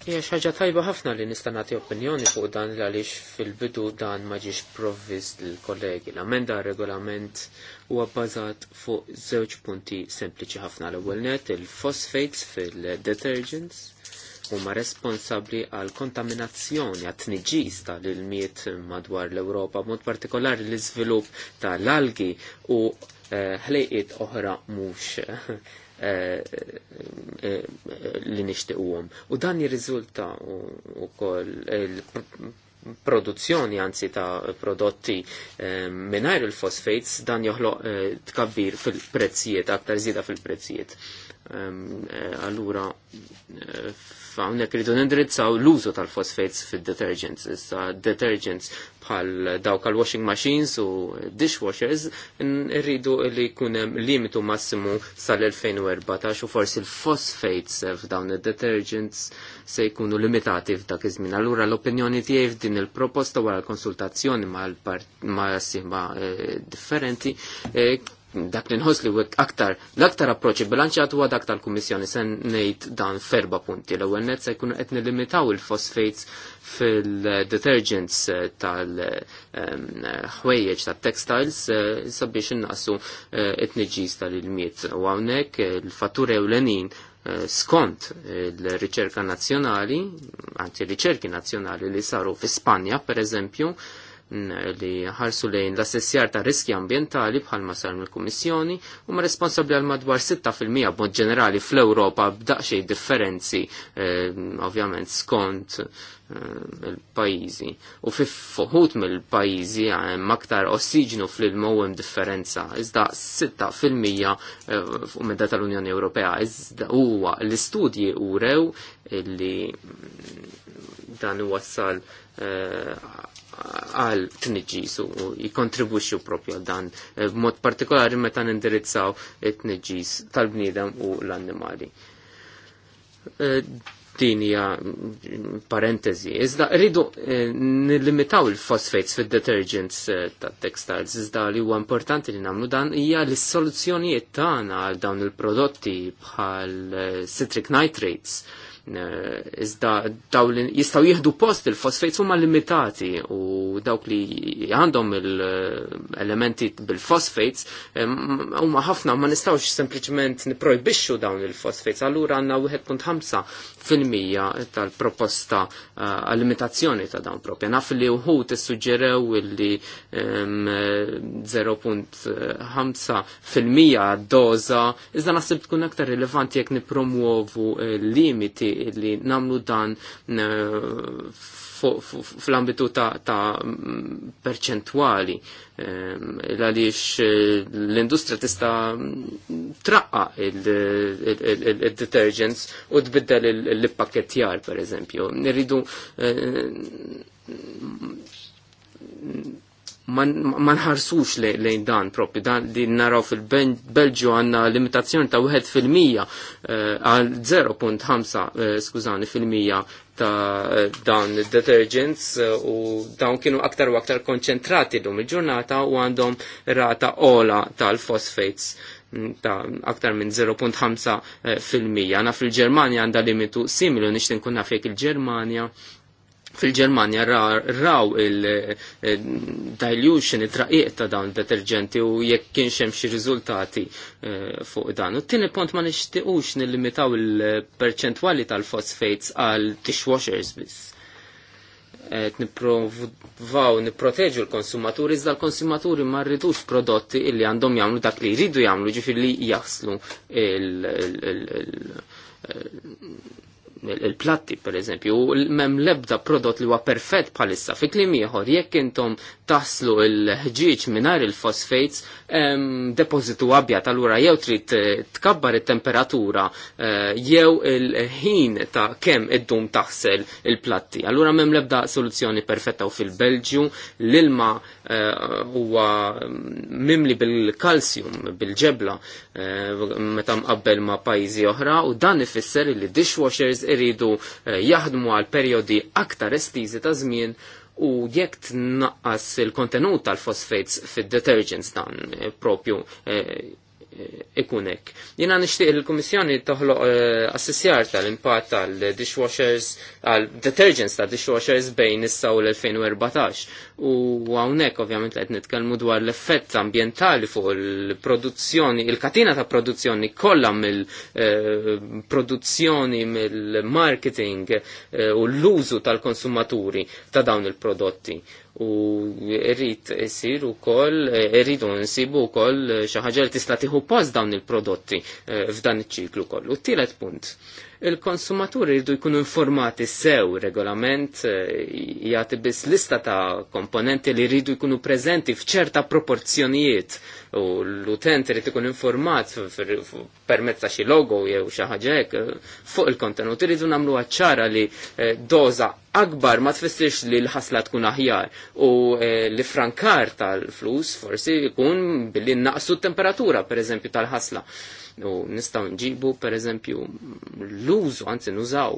Hija xaġa ħaġa tajba ħafna li nista' nagħti opinjoni fuq dan li għaliex fil-bidu dan ma ġiex provvist l-kollegi. L-amenda regolament huwa bbażat fuq żewġ punti sempliċi ħafna l-ewwel net il fosfates fil-detergents huma responsabbli għal kontaminazzjoni għat tniġis tal-ilmiet madwar l-Ewropa, mod partikolari l-iżvilupp tal-algi u eh, ħlejqiet oħra mhux li nixtiquhom. U dan jirriżulta wkoll produzzjoni anzi ta' prodotti eh, mingħajr il-fosfates dan joħloq eh, tkabbir fil-prezzijiet, aktar żieda fil-prezzijiet. Eh, allura eh, fawnek iridu nindrizzaw l-użu tal-fosfates fid-detergents. Issa detergents bħal dawk għal washing machines u dishwashers rridu li jkun hemm limitu massimu sal-2014 u forsi l-fosfates f'dawn il detergents se jkunu limitati f'dak iż-żmien. Allura l-opinjoni tiegħi f'din il-proposta wara l-konsultazzjoni mal-sima eh, differenti dak li nħoss li aktar l-aktar approċċi bilanċjat huwa dak tal-Kummissjoni se ngħid dan ferba punti. L-ewwel net se jkunu qed nilimitaw il-fosfates fil-detergents eh, tal-ħwejjeġ ehm, tat-textiles eh, sabiex innaqsu eh, it-tniġġis tal-ilmiet. U hawnhekk il-fatturi ewlenin skont il-riċerka nazzjonali, anzi riċerki nazzjonali li saru fi Spanja, per eżempju, li ħarsu lejn l-assessjar ta' riski ambientali bħalma sar mill-Kummissjoni u ma' responsabli għal madwar 6% b'mod ġenerali fl-Ewropa b'daqxej differenzi eh, ovvjament skont eh, il-pajizi. U fi fuħut mill-pajizi hemm aktar ossiġnu fl-ilma hemm differenza. Iżda 6% eh, fuq medda tal-Unjoni Ewropea. Iżda huwa l-istudji urew li dan huwa sal eh, għal t-nġis u jikontribuċu propju għal dan, eh, b'mod partikolari meta nindirizzaw t-nġis tal-bnidem u l-annimali. Eh, din hija parentesi. Iżda rridu eh, nillimitaw il-fosfates fid-detergents ta' textiles iżda li huwa importanti li nagħmlu dan hija l-soluzzjonijiet tagħna għal dawn il-prodotti bħal citric nitrates Eh, iżda daw li jistaw jihdu post il-fosfejt huma limitati u dawk li għandhom il elementi bil-fosfejt eh, huma ħafna ma nistawx sempliċement niprojbixxu dawn il-fosfejt. Allura għandna 1.5 fil-mija tal-proposta eh, għal-limitazzjoni ta' dawn propja. Naf li uħut suġġerew li 0.5 fil-mija doza, iżda nasib tkun aktar rilevanti jekk nipromuovu limiti li namlu dan eh, fl-ambitu ta' mm, perċentwali eh, għaliex eh, l-industrija tista' mm, traqqa il-detergents u tbiddel l-pakkettjar per eżempju. Nirridu ma nħarsux lejn dan propri. dan li naraw fil-Belġu għanna limitazzjoni ta' 1 fil-mija eh, għal 0.5 eh, skużani fil-mija ta' eh, dan detergents u dawn kienu aktar u aktar konċentrati dum il-ġurnata u għandhom rata ola tal-fosfates ta' aktar minn 0.5 fil-mija. Għana fil ġermanja għanda limitu simili u nixtin kunna fejk il-Ġermanja fil-Germania raw il-dilution, eh, it-traqiq ta' dawn detergenti u jekk kienx hemm xi riżultati eh, fuq dan. U t-tieni pont ma nixtiequx nillimitaw il-perċentwali tal-fosfates għal dishwashers biss. niprovaw, nipproteġu l-konsumaturi iżda l-konsumaturi ma rridux prodotti illi għandhom jagħmlu dak li jridu jagħmlu ġifir li jaħslu il- il-platti per eżempju, mem lebda prodott li huwa perfett bħalissa fi klim ieħor jekk intom taslu il ħġiġ mingħajr il-fosfates depożitu abjad allura jew trid eh, tkabbar it-temperatura eh, jew il-ħin ta' kemm iddum taħsel il-platti. Allura mem lebda soluzzjoni perfetta u fil-Belġju l-ilma Eh, huwa mm, mimli bil-kalsjum, bil-ġebla, eh, meta mqabbel ma' pajjiżi oħra u dan ifisser li dishwashers iridu eh, jaħdmu għal perjodi aktar estiżi ta' żmien u jekk tnaqqas il-kontenut tal-fosfates fid-detergents dan propju ikunek. Jina nishtiq il-Komissjoni toħloq eh, assessjar tal impat tal-dishwashers, tal-detergents tal-dishwashers bejn issa u l-2014. U għawnek ovvjament qed nitkellmu dwar l-effett ambientali fuq il-produzzjoni, il-katina ta' produzzjoni kollha mill-produzzjoni, eh, mill-marketing eh, u l-użu tal-konsumaturi ta' dawn il-prodotti u jisir isir ukoll irridu nsibu wkoll xi ħaġa li tista' tieħu pass dawn il-prodotti eh, f'dan iċ-ċiklu kollu. Tielet punt il-konsumaturi jridu jkunu informati sew regolament eh, jagħti biss lista ta' komponenti li jridu jkunu preżenti f'ċerta proporzjonijiet u l-utent irid ikun informat permezz ta' xi logo jew xi ħaġa eh, fuq il-kontenut irridu nagħmlu ċara li eh, doza akbar ma tfissirx li l-ħasla tkun aħjar u li frankar tal-flus forsi jkun billi naqsu t-temperatura per eżempju tal-ħasla u nistaw nġibu per eżempju l-użu, anzi nużaw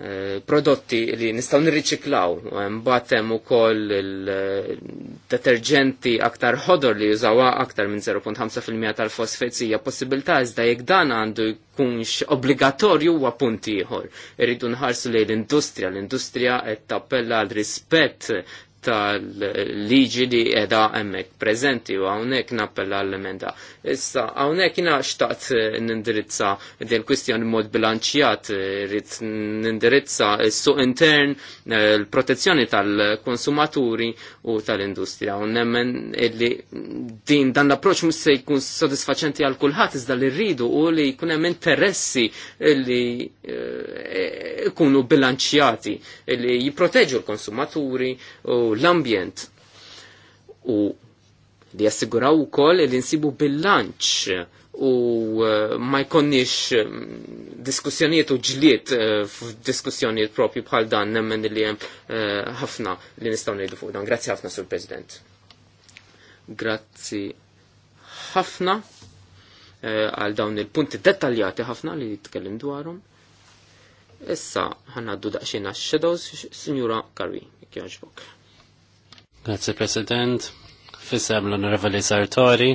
eh, prodotti li nistaw nirriċiklaw, mbatem u koll il-detergenti aktar ħodor li użawa aktar minn 0.5% tal-fosfetzija, possibilità iżda jek dan għandu jkunx obbligatorju huwa punti ieħor. Irridu nħarsu li l-industrija, l-industrija et tappella għal rispett tal-liġi li edha emmek prezenti u għawnek nappella l-emenda. Issa, għawnek jina xtaqt eh, nindirizza din kwistjoni mod bilanċjat, eh, rrit nindirizza s-suq intern, eh, l-protezzjoni tal-konsumaturi u tal-industrija. U nemmen illi din dan l-approċ musse se jkun sodisfaċenti għal kulħadd iżda li rridu u li jkun hemm interessi li jkunu bilanċjati, li jiproteġu l-konsumaturi u l-ambjent u li jassiguraw ukoll li nsibu bilanċ u eh, ma jkonniex mm, diskussjonijiet u ġliet eh, f'diskussjonijiet propju bħal dan nemmen li hemm eh, ħafna li nistgħu ngħidu fuq dan. Grazzi ħafna sur President. Grazzi ħafna għal dawn il-punti dettaljati ħafna li jitkellim dwarhom. Issa ħanaddu daqsxejn għax-shadows, Sinjura Karwi, kjaġbok. Grazie President. Fissem l-Onorevoli Sartori,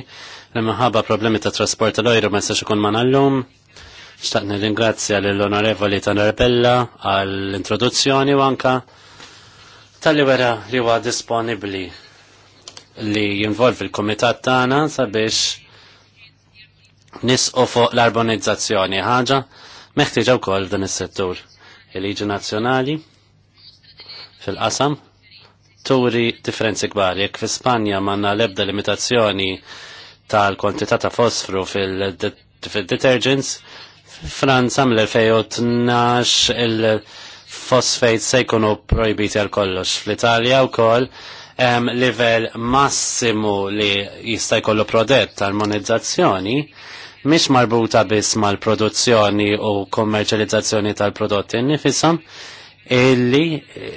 li maħaba problemi ta' trasport l-ojru ma' s-sax ikun l-lum. Xtaqni l-ingrazzja l-Onorevoli Tanarbella għall-introduzzjoni u anka tal-li wera li huwa disponibli li jinvolvi l-Komitat tagħna sabiex nisqu fuq l-arbonizzazzjoni ħaġa meħtieġa wkoll dan is-settur il-liġi nazzjonali fil-qasam turi differenzi kbar. Jekk fi Spanja manna lebda limitazzjoni tal-kwantità ta' fosfru fil-detergents, Franza mill-2012 il fosfate se jkunu projbiti għal kollox. Fl-Italja wkoll hemm livell massimu li jista' jkollu prodett tal-monetizzazzjoni mhix marbuta biss mal-produzzjoni u kommerċalizzazzjoni tal-prodotti nifisam, illi eh,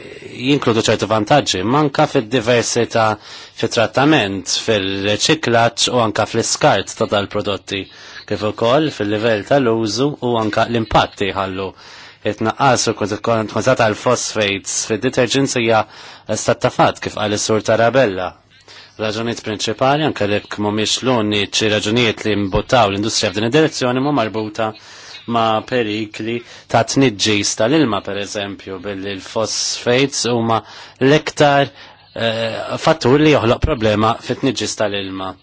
jinkludu ċertu vantaġġi manka fil-diversita fil-trattament, fil-reċiklaċ u anka fil-skart ta' dal-prodotti kif ukoll fil-livell tal-użu u anka l-impatti ħallu it-naqqas u kontat għal-fosfates fil-detergents hija stattafat kif għal sur Tarabella. Raġunijiet prinċipali anke lek mhumiex l-uniċi raġunijiet li mbutaw l-industrija f'din id-direzzjoni ma marbuta ma' perikli ta' tniġġis tal-ilma per eżempju billi l-fosfates huma l-iktar eh, fattur li joħloq problema fit tniġġis tal-ilma.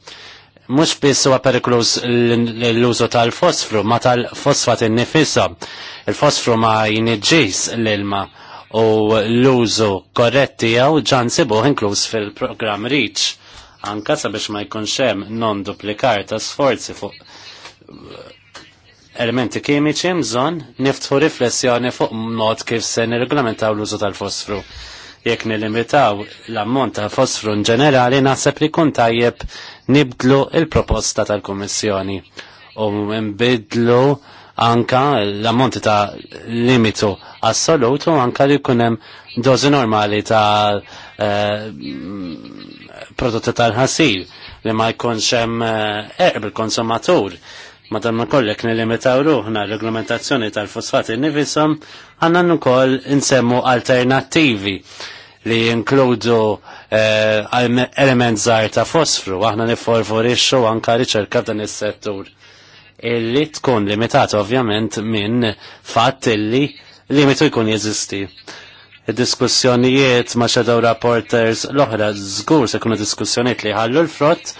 Mhux biss huwa periklus l-użu tal-fosfru, ma tal-fosfat innifisa. Il-fosfru ma jniġġis l-ilma u l-użu korretti għaw ġan sibuħ inkluż fil-program REACH anka sabiex ma jkunx hemm non duplikar ta' sforzi fuq elementi kimiċi mżon niftħu riflessjoni fuq mod kif se nirreglamentaw l-użu tal-fosfru. Jekk nilimitaw l-ammont tal fosfru in ġenerali naħseb li kun tajjeb nibdlu il-proposta tal-Kummissjoni u nbidlu anka l-ammonti ta' limitu assolutu anka li kunem dozi normali ta' eh, prodotti tal-ħasil li ma jkunx hemm eh, erb il-konsumatur Madonna kollek nilimitaw ruħna reglamentazzjoni tal-fosfati nifisom għanna nukoll insemmu alternativi li jinkludu eh, element żgħar ta' fosfru, aħna niforforixxu anka riċerka dan is-settur illi tkun limitat ovvjament minn fatt illi limitu jkun jeżisti diskussjonijiet ma' shadow rapporters l-oħra żgur se jkunu diskussjonijiet li ħallu l-frott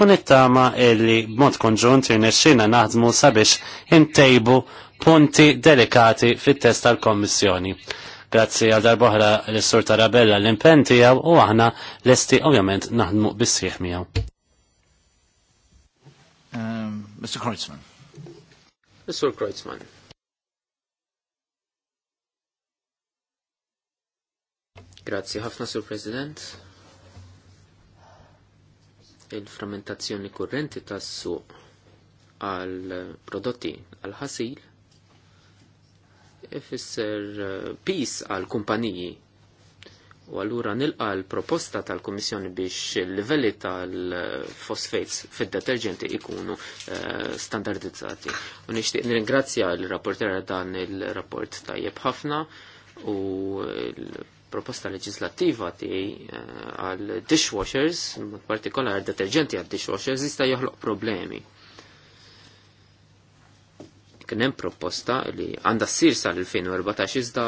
u nittama illi b'mod konġunt jirnexxina naħdmu sabiex intejbu punti delikati fit-test tal-Kommissjoni. Grazzi għal darboħra l-Sur Tarabella l-impen tijaw u aħna l-esti ovvjament naħdmu bis-sieħ miegħu. Um, Mr. Kreutzmann. Mr. Kreutzmann. Grazzi ħafna, Sur President il-frammentazzjoni kurrenti tas-suq għal prodotti għal ħasil ifisser eh, pis għal kumpaniji u allura nilqa l-proposta tal-Komissjoni biex il-livelli tal-fosfates fid detergenti ikunu eh, standardizzati. U nixtieq nirringrazzja l-rapportera dan il-rapport tajjeb ħafna u proposta leġislattiva tiegħi eh, għal dishwashers, partikolar detergenti għal dishwashers, jista' joħloq problemi. Kien hemm proposta li għandha ssir sal-2014 iżda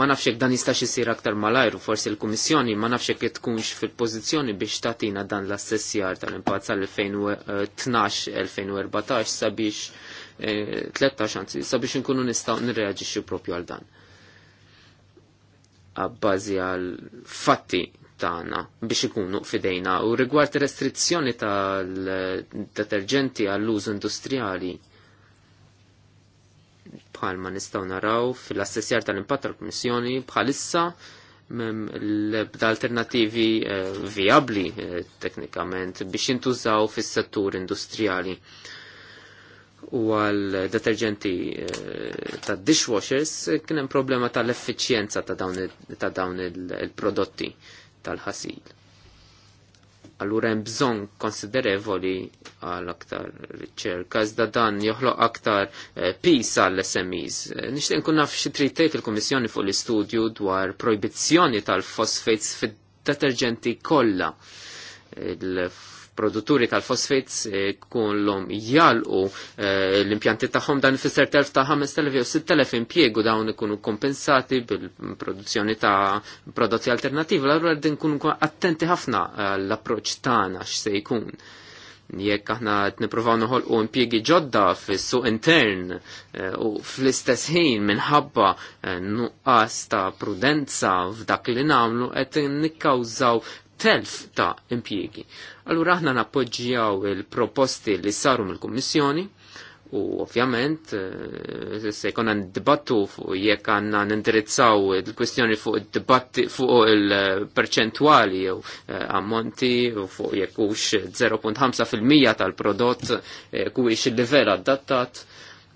ma nafx hekk dan jistax isir aktar malajr u forsi l-Kummissjoni ma nafx hekk tkunx fil-pożizzjoni biex tagħtina dan l-assessjar tal-impatt sal-2012-2014 sabiex 13 eh, anzi sabiex inkunu nistgħu nirreaġixxu propju għal dan għabbażi għal fatti tagħna biex ikunu fidejna u rigward restrizzjoni tal-deterġenti għall-użu industrijali bħalma nistgħu naraw fil-assessjar tal-impatt tal-Kummissjoni bħalissa l-ebda alternativi eh, viabli eh, teknikament biex jintużaw fis-settur industrijali u għal detergenti eh, ta' dishwashers kien hemm problema tal-effiċjenza ta' dawn il-prodotti tal-ħasil. Allura hemm bżonn konsiderevoli għal aktar riċerka iżda dan joħloq aktar eh, pis għall SMEs. Eh, nixtieq nkun naf xi trid tgħid il-Kummissjoni fuq l-istudju dwar proibizzjoni tal-fosfates fid-deterġenti kollha il produtturi tal-fosfits e, kun l-om jalqu e, l-impjanti taħħom dan fisser telf ta' 5.000 u 6.000 impiegu dawn ikunu kompensati bil-produzzjoni ta' prodotti alternativi, l-għarru għaddin kun attenti ħafna l-approċ tana x'se jkun jekk aħna niprofaw noħolqu impjiegi ġodda fis-suq intern e, u fl-istess ħin minħabba nuqqas ta' prudenza f'dak li nagħmlu qed nikkawżaw telf ta' impjiegi. Allura aħna nappoġġjaw il-proposti li saru mill-Kummissjoni u ovvjament eh, se jkun għan dibattu fuq jekk għandna nindirizzaw il-kwistjoni fuq id-dibatti fuq il-perċentwali jew eh, ammonti u fuq jekk hux 0.5% tal-prodott eh, kuwiex il-livell adattat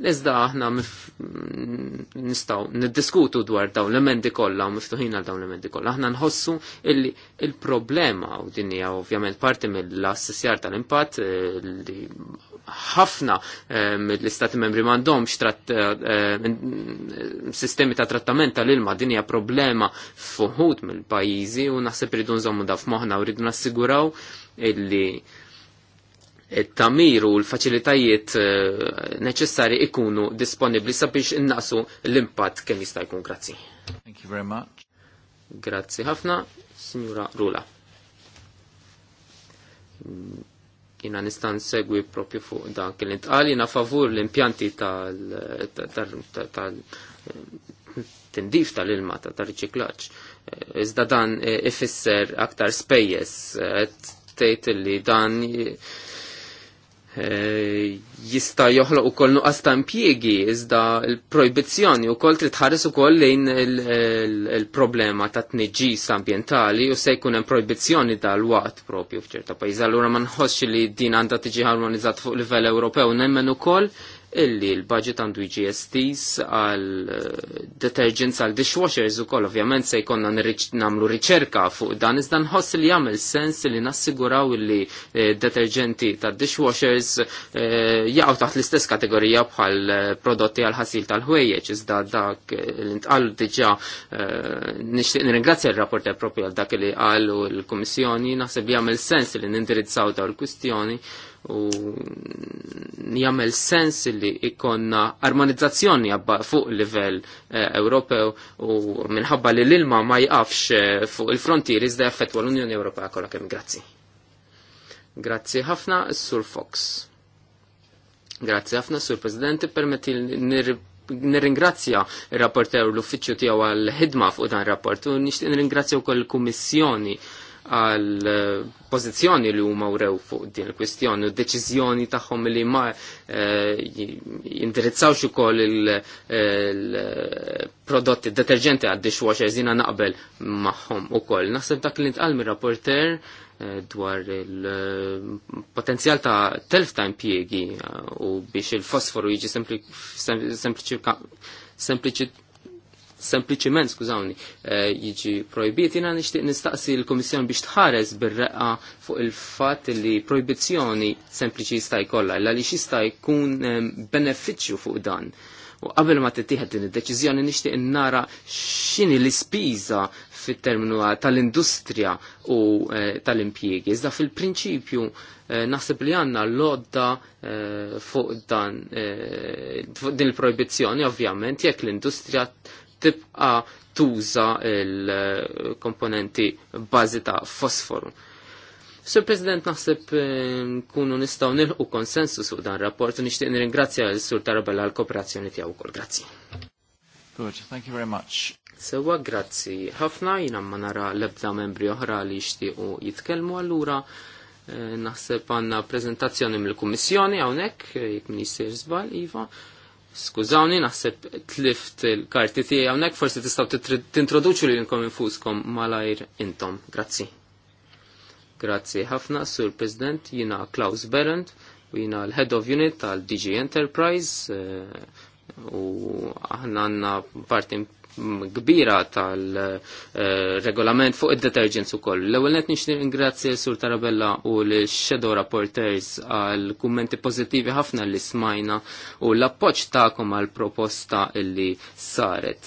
Iżda aħna mm, nistaw niddiskutu dwar dawn l-emendi kollha u miftuħin għal dawn l-emendi kollha. Aħna nħossu illi il-problema u din hija ovvjament parti mill-assessjar tal-impatt eh, li ħafna eh, mill istati membri m'għandhomx eh, sistemi ta' trattament tal-ilma din hija problema fuħut mill-pajjiżi u naħseb iridu nżommu daf moħħna u rridu nassiguraw illi it-tamir u l-faċilitajiet eh, neċessari ikunu disponibli sabiex innaqsu l-impatt kemm jista' jkun grazzi. Thank you very much. Grazzi ħafna, Signora Rula. Jina nistan segwi propju fuq dan kien intqal jina favur l-impjanti tal-tindif tal-ilma tal-riċiklaġġ. Eh, iżda dan eh, ifisser aktar spejjeż tgħid li dan Eh, jista joħloq u koll nuqqas ta' impjiegi, iżda l projbizzjoni u koll tritħares u koll lejn il-problema ta' t-nġis ambientali u se jkun hemm projbizzjoni dal-waqt propju f'ċerta pajjiż. Allura ma nħossx li din għandha tiġi harmonizzat fuq livell Ewropew nemmen ukoll illi l-budget għandu GSTs għal eh, detergents għal dishwashers u koll, ovvjament se jkonna namlu riċerka fuq dan, iżda nħoss li jagħmel sens li nassiguraw illi eh, detergenti ta' dishwashers eh, jaqgħu taħt l-istess kategorija bħal prodotti għal ħasil tal-ħwejjeġ, iżda dak l-intqal diġà nixtieq nirringrazzja l-rapporter propju għal dak li qal u l-Kummissjoni naħseb li jagħmel sens li nindirizzaw daw l-kwistjoni u jagħmel sens li ikonna armonizzazzjoni fuq livell eh, Ewropew u minħabba li l-ilma ma jqafx eh, fuq il-frontier iżda jaffettwa l-Unjoni Ewropea kolla kem grazzi. Grazzi ħafna Sur Fox. Grazzi ħafna Sur President, permetti nir nirringrazzja il-rapporter u l-uffiċċju tiegħu għal-ħidma fuq dan rapport u nixtieq nirringrazzja wkoll il-Kummissjoni għal eh, pozizjoni li huma wrew fuq din il kwestjoni u deċiżjoni tagħhom li ma eh, jindirizzawx ukoll il-prodotti deterġenti għad dishwashers jiena naqbel magħhom ukoll. Naħseb dak li ntqal mir-rapporter eh, dwar il-potenzjal ta' telf ta' impjiegi u biex il-fosforu jiġi sempliċi sempliciment, skużawni, eh, jiġi projbit, jina nishtiq nistaqsi l-Komissjon biex tħares bil-reqqa fuq il-fat li projbizjoni sempliċi jista' jkollha, illa li xistaj jkun eh, beneficju fuq dan. U qabel ma t-tiħed din id-deċiżjoni nixtieq nara x'inhi l-ispiża fit-terminu tal-industrija u eh, tal-impjiegi. Iżda fil-prinċipju naħseb li għandna l-odda fuq dan din il projbizjoni ovvjament jekk l-industrija tibqa tuża il-komponenti bazi ta' fosforu. Sur President, naħseb eh, nkunu nistaw nilħu konsensus u dan rapport u nixtieq nirringrazzja l sur Tarabella għal kooperazzjoni tiegħu wkoll. Grazzi. Good, thank you very much. Sewa grazzi. Ħafna jina ma nara l-ebda membri oħra li jixtiequ jitkellmu allura eh, naħseb għandna prezentazzjoni mill-Kummissjoni hawnhekk jek minister Zbal, iva. Skużawni, naħseb tlift il-karti tiegħi hawnhekk forsi t-introduċu li l-inkom infuskom malajr intom. Grazzi. Grazzi ħafna, Sur President, jina Klaus Berend u jina l-Head of Unit tal-DG Enterprise eh, u għanna parti kbira tal-regolament fuq id-detergents ukoll. L-ewwel net nix ingrazzja sur Tarabella u l-Shadow Rapporters għal kummenti pożittivi ħafna li smajna u l-appoġġ tagħkom għal proposta illi saret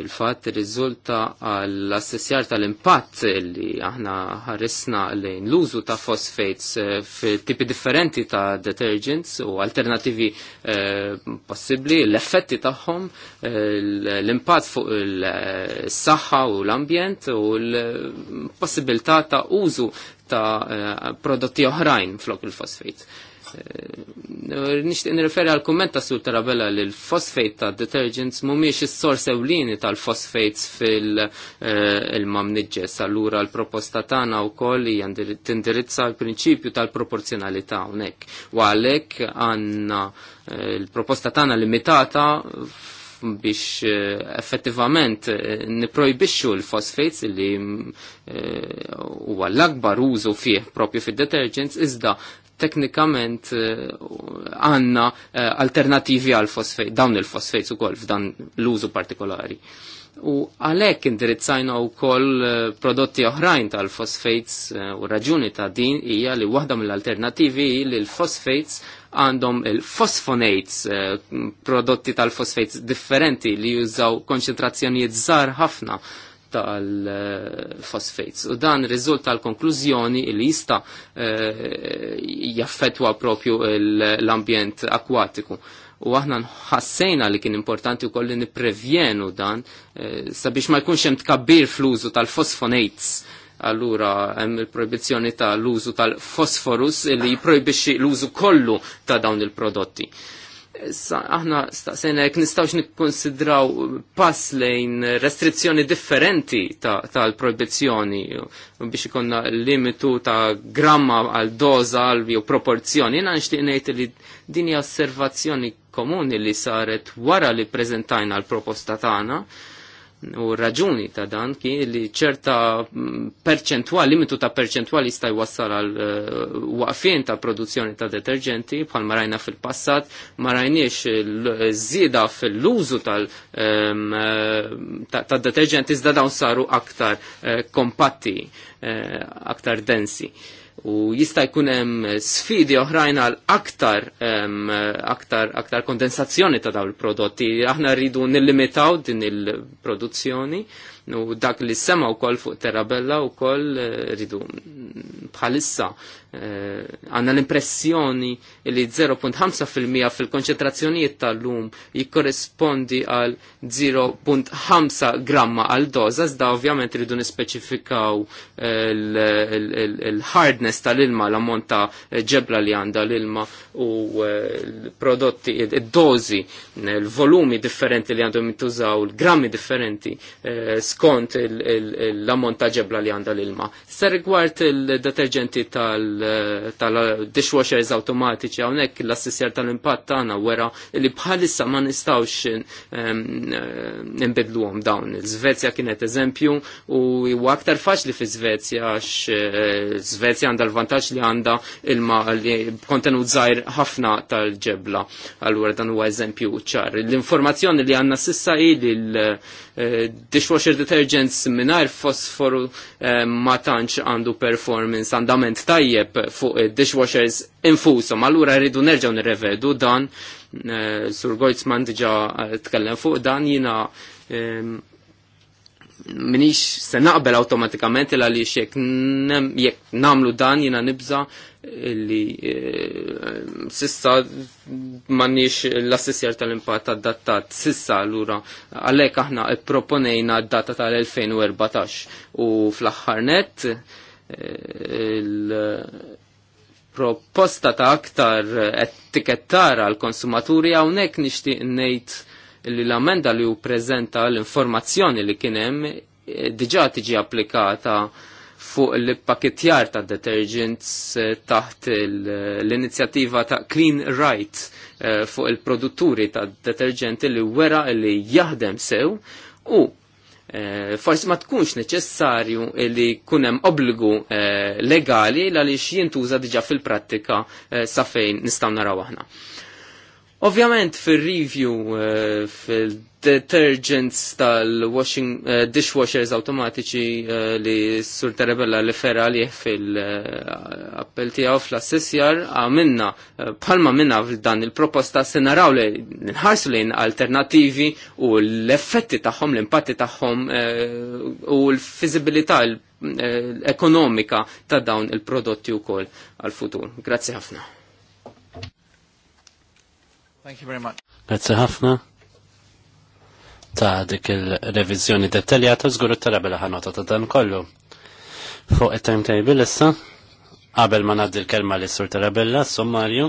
fil-fat rizulta għall-assessjar tal-impatt li aħna ħarisna lejn l-użu ta' fosfates eh, fil-tipi differenti ta' detergents u alternativi eh, possibli, l-effetti tagħhom, eh, l-impatt fuq il-saħħa u l-ambjent u l-possibilità ta' użu ta' prodotti oħrajn flok il fosfates Eh, eh, Nishtiq nirreferi għal kumment ta' Sur Tarabella li l-fosfate ta' detergents mumiex is-sors ewlieni tal-fosfates fil-mam eh, Allura l-proposta tagħna wkoll hija tindirizza l-prinċipju tal-proporzjonalità hawnhekk. U għalhekk għandna l-proposta tagħna limitata biex effettivament niprojbixxu l-fosfates li huwa l-akbar użu fih propju fid-detergents iżda teknikament eh, għanna eh, alternativi għal fosfejt, dawn il-fosfejt u kol f'dan l-użu partikolari. U għalek indirizzajna u koll eh, prodotti oħrajn tal fosfates u raġuni ta' din hija li waħda mill-alternativi li l fosfates għandhom il-fosfonates, prodotti tal fosfates differenti li jużaw konċentrazzjonijiet żgħar ħafna tal-fosfates. U dan rizulta l konklużjoni li jista eh, jaffetwa propju l-ambjent akwatiku u aħna nħassejna li kien importanti u kolli niprevjenu dan eh, sabiex ma jkunx hemm tkabbir fl-użu tal-fosfonates allura hemm il-proibizzjoni tal-użu tal-fosforus li jprojbixxi l-użu kollu ta' dawn il-prodotti aħna staqsejna jekk nistgħux nikkonsidraw pass lejn restrizzjoni differenti tal projbizzjoni ta biex ikonna limitu ta' gramma għal doza għal jew proporzjoni. Jiena nixtieq ngħid li din hija osservazzjoni komuni li saret wara li preżentajna l-proposta tagħna U raġuni ta' dan ki li ċerta perċentwal, limitu ta' perċentwal jista' wassal għal eh, waqfien ta' produzzjoni ta' deterġenti bħal marajna fil-passat, ma rajniex fil-użu tal-deterġenti ehm, eh, iżda dawn saru aktar eh, kompatti, aktar densi u jista' jkun hemm eh, sfidi oħrajn għal aktar um, aktar aktar kondensazzjoni ta' dawn il-prodotti. Aħna rridu nillimitaw din il-produzzjoni u dak li sema wkoll fuq Terabella wkoll eh, rridu bħalissa Eh, għanna l-impressjoni li 0.5% fil-konċentrazzjonijiet tal-lum jikkorrespondi għal 0.5 gramma għal doza, zda ovvjament rridu nispeċifikaw il-hardness eh, tal-ilma, l-ammont ta' ġebla li għanda l-ilma u eh, l-prodotti, id-dozi, l-volumi differenti li għandhom jintużaw, l-grammi differenti skont l-ammont ta' ġebla li għanda l-ilma. Sa rigward il detergenti tal- tal-dishwashers automatiċi hawnhekk l-assessjar tal-impatt tagħna wera li bħalissa ma nbidlu għom dawn. Zvezja kienet eżempju u huwa aktar faċli fi Zvezja għax Zvezja eh, għandha l-vantaġġ li għandha ilma li kontenut żgħir ħafna tal-ġebla. Allura dan huwa eżempju ċar. L-informazzjoni li għandna sissa l eh, dishwasher detergents minar fosforu eh, ma tantx għandu performance andament tajjeb tajjeb fuq dishwashers infusom. Allura rridu nerġgħu nirrevedu dan eh, Sur Goitzman diġa eh, tkellem fuq dan jina ehm, minix se naqbel automatikament il għaliex jekk namlu dan jina nibża li eh, sissa manix l-assessjar tal impat adattat sissa l-ura għalek aħna proponejna d-data tal-2014 u fl-axħarnet net il-proposta ta' aktar etikettara għal konsumaturi hawnhekk nixtieq ngħid li l-amenda li hu prezenta l-informazzjoni li kien hemm eh, diġà tiġi applikata fuq l pakettjar ta' detergents eh, taħt l-inizjattiva ta' Clean Right eh, fuq il-produtturi ta' detergenti li wera li jaħdem sew u Eh, forsi ma tkunx neċessarju li kunem obbligu eh, legali għaliex jintuża diġa fil-prattika eh, sa fejn nistaw naraw aħna. Ovvjament fil-review fil detergents tal-washing uh, dishwashers automatiċi uh, li sur Tarabella li ferra li fil-appell eh, uh, tiegħu fl-assessjar għamilna uh, palma minna dan il-proposta se naraw li nħarsu alternativi u l-effetti tagħhom, l-impatti tagħhom uh, u l l ekonomika ta' dawn il-prodotti wkoll għal-futur. Grazzi ħafna. Thank you very much. Grazie ħafna ta' dik il-revizjoni dettaljata żgur it-tarabela ħanota ta' dan kollu. Fuq it-timetable issa, qabel ma ngħaddi l-kelma li sur tarabella, sommarju,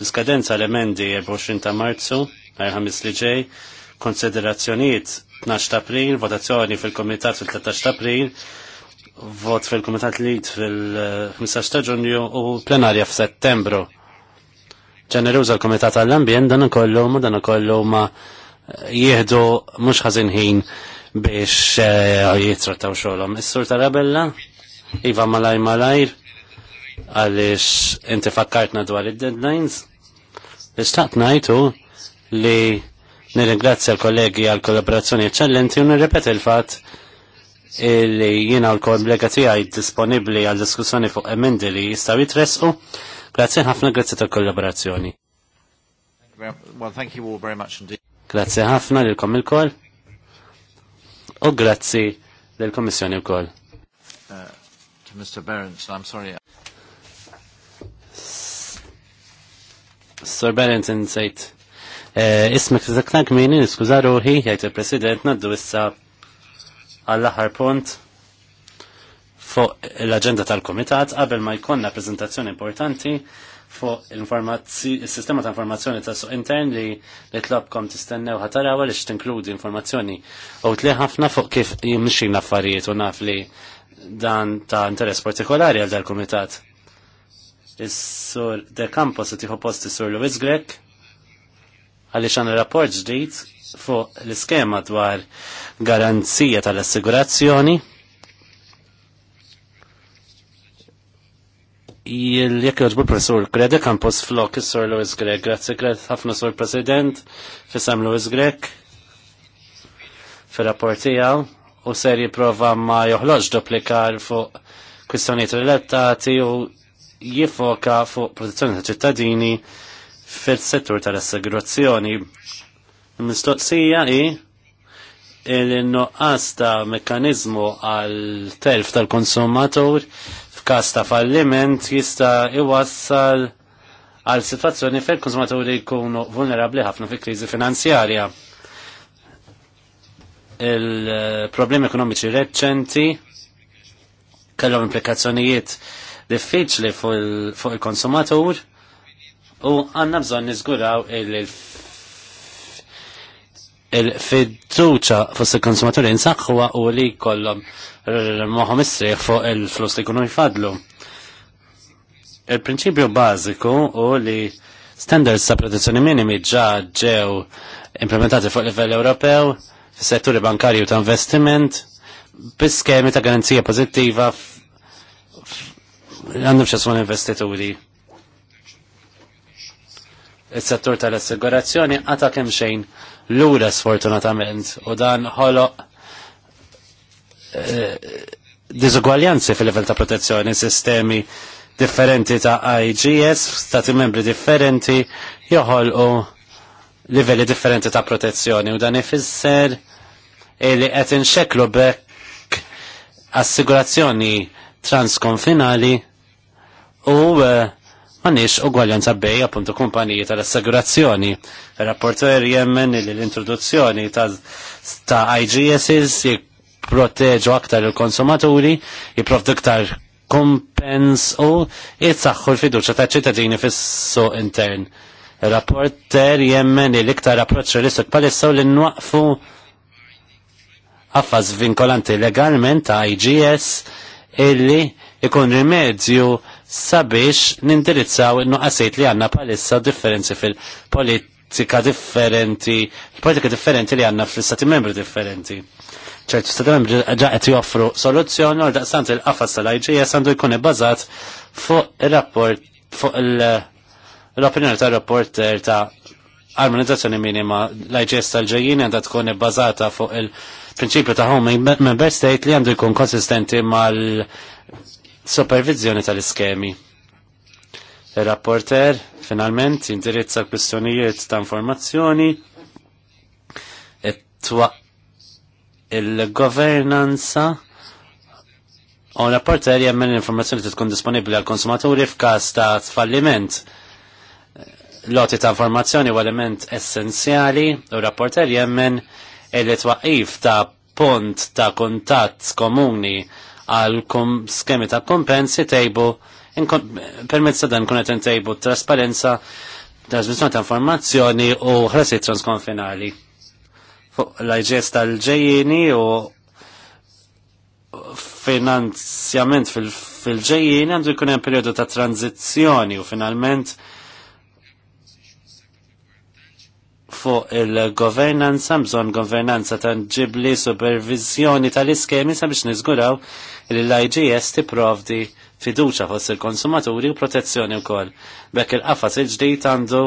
l skadenza l-emendi 20 ta' Marzu, għal ħamis li ġej, konsiderazzjonijiet 12 ta' April, votazzjoni fil-Komitat fil-13 ta' April, vot fil-Komitat Lid fil-15 ta' ġunju u plenarja f'Settembru. Ġeneruża l-Komitat għall-Ambjent dan kollu ma dan kollu ma jieħdu mhux ħażin ħin biex eh, jitrattaw xogħolhom. Is-sur tarabella? Iva malaj malajr għaliex inti fakkartna dwar id-deadlines. Istaqt ngħidu li nirringrazzja l-kollegi għal kollaborazzjoni eccellenti u nirrepet il-fat li jiena l-kollega tiegħi disponibbli għal diskussjoni fuq emendi li jistgħu jitresqu. Grazzi ħafna grazzi tal-kollaborazzjoni. Well, thank you all very much indeed. Grazzi ħafna lilkom il-koll u grazzi lill-Kommissjoni wkoll. Uh, Mr. Berens, I'm sorry. Uh, Sir Berens, insejt. Uh, ismek t-zaknak minni, skuza ruħi, jgħajt il-President, naddu issa għall-ħar punt fuq l-agenda tal-komitat qabel ma jkollna prezentazzjoni importanti fuq il-sistema ta' informazzjoni ta' suq intern li li tlabkom tistennew ħataraw li tinkludi informazzjoni u tli ħafna fuq kif jimxi l-affarijiet u naf li dan ta' interess partikolari għal dal-komitat. Is-sur De Campos se tieħu posti sur Luis Grek għaliex għandu rapport ġdid fuq l-iskema dwar garanzija tal-assigurazzjoni jekk jgħodbu professur Greg, kan post flok is-Sor Lewis Greg, grazzi Greg, ħafna Sor President, fisam Lewis Greg, fil-rapport tiegħu u ser jipprova ma joħloġ duplikar fuq kwistjonijiet rilettati u jifoka fuq protezzjoni ta' ċittadini fil-settur tal assegurazzjoni Mistoqsija i il-nuqqas ta' mekanizmu għal telf tal-konsumatur f'każ ta' falliment jista' iwassal għal situazzjoni fejn konsumaturi jkunu vulnerabbli ħafna fi kriżi finanzjarja. Il-problemi ekonomiċi reċenti kellhom implikazzjonijiet diffiċli fuq il-konsumatur u għandna bżonn niżguraw il il-fiduċa fost il-konsumaturi nsaxħuwa u li kollom moħom istriħ fuq il-flus li kunu jfadlu. Il-prinċipju bażiku u li standards ta' protezzjoni minimi ġa ġew implementati fuq livell Ewropew fis-setturi bankarju ta' investiment b'iskemi ta' garanzija pożittiva għandhom xasmun investituri il-settur tal-assigurazzjoni għata kemm xejn l-ura sfortunatament u dan ħoloq eh, diżugwaljanzi fil-level ta' protezzjoni sistemi differenti ta' IGS, stati membri differenti joħolqu livelli differenti ta' protezzjoni u dan ifisser li qed inxeklu bekk assigurazzjoni transkonfinali u uh, għanix ugwaljanza bej puntu kumpaniji tal-assigurazzjoni. Rapporter jemmen li l-introduzzjoni ta', ta IGSs jipproteġu aktar il-konsumaturi, jiprofdu aktar kompens u jitsaxħu l-fiduċa ta' ċittadini fis-suq intern. Rapporter jemmen l-iktar approċċ realistiku palissa li nwaqfu għaffaz vinkolanti legalment ta' IGS illi ikun rimedju sabiex nindirizzaw in nuqqasiet li għandna bħalissa differenzi fil-politika differenti, politika differenti li għandna fl-istati membri differenti. ċertu stati membri ġaqet joffru soluzzjoni għal daqsant il-qafas tal-IGS għandu jkun ibbażat fuq il-rapport fuq l-opinjoni tal-rapporter ta' armonizzazzjoni minima l-IGS tal-ġejjini għandha tkun ibbażata fuq il- prinċipju ta' home member state li għandu jkun konsistenti mal supervizjoni tal-iskemi. Il-rapporter finalment jindirizza kwistjonijiet ta' informazzjoni il-governanza u rapporter jemmen l-informazzjoni li tkun disponibli għal konsumaturi f'każ ta' falliment. Loti ta' informazzjoni u element essenzjali u rapporter jemmen il-twaqif ta' pont ta' kuntatt komuni għal skemi ta' kompensi tejbu permezz dan kunet intejbu trasparenza trasmissjoni ta' informazzjoni u ħrasi transkonfinali fuq l-IGS tal-ġejjini u finanzjament fil-ġejjini għandu jkun hemm perjodu ta' tranzizzjoni u finalment fuq il-governanza, bżon governanza tangibli, supervizjoni tal-iskemi sabiex nizguraw li l-IGS tipprovdi fiduċa fost il-konsumaturi u protezzjoni u koll. Bekk il-qafas il-ġdijt għandu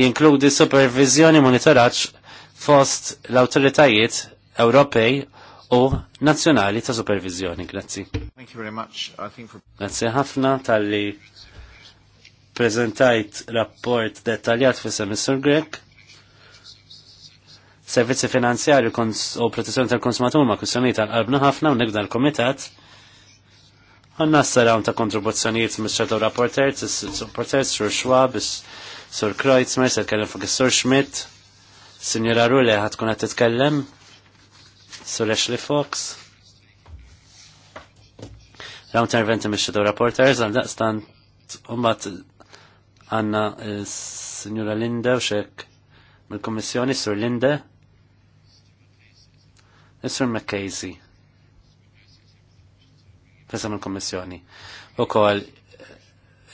jinkludi supervizjoni monitoraċ fost l-autoritajiet Ewropej u nazzjonali ta' supervizjoni. Grazzi. Grazzi ħafna tal-li prezentajt rapport dettaljat fissa Mr. Grek servizzi finanzjari u protezzjoni tal-konsumatur ma' kwistjonijiet tal qalbna ħafna u nibda l-komitat. Għanna s saraw ta' kontribuzzjonijiet mis-ċertu rapporter, supporter, sur Schwab, sur Kreutzmer, se kellem fuq sur Schmidt, Signora Rule ħatkun għat titkellem, sur Ashley Fox. Rawn interventi mis-ċertu rapporters, għal-daqstant umbat għanna eh, Signora Linda u xek mill s sur Linda. Mr. McCasey, McKaysey. il-Kommissjoni. U kol eh,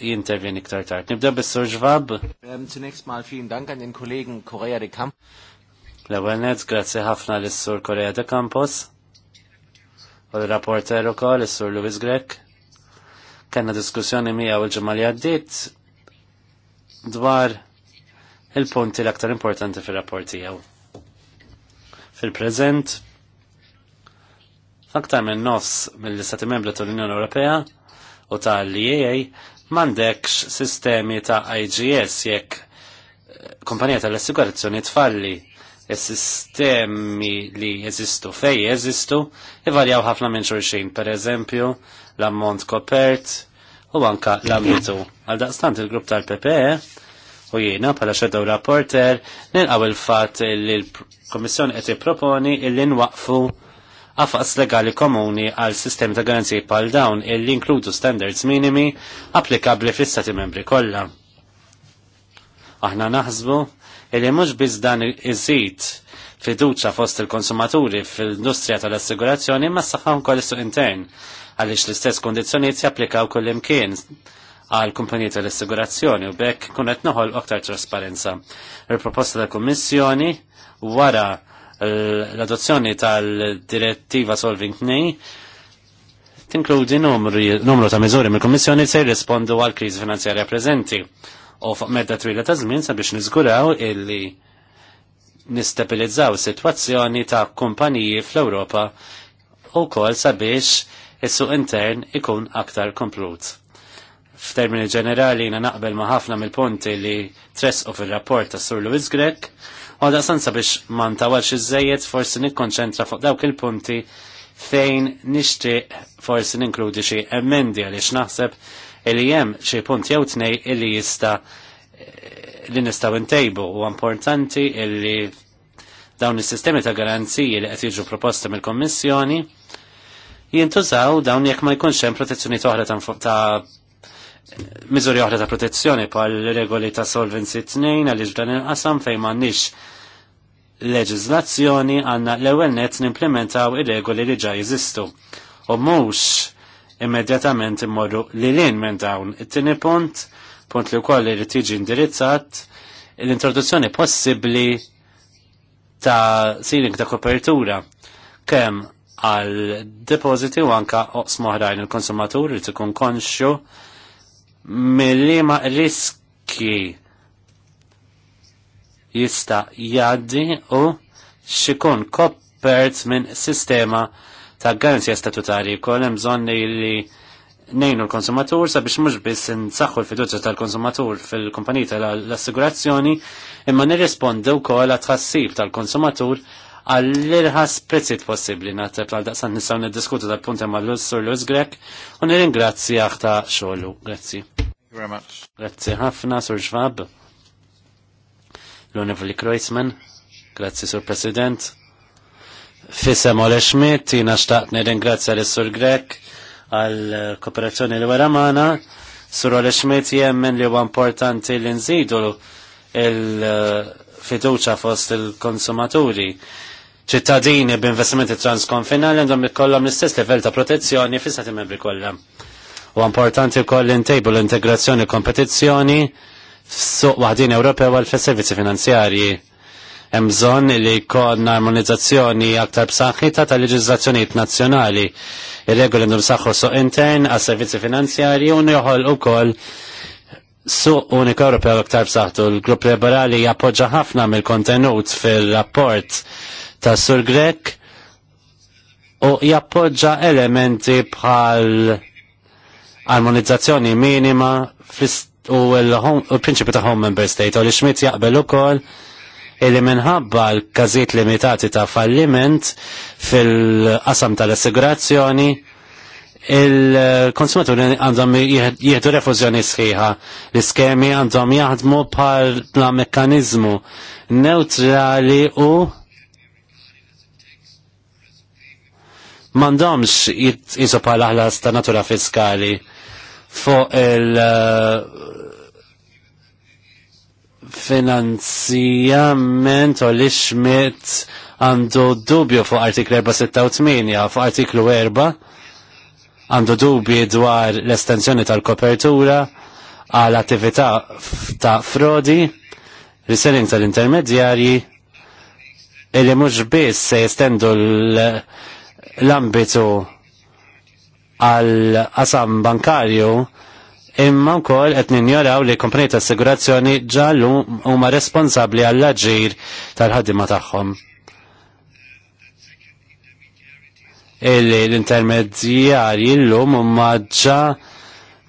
jintervjen iktar tard. Nibda bis-Sur Ġvab. Ähm, zunächst mal vielen Dank an den Kollegen Korea de Kamp. L-ewwel nett, ħafna lis-Sur Korea de Campos. U l-rapporter ukoll is-Sur Luis Grek. Kenna diskussjoni mija u ġimgħa li għaddiet dwar il-punti l-aktar importanti fir-rapport tiegħu. Fil-preżent, Aktar minn nofs mill-Istati Membri tal-Unjoni Ewropea u tal-EA m'għandekx sistemi ta' IGS jekk eh, kumpanija tal-assigurazzjoni tfalli il sistemi li jeżistu fej jeżistu ivarjaw ħafna minn xulxin, per eżempju, l-ammont kopert u anka l-ambitu. Għal daqstant il-grupp tal-PPE u jiena pala xedaw rapporter nilqaw il-fat li l-Komissjoni qed proponi illi nwaqfu għafas legali komuni għal sistemi ta' garanziji pal dawn illi inkludu standards minimi applikabli fis stati membri kollha. Aħna naħsbu il mhux biss dan iżid fiduċa fost il-konsumaturi fil-industrija tal-assigurazzjoni ma s-saxħan kol suq intern għaliex l-istess kondizjoniet japplikaw kull imkien għal kumpaniji tal-assigurazzjoni u bekk kunet noħol aktar trasparenza. Il-proposta tal kummissjoni wara l-adozzjoni tal-direttiva Solving 2 tinkludi numru ta' miżuri mill-Kummissjoni se jirrispondu għal kriżi finanzjarja preżenti u fuq medda twila ta' żmien sabiex niżguraw illi nistabilizzaw sitwazzjoni ta' kumpaniji fl-Ewropa u kol sabiex is-suq intern ikun aktar komplut. F'termini ġenerali jina naqbel ma' ħafna mill-punti li tresqu fil-rapport ta' Sur Louis Grek U da sansa biex man għal iż-żejjed forsi nikkonċentra fuq dawk il-punti fejn nixtieq forsi ninkludi xi emendi għaliex naħseb li hemm xi punt jew tnej illi jista' eh, li nistgħu ntejbu u importanti illi dawn is-sistemi ta' garanziji li qed jiġu proposta mill-Kommissjoni jintużaw dawn jekk ma jkunx hemm protezzjoni toħra ta' miżuri oħra ta' protezzjoni pal regoli ta' Solvency 2 għaliex dan il-qasam fejn m'għandniex leġiżlazzjoni għandna l-ewwel nett nimplementaw ir-regoli li ġa jeżistu. U mhux immedjatament immorru li lin minn dawn. It-tieni punt, punt li wkoll irid tiġi indirizzat, l-introduzzjoni possibbli ta' ceiling ta' kopertura kemm għal depositi u anka oqsmoħrajn il-konsumatur li tkun konxju mill-liema riski jista jaddi u xikun koppert minn sistema ta' garanzija statutari kol hemm bżonn li nejnu l-konsumatur sabiex mhux biss nsaħħu l-fiduċja tal-konsumatur fil-kumpaniji tal-assigurazzjoni imma nirrispondu wkoll għat tal-konsumatur għall-irħas prezzit possibli naħseb għal daqsan nisaw niddiskutu dal punti ma' l-Sur Luz Grek u nirringrazzja ta' xogħlu. Grazzi. Grazzi ħafna, Sur Ġvab. L-Univli Kreuzman. Grazzi, Sur President. Fisem Ole Schmidt, jina xtaqt nirringrazzja għal sur Grek għal kooperazzjoni li għara maħna. Sur Ole Schmidt jemmen li huwa importanti li nżidu il-fiduċa fost il-konsumaturi ċittadini b'investimenti transkonfinali għandhom ikollhom l-istess livell ta' protezzjoni fis stati membri kollha. U importanti wkoll intejbu l-integrazzjoni kompetizzjoni f'suq waħdin Ewropew għal fis servizzi finanzjarji. Hemm bżonn li jkollna armonizzazzjoni aktar b'saħħitha ta' leġiżlazzjonijiet nazzjonali. Ir-regoli ndur saħħu suq intern għas servizzi finanzjarji u joħol ukoll suq Unika Ewropew aktar b'saħħtu. L-Grupp Liberali jappoġġa ħafna mill-kontenut fil-rapport ta' Sur Grek u jappoġġa elementi bħal armonizzazzjoni minima u l-prinċipi ta' home member state u li xmit jaqbel ukoll illi minħabba l-każijiet limitati ta' falliment fil-qasam tal-assigurazzjoni il-konsumaturi għandhom jieħdu refużjoni sħiħa. L-iskemi għandhom jaħdmu bħal mekkanizmu neutrali u mandomx jizu pala ħlas ta' natura fiskali fuq il- uh, finanzjament u li xmit għandu dubju fuq artiklu 468 fuq artiklu 4 għandu dubji dwar l-estensjoni tal-kopertura għal attività ta' frodi riselling tal-intermedjarji illi mhux biss se jestendu l- l-ambitu għal qasam bankarju imma wkoll qed ninjoraw li kompanija ta' assigurazzjoni ġallu huma responsabbli għall aġir tal ħaddima tagħhom. L-intermedjarji llum huma ġa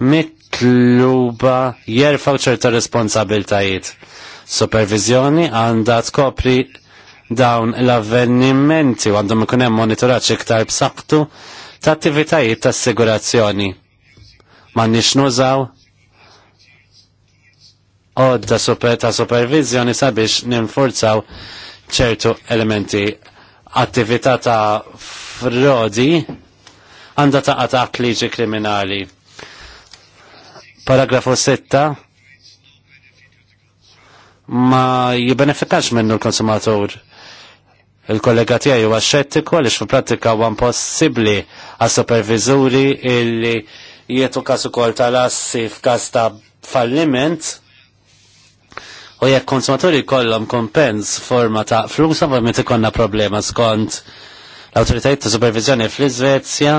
mitluba jerfaw ċerta responsabiltajiet. Supervizjoni għandha tkopri dawn l-avvenimenti u għandhom ikun hemm monitoraġġ iktar b'saqtu ta' attivitajiet ta' assigurazzjoni. M'għandniex nużaw għodda super ta' supervizjoni sabiex ninforzaw ċertu elementi attività ta' frodi għanda ta' ta' liġi kriminali. Paragrafu 6 ma jibbenefikax minnu l-konsumatur il-kollega tiegħi huwa xettiku għaliex fil-prattika huwa impossibbli għas-supervizuri illi jietu kasu ukoll tal-assi f'każ ta' falliment u jekk konsumaturi kollhom kompens forma ta' flus ovvjament ikollna problema skont l-awtoritajiet ta' supervizjoni fl-Iżvezja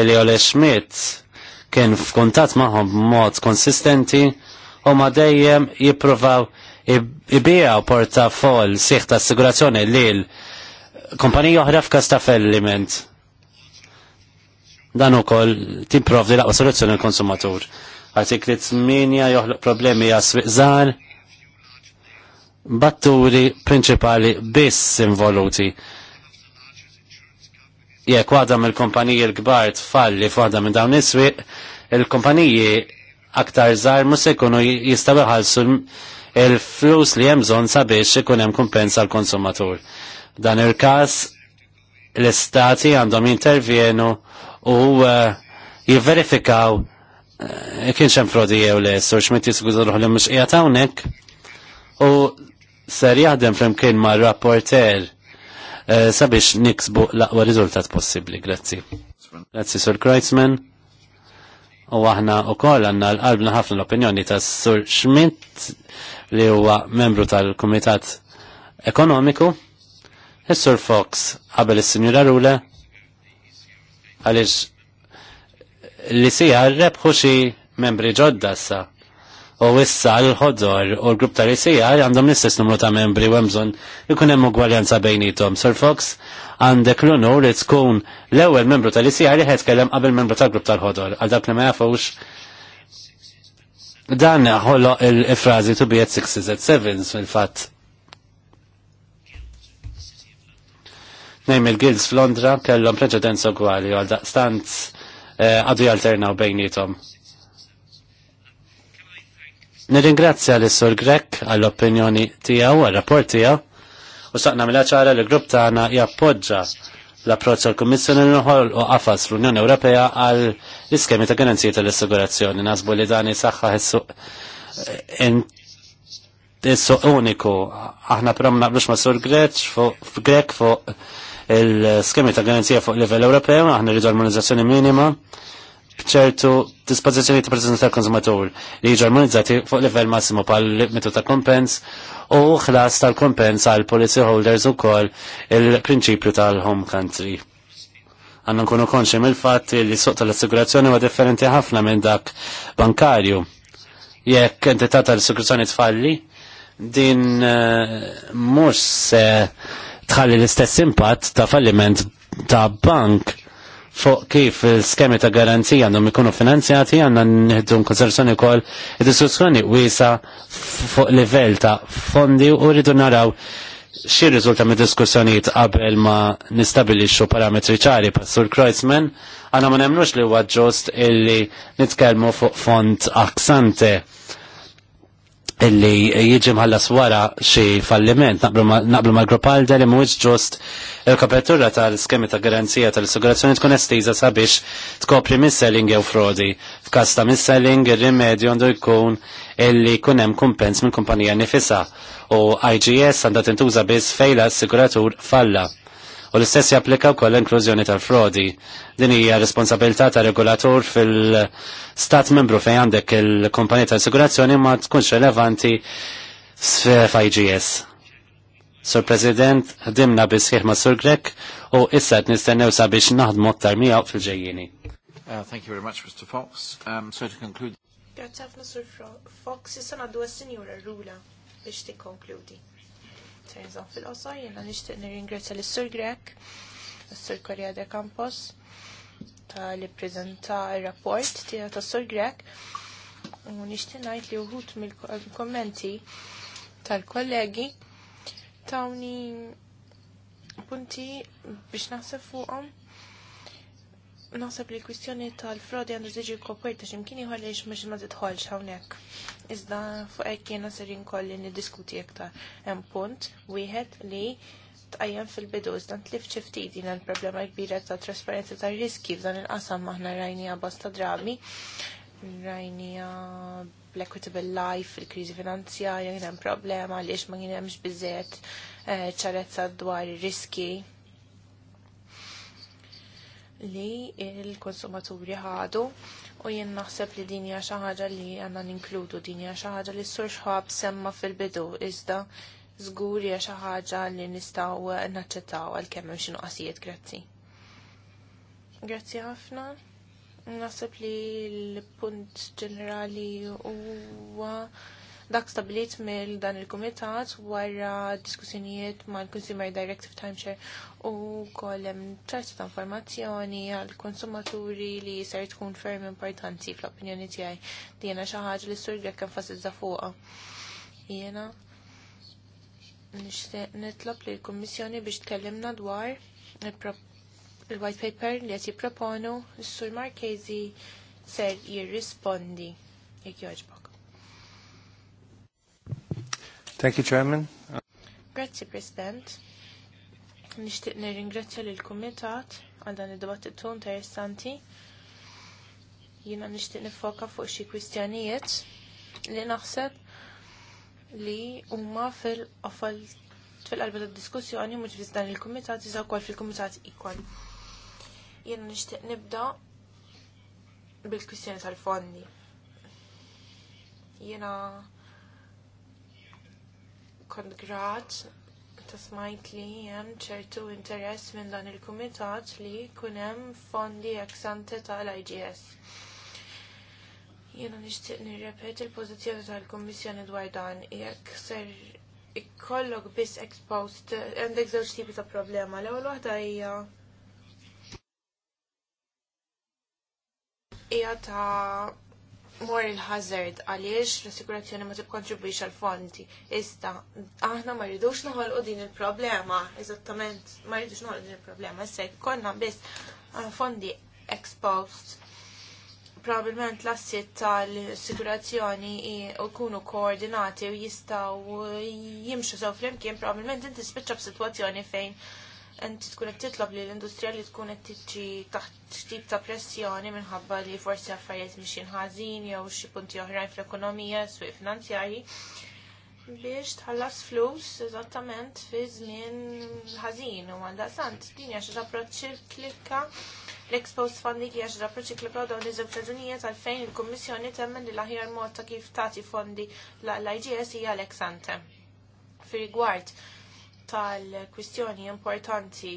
illi Ole Schmidt kien f'kuntatt magħhom b'mod konsistenti u ma dejjem jippruvaw ibija portafol siħ ta' assigurazzjoni li l-kumpanija oħra f'kas ta' felliment. Dan ukoll timprovdi laqwa soluzzjoni l-konsumatur. Artikli 8 joħloq problemi għaswiq żgħar batturi prinċipali biss involuti. Jekk waħda mill-kumpaniji l-kbar tfalli f'għadam minn dawn is-swieq, il-kumpaniji aktar żgħar mhux se jkunu jistgħu jħallsu il-flus li hemm bżonn sabiex ikun hemm kumpensa l konsumatur. Dan il-każ l-istati għandhom intervjenu u eh, jivverifikaw eh, kienx hemm frodi jew le, sur x'met jisgudu ruħlu mhux qiegħed hawnhekk u ser jaħdem flimkien ma' rapporter eh, sabiex niksbu l-aqwa riżultat possibbli. Grazzi. Grazzi, Sur Kreitzman. U aħna u koll għanna l-qalbna ħafna l-opinjoni ta' Sur Schmidt li huwa membru tal-Kumitat Ekonomiku, is-Sur Fox qabel is-Sinjura Rule għaliex li sija rebħu xi membri ġodda sa' u issa l-ħodor u l-grupp ta' risijar għandhom l-istess numru ta' membri u għemżon ikun hemm ugwaljanza bejnietom. Sir Fox għandek l-unur li tkun l-ewwel membru ta' risijar li ħed qabel membru ta' grupp tal-ħodor. Għal dak li ma jafux dan ħollo il-frazi to be at sixes at sevens fil-fat. Nejm il-gilds f'Londra kellhom preċedenza ugwali għal daqstant eh, għadu jalternaw alternaw bejnietom. Nirringrazzja l sur Grek għall-opinjoni tiegħu, għall-rapport tiegħu, u saqna mill mela ċara li grupp tagħna jappoġġa l-approċċ għal kummissjoni nħol u qafas l-Unjoni Ewropea għal iskemi ta' garanzija tal-assigurazzjoni. Nasbu li dan isaħħaħ eh, is-suq uniku. Aħna promna naqblux ma' sur Grek fuq il-skemi ta' garanzija fuq livell Ewropew, aħna rridu monizzazzjoni minima ċertu dispożizzjoni ta' protezzjoni tal konsumatur li jiġu armonizzati fuq livell massimo pal limitu ta' kompens u ħlas tal-kompens għal policy holders u kol il-prinċipju tal-home country. Għanna nkunu konxem il-fat li suq tal-assigurazzjoni huwa differenti ħafna minn dak bankarju. Jekk entità tal-assigurazzjoni tfalli, din uh, mhux se tħalli l-istess impatt ta' falliment ta' bank fuq kif skemi ta' garanzija għandhom ikunu finanzjati għandna nħeddu konserzjoni wkoll id-diskussjoni wiesa fuq livell ta' fondi u rridu naraw xi riżulta mid diskussjonijiet qabel ma nistabilixxu parametri ċari pa' Sur Kreuzman għandna ma nemmnux li huwa ġust illi nitkellmu fuq fond aksante illi jiġi mħallas wara xi falliment naqblu mal gropalda li mhuwiex ġust il-kopertura tal-skemi ta' garanzija tal-assigurazzjoni tkun estiża sabiex tkopri mis-selling jew frodi. F'każ ta' mis-selling ir-rimedju għandu jkun illi jkun hemm kumpens minn kumpanija nifisa u IGS għandha tintuża biss fejn l-assiguratur falla. U l-istess japplika wkoll inklużjoni tal-frodi. Din hija responsabilità ta' regulatur fil-stat membru fejn għandek il-kumpanija tal-assigurazzjoni ma tkunx relevanti f'IGS. Sur President, dimna bisħiħ ma' Sur Grek u issa nistennew sabiex naħdmu aktar miegħu fil-ġejjini. Uh, thank you very much, Mr. Fox. Um, so to conclude. Grazie, Mr. Fox. sono due signore Rula biex tikkonkludi. concludi. Sejżon fil-qosor, jena nishtiq nir-ingrezza l-Sur Grek, l-Sur Korea de Campos, ta' li prezenta il-rapport tija ta' Sur Grek, u nishtiq najt li uħut mill-kommenti tal-kollegi tawni punti biex naħseb fuqhom naħseb li kwistjoni tal-frodi għandu ziġi koperta ximkini ieħor li mhux ma tħolx hawnhekk. Iżda fuq hekk jiena ser inkolli niddiskuti iktar hemm punt wieħed li tqajjem fil-bidu iżda t-lif ftit din il-problema kbira ta' trasparenza ta' riski f'dan il-qasam aħna rajnija bosta drami, rajnija bl-equitable life, il-kriżi finanzjarja, kien hemm problema għaliex ma kien hemmx biżżejjed eh, ċarezza dwar ir-riski li il-konsumaturi ħadu u jien naħseb li din hija xi ħaġa li għandna ninkludu din hija xi ħaġa li s-sur xħab semma fil-bidu iżda żgur hija xi ħaġa li nistgħu naċċettaw għalkemm hemm xi nuqqasijiet grazzi. Grazzi ħafna. Naħseb li l-punt ġenerali huwa dak stabilit mill dan il-komitat wara diskussjonijiet mal-Consumer Directive Timeshare u kollem ċertu ta' informazzjoni għal-konsumaturi li ser tkun ferm importanti fl-opinjoni tiegħi li jena xi ħaġa li s-sur Grek enfasizza fuqha. Jiena nixtieq nitlob li l-Kummissjoni biex tkellimna dwar il-white paper li qed jipproponu s-sur Marchesi ser jirrispondi jekk jogħġbok. Thank you, Chairman. Grazzi, President. Nishtiq nirringrazzja l kumitat għal dan id-dibattitu interessanti. Jiena nixtieq nifoka fuq xi kwistjonijiet li naħseb li huma fil qofal fil-qalba tad-diskussjoni mhux biss dan il-kumitat iżda wkoll fil-kumitat ikon. Jiena nixtieq nibda bil-kwistjoni tal-fondi. Jiena kongrat ta' smajt li jem ċertu interess minn dan il-kumitat li kunem fondi eksante tal-IGS. Jena nishtiq nirrepet il-pozizjoni tal-Kommissjoni dwar dan, jekk ser ikollok biss exposed, għandek zewġ tipi ta' problema. L-ewwel waħda hija hija ta' moral hazard għaliex l-assikurazzjoni ma tibkontribwix għal fondi. Issa' aħna ma rridux noħolqu din il-problema, eżattament, ma rridux noħolqu din il-problema, issa konna biss uh, fondi exposed. Probabilment l assiet tal-assikurazzjoni u kunu koordinati u jistaw jimxu sew flimkien, probabilment inti spiċċa b'sitwazzjoni fejn انت tkun تطلب للاندستريا li l تجي li tkun qed tiġi taħt حبا ta' pressjoni minħabba li forsi affarijiet mixin ħażin jew xi punti oħrajn fl-ekonomija, تحلص فلوس biex tħallas flus eżattament fi żmien ħażin u għandha sant din hija xi approċċ ċiklika l-exposed funding hija xi approċċ ċiklika dawn iż-żewġ raġunijiet għalfejn il-Kummissjoni temmen li l-aħjar mod ta' kif tagħti fondi l-IGS hija l-ex ante. Fi rigward tal-kwistjoni importanti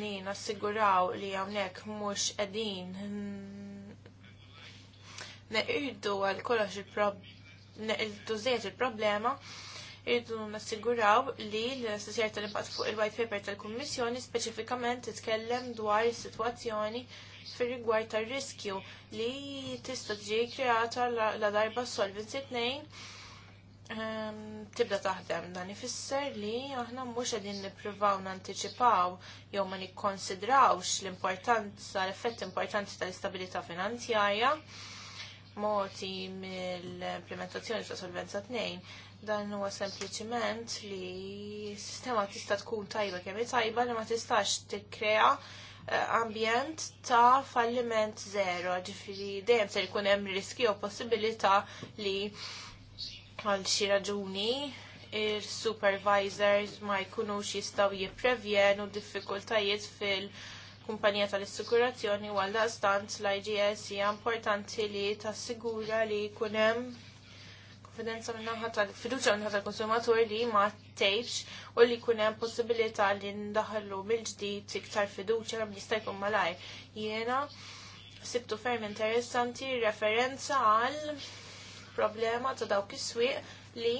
li nassiguraw li hawnhekk mhux qegħdin neqirdu għal kollox il il-problema irridu nassiguraw li l-assessjer tal-impatt fuq il-white paper tal-Kummissjoni speċifikament titkellem dwar is-sitwazzjoni fir rigward tar-riskju li tista' tiġi kreata la darba Solvency 2 Ehm, tibda taħdem dan ifisser li aħna mhux qegħdin nippruvaw nanticipaw jew ma nikkonsidrawx l-importanza l-effett importanti tal-istabilità finanzjarja moti mill-implementazzjoni ta' solvenza 2 dan huwa sempliċiment li s-sistema tista' tkun tajba kemm tajba li ma tistax tikkrea eh, ambjent ta' falliment zero, ġifiri dejjem se jkun hemm riski jew possibilità li għal xi raġuni il-supervisors ma jkunux jistgħu jipprevjenu diffikultajiet fil-kumpanija tal-assigurazzjoni u għal daqstant l-IGS hija importanti li tassigura li jkun hemm konfidenza naħa tal-fiduċa minnaħa tal-konsumatur li ma tgħidx u li jkun hemm possibilità li ndaħallu mill-ġdid iktar fiduċa kemm jista' jkun malajr. Jiena sibtu ferm interessanti referenza għal problema ta' dawk is-swieq li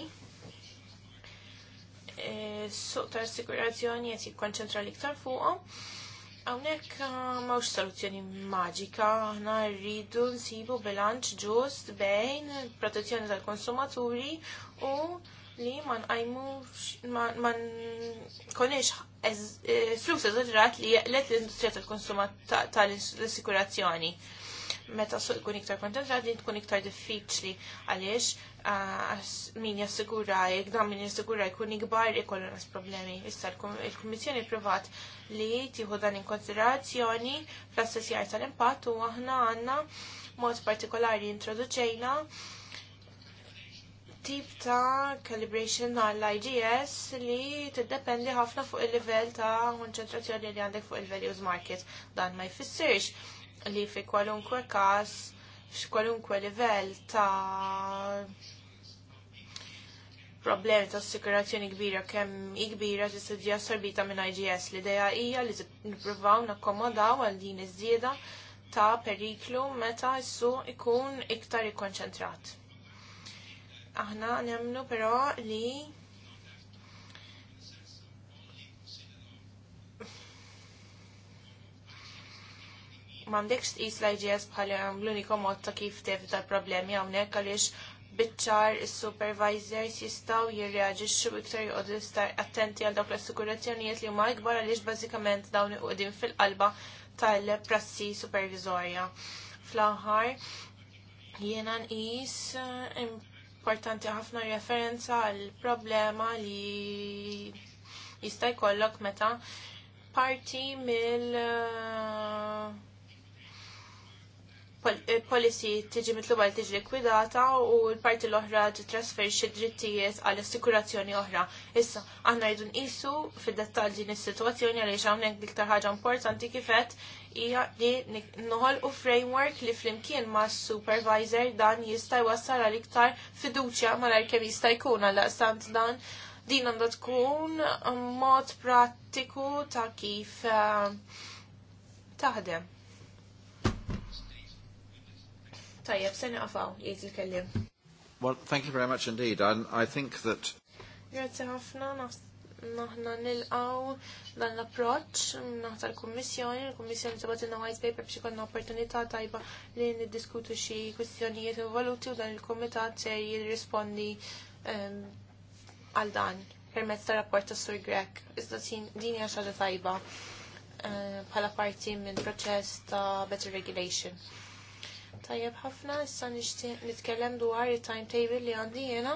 eh, suq ta' assikurazzjoni qed jikkonċentra l-iktar fuqhom. Hawnhekk eh, m'hawnx soluzzjoni maġika, aħna rridu nsibu bilanċ ġust bejn protezzjoni tal-konsumaturi u li ma nqajmux ma nkonix eh, flus eżagġerat li jeqlet l-industrija tal-konsumat tal-assikurazzjoni. Ta meta suq ikun iktar kontentrat li tkun iktar diffiċli għaliex ah, min jassigura jek dan min jassigura jkun ikbar ikollu nas problemi. Issa il kummissjoni privat li tieħu dan in konsiderazzjoni fl-assessjar tal-impatt u aħna għandna mod partikolari introduċejna tip ta' calibration għall igs li tiddependi ħafna fuq il-level ta' konċentrazzjoni li għandek fuq il-values market. Dan ma jfissirx li fi kwalunkwe każ f'kwalunkwe livell ta' problemi ta' assikurazzjoni kbira kemm kbira tista' ġi assorbita minn IGS. L-idea hija li nippruvaw nakkomodaw għal din iż-żieda ta' periklu meta issu ikun iktar ikkonċentrat. Aħna nemmnu però li mandekx tqis l-IGS bħala l-uniku mod ta' kif tevita problemi hawnhekk għaliex biċċar is-supervisors jistgħu jirreaġixxu iktar joqogħdu istar attenti għal dawk l-assikurazzjonijiet li huma ikbar għaliex bażikament dawn iqudin fil-qalba tal-prassi supervisorja. Fl-aħħar jiena nqis eh, importanti ħafna referenza għal problema li jista' jkollok meta parti mill eh, Eh, policy tiġi mitluba li tiġi likwidata u l-parti l-oħra titrasferixxi drittijiet għal assikurazzjoni oħra. Issa, aħna rridu nqisu fid-dettall din is-sitwazzjoni għaliex hawnhekk iktar ħaġa importanti kifet hija li u framework li flimkien ma' supervisor dan jista' jwassal għal iktar fiduċja mal-arkem jista' jkun għal stant dan din għandha tkun mod prattiku ta' kif eh, taħdem. Tajjeb, se niqafaw, jgħid il-kellim. Well, thank you very much indeed. And I think that... Grazie ħafna, naħna nilqaw dan l-approċ naħtar l-Kommissjoni, l-Kommissjoni tibat inna white paper b'xi konna opportunità tajba li niddiskutu xi kwistjonijiet evoluti u dan il-Komitat se jirrispondi ehm, għal dan permezz ta' rapport ta' Sur Grek. Iżda din hija xaġa tajba eh, bħala parti minn proċess ta' better regulation. Tajjeb ħafna, issa nixtieq nitkellem dwar il-timetable li għandi jena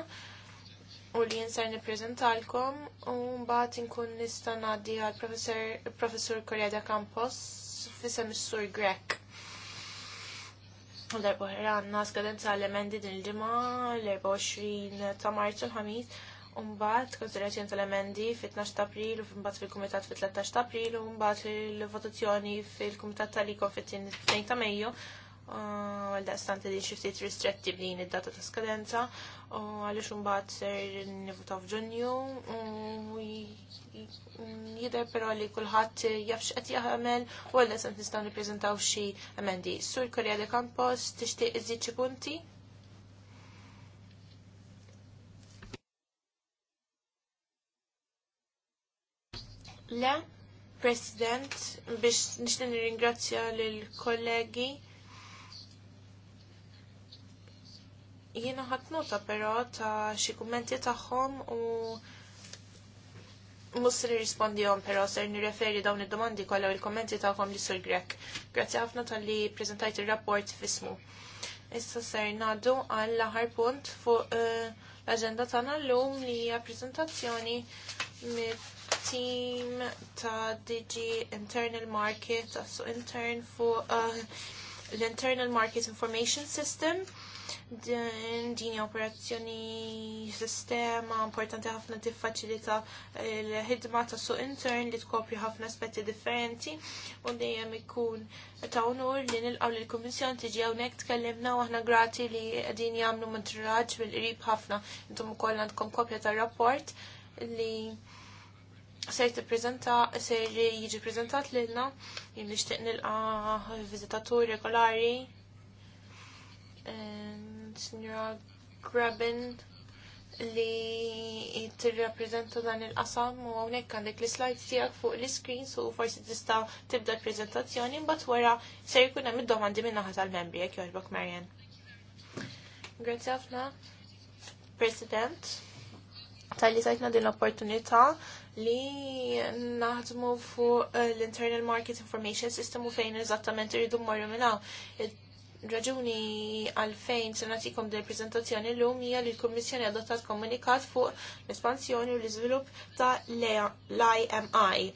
u li jinsar niprezentalkom u mbagħad inkun nista' ngħaddi għal professur Korea Campos fisem is-sur Grek. U darba għandna skadenza l emendi din il-ġimgħa l-24 ta' Marzu l-ħamis mbagħad konsiderazzjoni tal-emendi fit-12 ta' april u mbagħad fil-kumitat fit-13 ta' april u mbagħad il-votazzjoni fil-kumitat tal-ikon fit-2 ta' Mejju Ah, għal daqstanti li xiftit ristretti b'din id-data ta' skadenza u għalix unbat ser nivuta f'ġunju u jider pero li kullħat jafx qed jaħmel u għal daqstant nistan riprezentaw xi emendi. Sur Korea de Campos tixtieq iżid xi punti? Le, President, biex nishtin ringrazzja lill kollegi Jiena ħadd nota però ta' xi kummenti tagħhom u mus li però ser nirreferi dawn id-domandi kollha u l-kommenti tagħhom li sur Grek. Grazzi ħafna tal-li ir-rapport fismu. Issa ser ngħaddu għall aħħar punt fuq eh, l-aġenda tagħna llum li hija preżentazzjoni mit-tim ta' DG Internal Market, assu intern fuq eh, l-Internal Market Information System din operazzjoni sistema importanti ħafna tiffaċilita l-ħidma ta' suq intern li tkopri ħafna aspetti differenti u dejjem ikun ta' unur li nilqaw li l-Kummissjon tiġi hawnhekk tkellimna u aħna grati li qegħdin jagħmlu monitoraġġ mill-qrib ħafna intom ukoll għandkom kopja tar-rapport li ser tippreżenta ser jiġi preżentat lilna jien nixtieq nilqa' viżitaturi regolari signora Grabin li t-reprezenta dan il-qasam u għonek għandek l-slides tijak fuq l-screen so forsi tista tibda l-prezentazzjoni mbat wara ser jkun hemm id-domandi minn naħa tal-membri jekk jorbok Marian. Grazie ħafna, President, tal-li tajtna din l-opportunità li naħdmu fuq l-Internal Market Information System u fejn eżattament irridu morru minna raġuni għalfejn se nagħtikom del prezentazzjoni llum hija li l-Kummissjoni adottat komunikat fuq l-espansjoni u l-iżvilupp ta' l-IMI eh,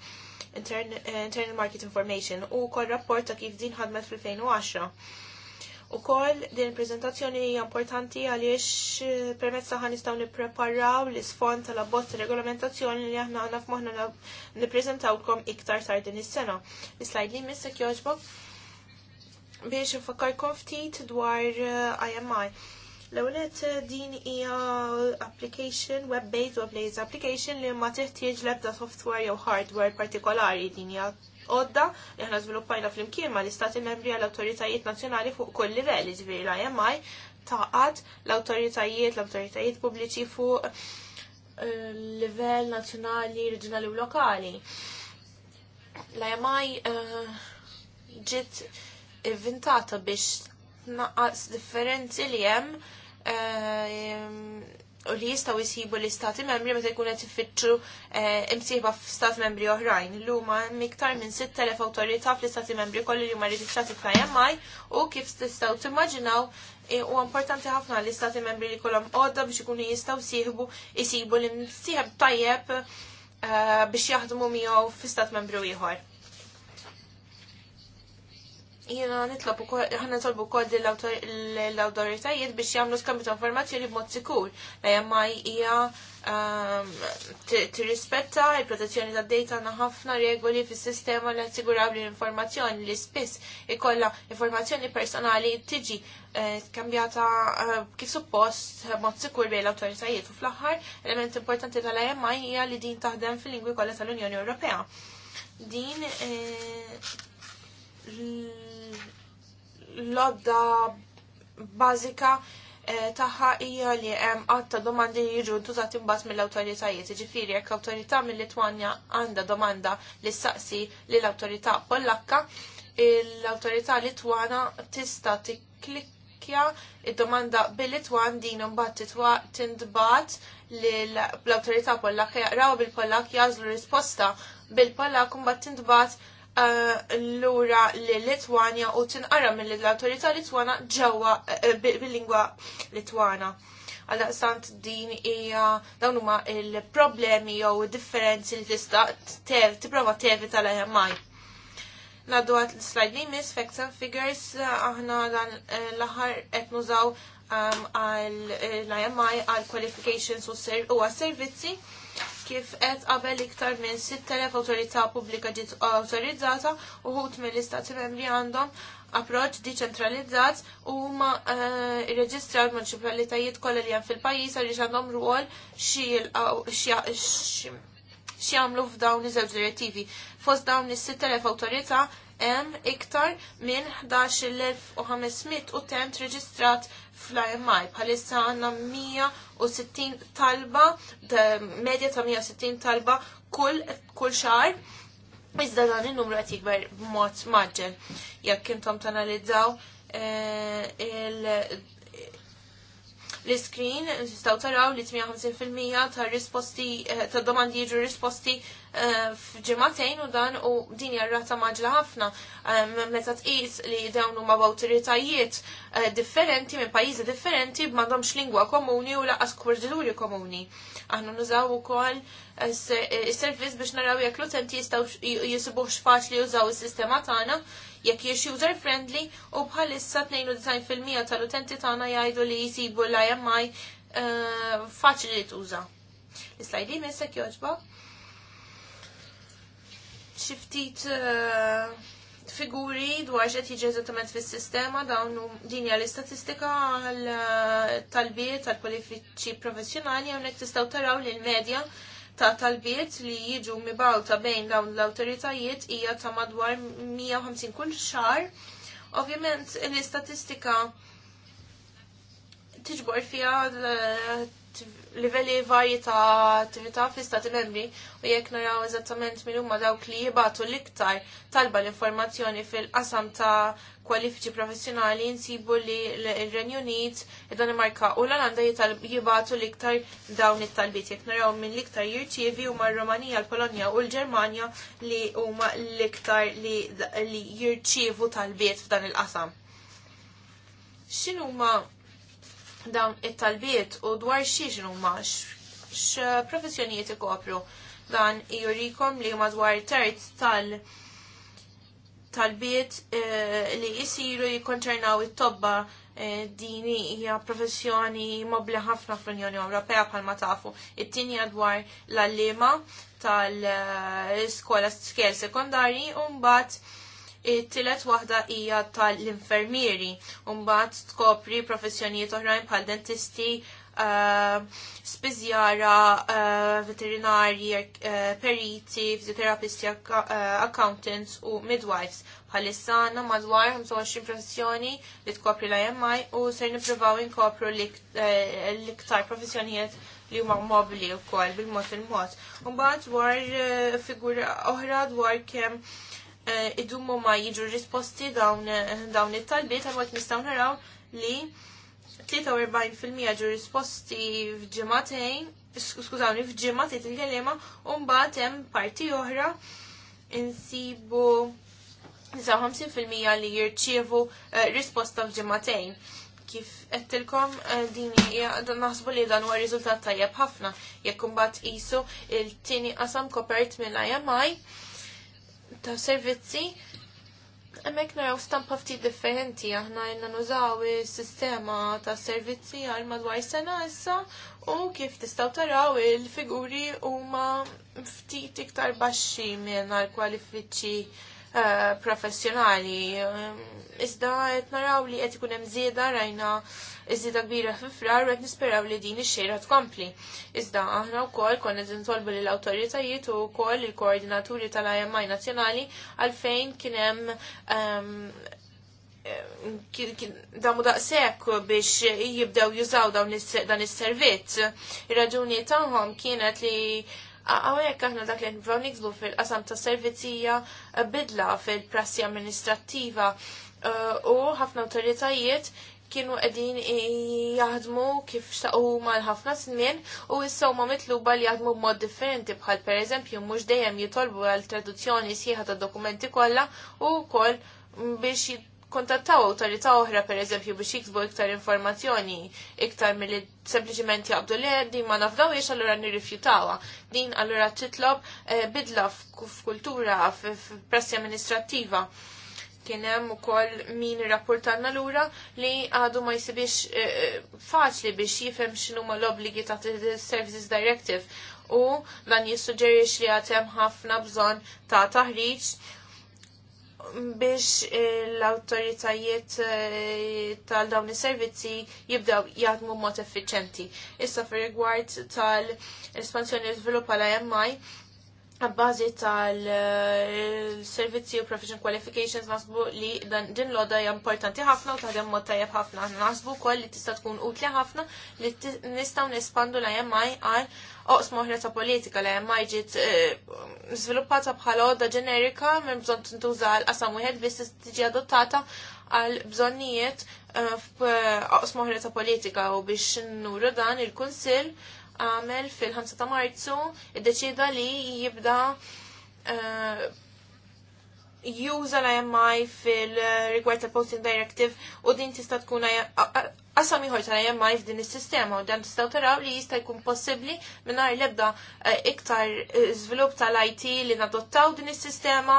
Internal Market Information u kol rapport ta' kif din ħadmet fil-2010. U kol din il-prezentazzjoni hija importanti għaliex eh, permezz ta' nistgħu nippreparaw l-isfond tal-abbozz regolamentazzjoni li aħna għanaf f'moħħna nippreżentawkom iktar tard din is-sena. L-slide li missek jogħġbok biex nfakkarkom ftit dwar eh, IMI. L-ewlet eh, din hija application, web-based web-based application li ma teħtieġ l-ebda software jew hardware partikolari din hija odda li ħna żviluppajna fl-imkien ma l-istati membri għall awtoritajiet nazzjonali fuq kull livell, ġifieri l-IMI taqat l-awtoritajiet, l-awtoritajiet pubbliċi fuq eh, livell nazzjonali, reġjonali u lokali. L-IMI ġiet uh, inventata biex naqqas differenzi li hemm eh, u li jistaw jisibu l-istati membri meta jkun qed ifittxu eh, imsieħba f'stat membri oħrajn. Luma miktar minn 6,000 awtorità fl-istati membri kollu li huma reġistrati fl-IMI u kif tistgħu timmaġinaw eh, u importanti ħafna li stati membri li kolom għodda biex ikunu jistaw siħbu jisibu li msiħab tajjeb biex jaħdmu miegħu fi stat membru ieħor. Jena nitlob ukoll ħana nitolbu wkoll l-awtoritajiet biex jagħmlu skambju ta' informazzjoni b'mod sikur la ma hija ehm, tirrispetta il-protezzjoni tad data għandna ħafna regoli fis-sistema li assiguraw li l-informazzjoni li spiss ikollha informazzjoni personali tiġi eh, skambjata eh, kif suppost b'mod sikur bejn l-awtoritajiet u fl-aħħar element importanti tal ema hija li din taħdem fil-lingwi kollha tal-Unjoni Ewropea. Din eh, l-odda bażika eh, taħħa hija li hemm għatta domandi li jiġu ntużat imbagħad mill-awtoritajiet. Ġifieri jekk awtorità mill-Litwanja għandha domanda li saqsi lill awtorità Pollakka, l-awtorità Litwana tista' tikklikkja id-domanda bil-Litwan din imbagħad tintbagħat l-awtorità Pollakka jaqraw bil-Pollak jażlu risposta bil-Pollak imbagħad tintbagħat Eh, l-ura l Litwania u tinqara mill-autorità Litwana ġewwa eh, bil-lingwa Litwana. Għaldaqstant din hija dawn huma il-problemi jew differenzi li tista' tipprova tevita tal emi Naddu għat l-slide li miss facts and figures aħna dan eh, l-aħħar qed nużaw um, għal l-IMI għal qualifications u għas servizzi. Kif qed qabel iktar minn 6,000 awtorità pubblika ġiet awtorizzata uħut mill-istati membri għandhom approċ deċentralizzat u ma eh, irreġistra l-municipalitajiet kollha li hemm fil-pajjiż għaliex għandhom rwol jagħmlu f'dawn iż-żewġ direttivi. Fost dawn is-6,000 awtorità hemm iktar minn 11,500 utent reġistrat fl-IMI bħalissa għanna 160 talba, medja ta' 160 talba kull, kull xar. Iżda dan il-numru qed jikber b'mod maġġel. Jekk intom tanalizzaw eh, il l screen nistaw taraw li 58% ta' risposti eh, ta' domandi jiġu risposti eh, f'ġematejn u dan u din jarrata maġla ħafna eh, meta tqis li dawn huma b'awtoritajiet differenti minn pajjiżi differenti m'għandhomx lingwa komuni u laqas kurdiżuri komuni. Aħna nużaw ukoll is-servizz biex naraw jekk l-utenti jistgħu jisibuħx faċli jużaw is-sistema tagħna jekk jiex user friendly u bħalissa 92% tal-utenti tagħna jgħidu li jsibu l-IMI eh, faċli li tuża. L-slajdi missek joġba. Xiftit ftit eh, figuri dwar xed jiġi eżattament fis-sistema dawn din hija l-istatistika eh, tal biet tal-kwalifiċi professjonali hawnhekk tistgħu taraw li l-medja ta' talbiet li jiġu mibawta bejn dawn l-autoritajiet hija ta' madwar 150 kull xar. Ovvjament l-istatistika tiġbor fija eh, livelli varji ta' attività fl-istati membri u jekk naraw eżattament minn huma dawk li jibatu l-iktar talba l-informazzjoni fil-qasam ta' kwalifiċi professjonali insibu li l-Renju Unit, id-Danimarka u l-Olanda jibatu l-iktar dawn it-talbiet. Jekk naraw minn l-iktar jirċievi huma r-Romanija, l-Polonja u l-Ġermanja li huma l-iktar li jirċievu talbiet f'dan il-qasam. X'inhuma dawn it-talbiet u dwar xiex huma x'professjonijiet ikopru dan jurikom li madwar terz tal talbiet eh, li jisiru jikonċernaw it-tobba eh, dini hija professjoni mobli ħafna fl-Unjoni Ewropea bħalma tafu. It-tieni dwar l-allima tal-iskola eh, skiel sekondari u mbagħad it-tielet waħda hija tal-infermieri u mbagħad tkopri professjonijiet oħrajn bħal dentisti, Uh, eh, spizjara, uh, eh, veterinari, uh, periti, fizioterapisti, accountants u midwives. Bħalissa għanna madwar 25 professjoni li tkopri la jemmaj u ser niprovaw inkopru l-iktar professjonijiet li huma mobili u kol bil-mod il mod Mbagħad dwar figura oħra dwar kemm Eh, idummu ma jiġu risposti dawn eh, it-talbiet għal nistaw naraw li 43% ġu risposti f'ġematejn, skużawni, fġematejn il-kelema, un-bat hemm parti oħra insibu 59% li jirċievu eh, risposta f'ġematejn. Kif għettilkom din naħsbu li dan huwa riżultat tajjeb ħafna jekk imbagħad qisu il-tieni qasam kopert mill-IMI ta' servizzi Emmek naraw stampa ftit differenti, aħna jenna nużaw il-sistema ta' servizzi għal madwar sena issa u kif tistaw taraw il-figuri huma ftit iktar baxxi minn għal kwalifiċi Eh, professjonali. Iżda qed naraw li qed ikun hemm żieda rajna iżida kbira fifrar u qed nisperaw li din ix-xejra tkompli. Iżda aħna wkoll konna qed nitolbu lill awtoritajiet u wkoll il-koordinaturi tal-IMI nazzjonali għalfejn kien hemm ehm, damu daqsek biex jibdew jużaw dan is-servizz. Ir-raġuni tagħhom kienet li jekk aħna dak li nipprovaw niksbu fil-qasam ta' servizija eh, bidla fil-prassi amministrattiva eh, u ħafna autoritajiet kienu qegħdin jaħdmu kif xtaqu mal ħafna snin u issa huma mitluba li jaħdmu b'mod differenti bħal pereżempju mhux dejjem jitolbu għal traduzzjoni sieħa ta' dokumenti kollha u wkoll biex kontattaw awtorità oħra pereżempju biex jiksbu iktar informazzjoni iktar milli sempliciment jaqbdu li din ma nafdawiex allura nirrifjutawha. Din allura titlob eh, bidla f'kultura, f'pressi amministrattiva kien hemm ukoll min irrapportanna lura li għadu ma jsibix eh, eh, faċli biex jifhem x'inhuma l-obbligi ta' Services Directive u dan jissuġġerix li għatem ħafna bżonn ta' taħriġ biex l-autoritajiet eh, tal-dawn is-servizzi jibdew jaħdmu mod effiċenti. Issa fir rigward tal-espansjoni żviluppa għal ami għabbażi tal-servizzi u profession qualifications nasbu li din loda hija importanti ħafna u taħdem mod tajjeb ħafna. Nasbu wkoll li tista' tkun utli ħafna li nistgħu nespandu l-AMI. għal oqs moħra ta' politika li ma ġiet eh, sviluppata bħala odda ġenerika minn bżon tintuża għal qasam wieħed biss tiġi adottata għal bżonnijiet eh, oqs moħra ta' politika u biex nuru dan il-Kunsill għamel fil-5 ta' Marzu id-deċida li jibda eh, juża l IMI fil-rigward posting Directive u din tista' tkun qasam ieħor ta' jemma f'din is-sistema u dan tistgħu taraw li jista' jkun possibbli mingħajr l-ebda eh, iktar eh, żvilupp tal-IT li nadottaw din is-sistema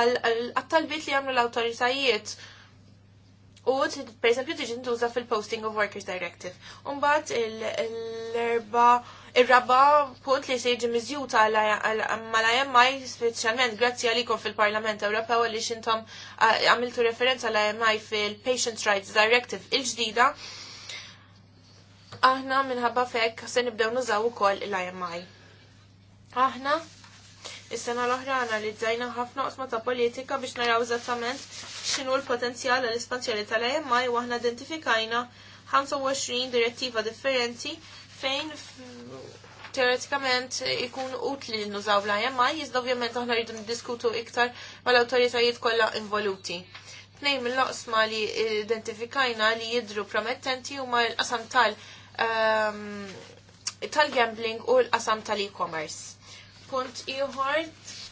għat talbit li jagħmlu l-awtoritajiet. U per eżempju tiġi fil-Posting of Workers Directive. Umbagħad l-erba' Ir-raba punt li se jiġi miżjut mal-IMI, speċjalment grazzi għalikom fil-Parlament Ewropew li xintom għamiltu referenza l-IMI fil-Patient Rights Directive il-ġdida. Aħna minħabba fek se nibdew nużaw ukoll l-IMI. Aħna Is-sena l-oħra analizzajna ħafna qosma ta' politika biex naraw eżattament x'inhu l-potenzjal għall-espansjoni tal-IMI u aħna identifikajna 25 direttiva differenti fejn teoretikament ikun utli li nużaw l jemma, jizda ovvjament aħna rridu niddiskutu iktar mal-autoritajiet kollha involuti. Tnejn mill-loqsma li identifikajna li jidru promettenti huma l-qasam tal ehm, tal-gambling u l-qasam tal-e-commerce. Punt ieħor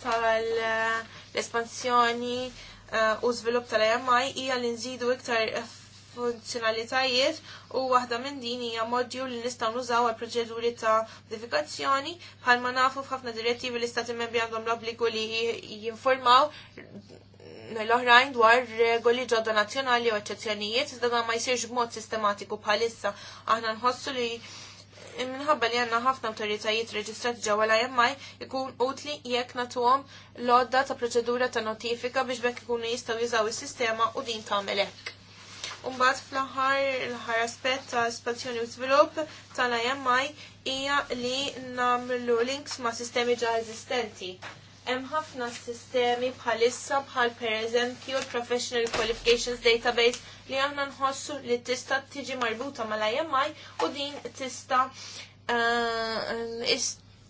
tal-espansjoni eh, u żvilupp tal-IMI hija li nżidu iktar funzjonalitajiet u waħda minn din hija modju li nistgħu nużaw għal proċeduri ta' modifikazzjoni bħalma nafu f'ħafna direttivi li stati membri għandhom l-obbligu li jinformaw l-oħrajn dwar regoli ġodda nazzjonali u eċċezzjonijiet, iżda ma jsirx b'mod sistematiku bħalissa. Aħna nħossu li minħabba li għanna ħafna autoritajiet reġistrat ġewwa l-IMI ikun utli jekk natuhom l-odda ta' proċedura ta' notifika biex bekk ikunu jistgħu jużaw is-sistema u din tagħmel hekk. Umbat fl-ħar, l-ħar aspet ta' espansjoni u svilup tal-IMI hija li namlu links ma' sistemi ġa eżistenti. Hemm ħafna sistemi bħalissa bħal pereżempju l-Professional Qualifications Database li aħna nħossu li tista' tiġi marbuta mal-IMI u din tista' eh,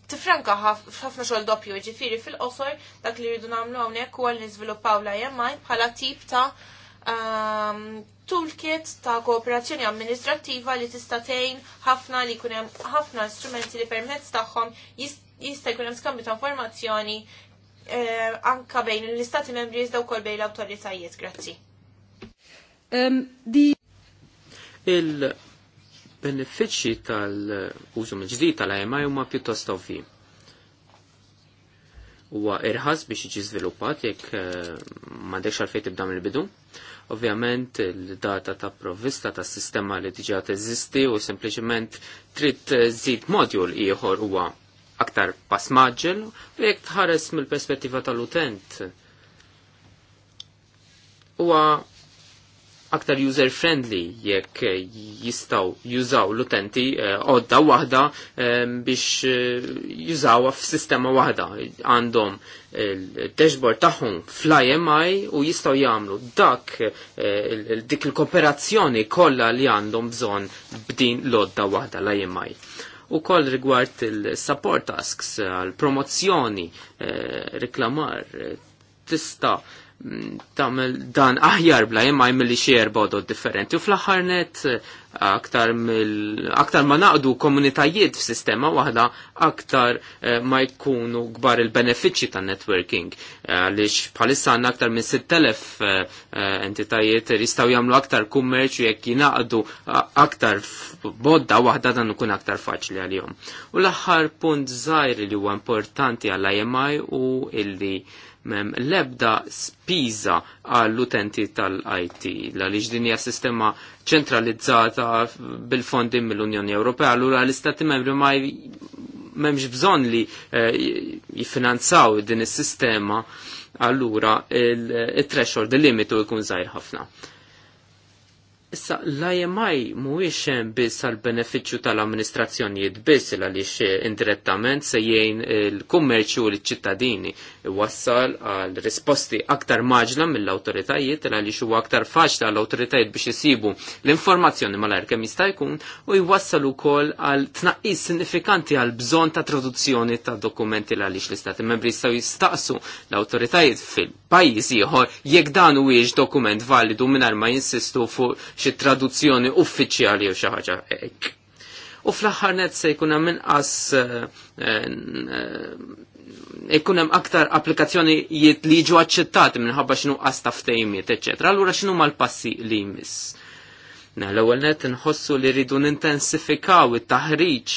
tifranka ħafna xogħol doppju, ġifiri fil-qosor dak li rridu nagħmlu hawnhekk huwa li niżviluppaw l-IMI bħala tip ta' eh, toolkit ta' kooperazzjoni amministrattiva li tista' tgħin ħafna li jkun hemm ħafna strumenti li permezz tagħhom jista' jkun hemm skambju ta' informazzjoni eh, anka bejn l-istati membri iżda wkoll bejn l-awtoritajiet. Grazzi. Um, di... Il-benefiċċji tal-użu mill-ġdid tal-IMI huma pjuttost ovvi. Huwa irħas biex jiġi żviluppat jekk eh, m'għandekx għalfejn tibda mill-bidu Ovvjament il-data ta' provvista ta' sistema li diġa teżisti u sempliċement trid zid modjul ieħor huwa aktar pass maġġel u jekk tħares mill-perspettiva tal-utent. Huwa aktar user friendly jekk jistaw jużaw l-utenti eh, għodda waħda eh, biex eh, jużaw f-sistema waħda għandhom il-dashboard tagħhom fl-IMI u jistaw jagħmlu dak dik il-kooperazzjoni kollha li għandhom bżonn b'din l-odda waħda l-IMI u koll rigward il-support tasks, għal-promozzjoni, reklamar, tista' tamel dan aħjar bla jemma jmilli xier bodod differenti u fl-axar net aktar, aktar ma naqdu komunitajiet f-sistema wahda aktar eh, ma jkunu gbar il-benefiċi ta' networking eh, għalix palissa għanna aktar minn 6000 eh, entitajiet jistaw jamlu aktar kummerċu jekk jinaqdu aktar bodda wahda dan ukun aktar faċli għal-jom. U l-axar punt zaħir li huwa importanti għall-IMI u illi mem lebda spiża għall-utenti tal-IT, għaliex din hija sistema ċentralizzata bil-fondi mill-Unjoni Ewropea, allura l-istati membri ma memx bżon li eh, jifinanzaw din is-sistema, allura il-threshold, il-limitu jkun zaħir ħafna. Issa, l-IMI mhuwiex biss għal benefiċċju tal-amministrazzjonijiet biss għaliex eh, indirettament se jgħin il-kummerċu u l-ċittadini wassal għal risposti aktar maġla mill-awtoritajiet għaliex huwa aktar faċli għall awtoritajiet biex jisibu l-informazzjoni malajr kemm jista' jkun u jwassal ukoll għal tnaqqis sinifikanti għal bżonn ta' traduzzjoni ta' dokumenti għaliex l-istati membri jistgħu jistaqsu l-awtoritajiet fil-pajjiż ieħor jekk dan huwiex dokument validu mingħajr ma jinsistu fuq xi traduzzjoni uffiċjali jew xi ħaġa hekk. U fl-aħħar net se jkun hemm inqas eh, eh, eh, ikun hemm aktar applikazzjoni li jiġu aċċettati minħabba x'inhu qas ta' ftejmiet, eċetera. Allura x'inhu mal-passi li jmiss. Mela, l-ewwel net inħossu li rridu nintensifikaw it-taħriġ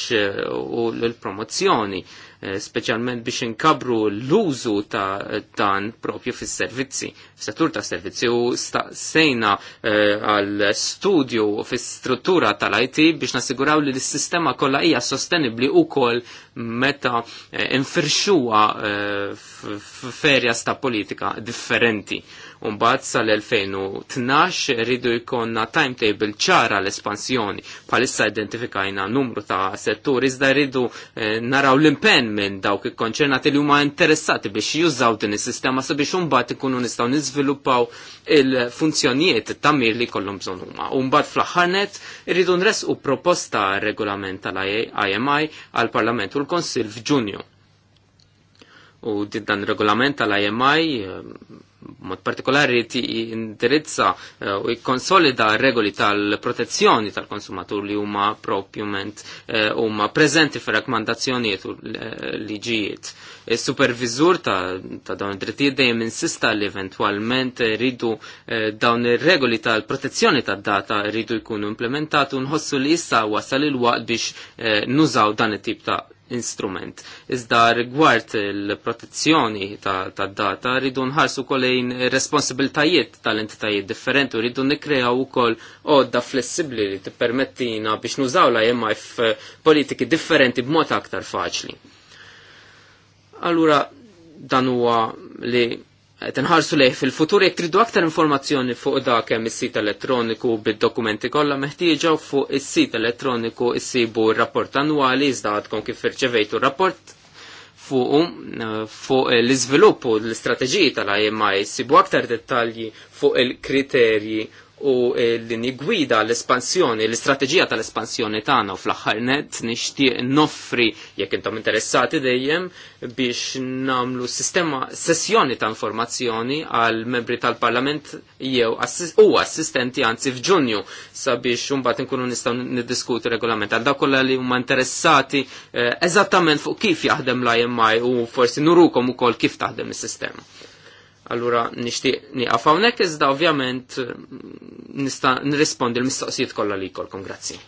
u l-promozzjoni Eh, speċjalment biex inkabru l-użu ta' dan propju fis-servizzi, fis-settur ta' servizzi u staqsejna eh, għal studju u fis-struttura tal-IT biex nasiguraw li l-sistema kollha hija sostenibbli wkoll meta eh, infirxuha f'ferjas ta' politika differenti. Umbat sal-2012 rridu jkonna timetable ċara l-espansjoni. Palissa identifikajna numru ta' setturi, iżda rridu eh, naraw l-impen minn dawk konċernati li huma interessati biex jużaw din is-sistema sabiex umbat ikunu nistgħu niżviluppaw il-funzjonijiet tamir li kollhom bżonn huma. Umbat fl-aħħarnet irridu nresqu proposta regolament tal-IMI għall parlament u l-Konsil f'Ġunju. U dan regolament tal-IMI eh, mod partikolari ti indirizza eh, u uh, jikkonsolida regoli tal-protezzjoni tal-konsumatur li huma propjument eh, huma uh, preżenti fir-rakkomandazzjonijiet u eh, liġijiet. il supervizur ta', ta dawn id-drittijiet dejjem insista li eventwalment ridu dawn ir-regoli tal-protezzjoni tad-data ridu jkunu implementatu nħossu li issa wasal il-waqt biex uh, nużaw dan it-tip ta' instrument. Iżda rigward il-protezzjoni ta', ta data rridu nħarsu kolejn responsabiltajiet tal-entitajiet differenti u rridu nikrew ukoll għodda flessibli li tippermettina biex nużawla jemma f'politiki differenti b'mod aktar faċli. Allura dan huwa li tenħarsu leħ fil-futur jekk tridu aktar informazzjoni fuq dak hemm is-sit elettroniku bid-dokumenti kollha meħtieġa fuq is-sit elettroniku issibu r-rapport annwali iżda għadkom kif irċevejtu r-rapport fuq fu l-iżvilupp l-istrateġiji tal-IMI sibu aktar dettalji fuq il-kriterji u din eh, igwida l-espansjoni, l-istrateġija tal-espansjoni tagħna u fl-aħħar net nixtieq noffri jekk intom interessati dejjem biex namlu sistema sessjoni ta' informazzjoni għal membri tal-Parlament jew u assistenti anzi f'Ġunju sabiex imbagħad inkunu nistgħu niddiskuti regolament għal dakolla li huma interessati eh, eżattament fuq kif jaħdem l-IMI u forsi nurukom ukoll kif taħdem is-sistema. Allura nixtieq nieqaf hawnhekk iżda ovvjament eh, nista' nirrispondi l-mistoqsijiet kollha li jkollkom grazzi.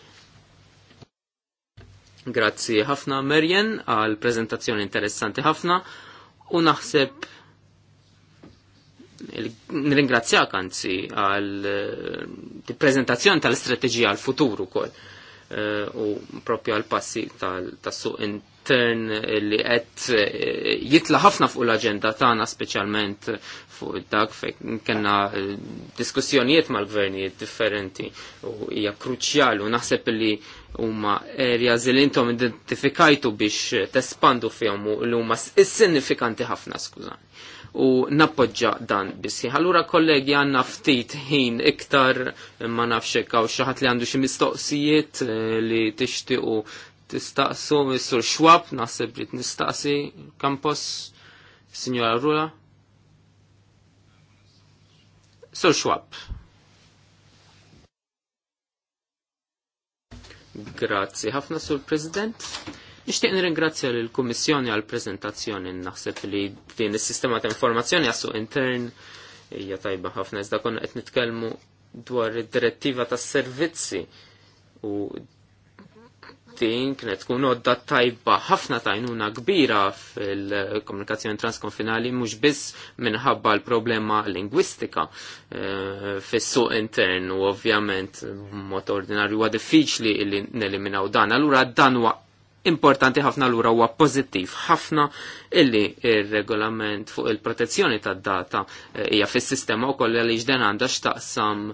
Grazzi ħafna Merjen għal preżentazzjoni interessanti ħafna u naħseb nringrazzjak anzi għal eh, prezentazzjoni tal-istrateġija għal futur ukoll eh, u propju għal passi tas-suq pattern li qed eh, jitla ħafna fuq l-aġenda tagħna speċjalment fuq dak fejn kellna eh, diskussjonijiet mal-gvernijiet differenti u hija kruċjali u naħseb li huma areas li intom identifikajtu biex tespandu fihom u li huma sinifikanti ħafna skużani. U nappoġġa dan bissi. Allura kollegi għanna ftit ħin iktar ma nafxek għaw xaħat li għandu xi mistoqsijiet eh, li tixtiequ tistaqsu Mr. Schwab, naħseb li nistaqsi Campos, Signora Rula. Sir Schwab. Grazzi ħafna sur President. Nixtieq nirringrazzja lill kummissjoni għal prezentazzjoni naħseb li din is-sistema ta' informazzjoni għassu intern hija tajba ħafna iżda konna qed nitkellmu dwar id-direttiva tas-servizzi u din kienet tkun għodda tajba ħafna tajnuna kbira fil-komunikazzjoni transkonfinali mhux biss minħabba l-problema lingwistika eh, fis-suq intern u ovvjament mod ordinarju huwa diffiċli li neliminaw dan. Allura dan huwa importanti ħafna l-ura huwa pożittiv ħafna illi ir-regolament fuq il-protezzjoni tad-data eh, hija fis-sistema wkoll li dan għandha x'taqsam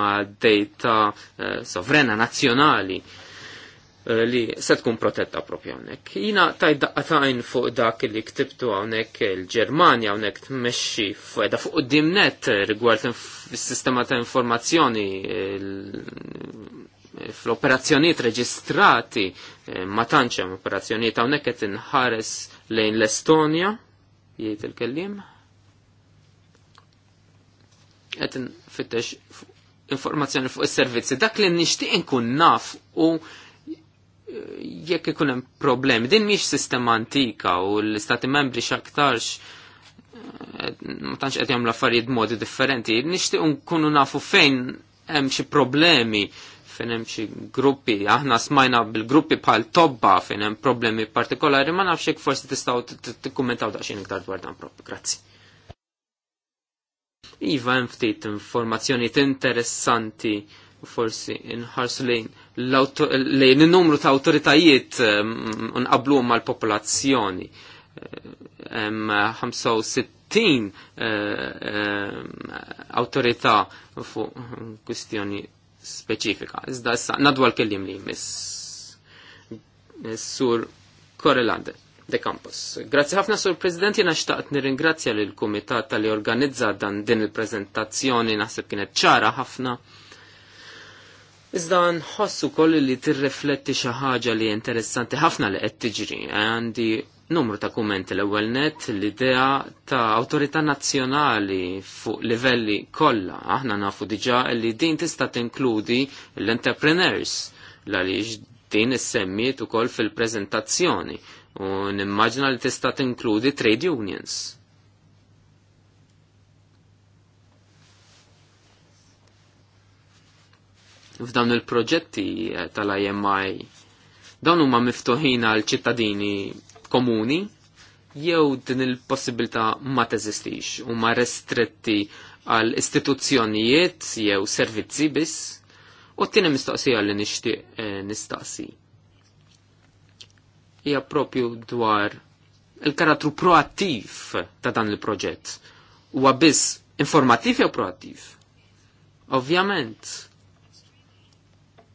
ma' data eh, sovrena nazzjonali. Eh, li se tkun protetta propju hawnhekk. Jina tajt daqqatajn fuq dak li ktibtu hawnhekk il-Ġermanja hawnhekk tmexxi mesċi fuq dimnet rigward is-sistema ta' informazzjoni fl-operazzjonijiet reġistrati eh, ma tantx hemm operazzjonijiet hawnhekk qed inħares lejn l-Estonja jgħid il-kellim. Qed infittex informazzjoni fuq is-servizzi. Dak li nixtieq inkun naf u jekk ikun hemm problemi. Din mhix sistema antika u l-istati membri x'aktarx eh, ma tantx qed jagħmlu affarijiet modi differenti. Nixtieq nkunu nafu fejn hemm xi problemi fejn hemm xi gruppi, aħna smajna bil-gruppi bħal tobba fejn hemm problemi partikolari, ma nafx hekk forsi tistgħu tikkummentaw daqsxejn iktar dwar dan propri. Grazzi. Iva hemm ftit informazzjonijiet interessanti u forsi inħarsu lejn lejn il-numru ta' autoritajiet unqablu um, mal popolazzjoni 65 uh, um, uh, um, autorità fuq kwistjoni speċifika. Iżda issa nadwa l-kellim li miss sur Korelande de Campos. Grazzi ħafna sur President, jena xtaqt nirringrazzja l-Kumitat tal-li organizza dan din il-prezentazzjoni naħseb kienet ċara ħafna. Iżda nħossu koll li tirrifletti xi ħaġa li interessanti ħafna li qed tiġri. Għandi numru ta' kumenti l-ewwel net l-idea ta' awtorità nazzjonali fuq livelli kollha. Aħna nafu diġà li din tista' tinkludi l-entrepreneurs għaliex din is-semmiet ukoll fil-preżentazzjoni u nimmaġna li tista' tinkludi trade unions f'dawn il-proġetti eh, tal-IMI dawn huma miftuħin għal ċittadini komuni jew din il-possibilità ma teżistix u ma restretti għal istituzzjonijiet jew servizzi biss u t-tieni mistoqsija li nixtieq eh, nistaqsi. Hija propju dwar il-karattru proattiv ta' dan il-proġett. Huwa biss informattiv jew proattiv? Ovvjament,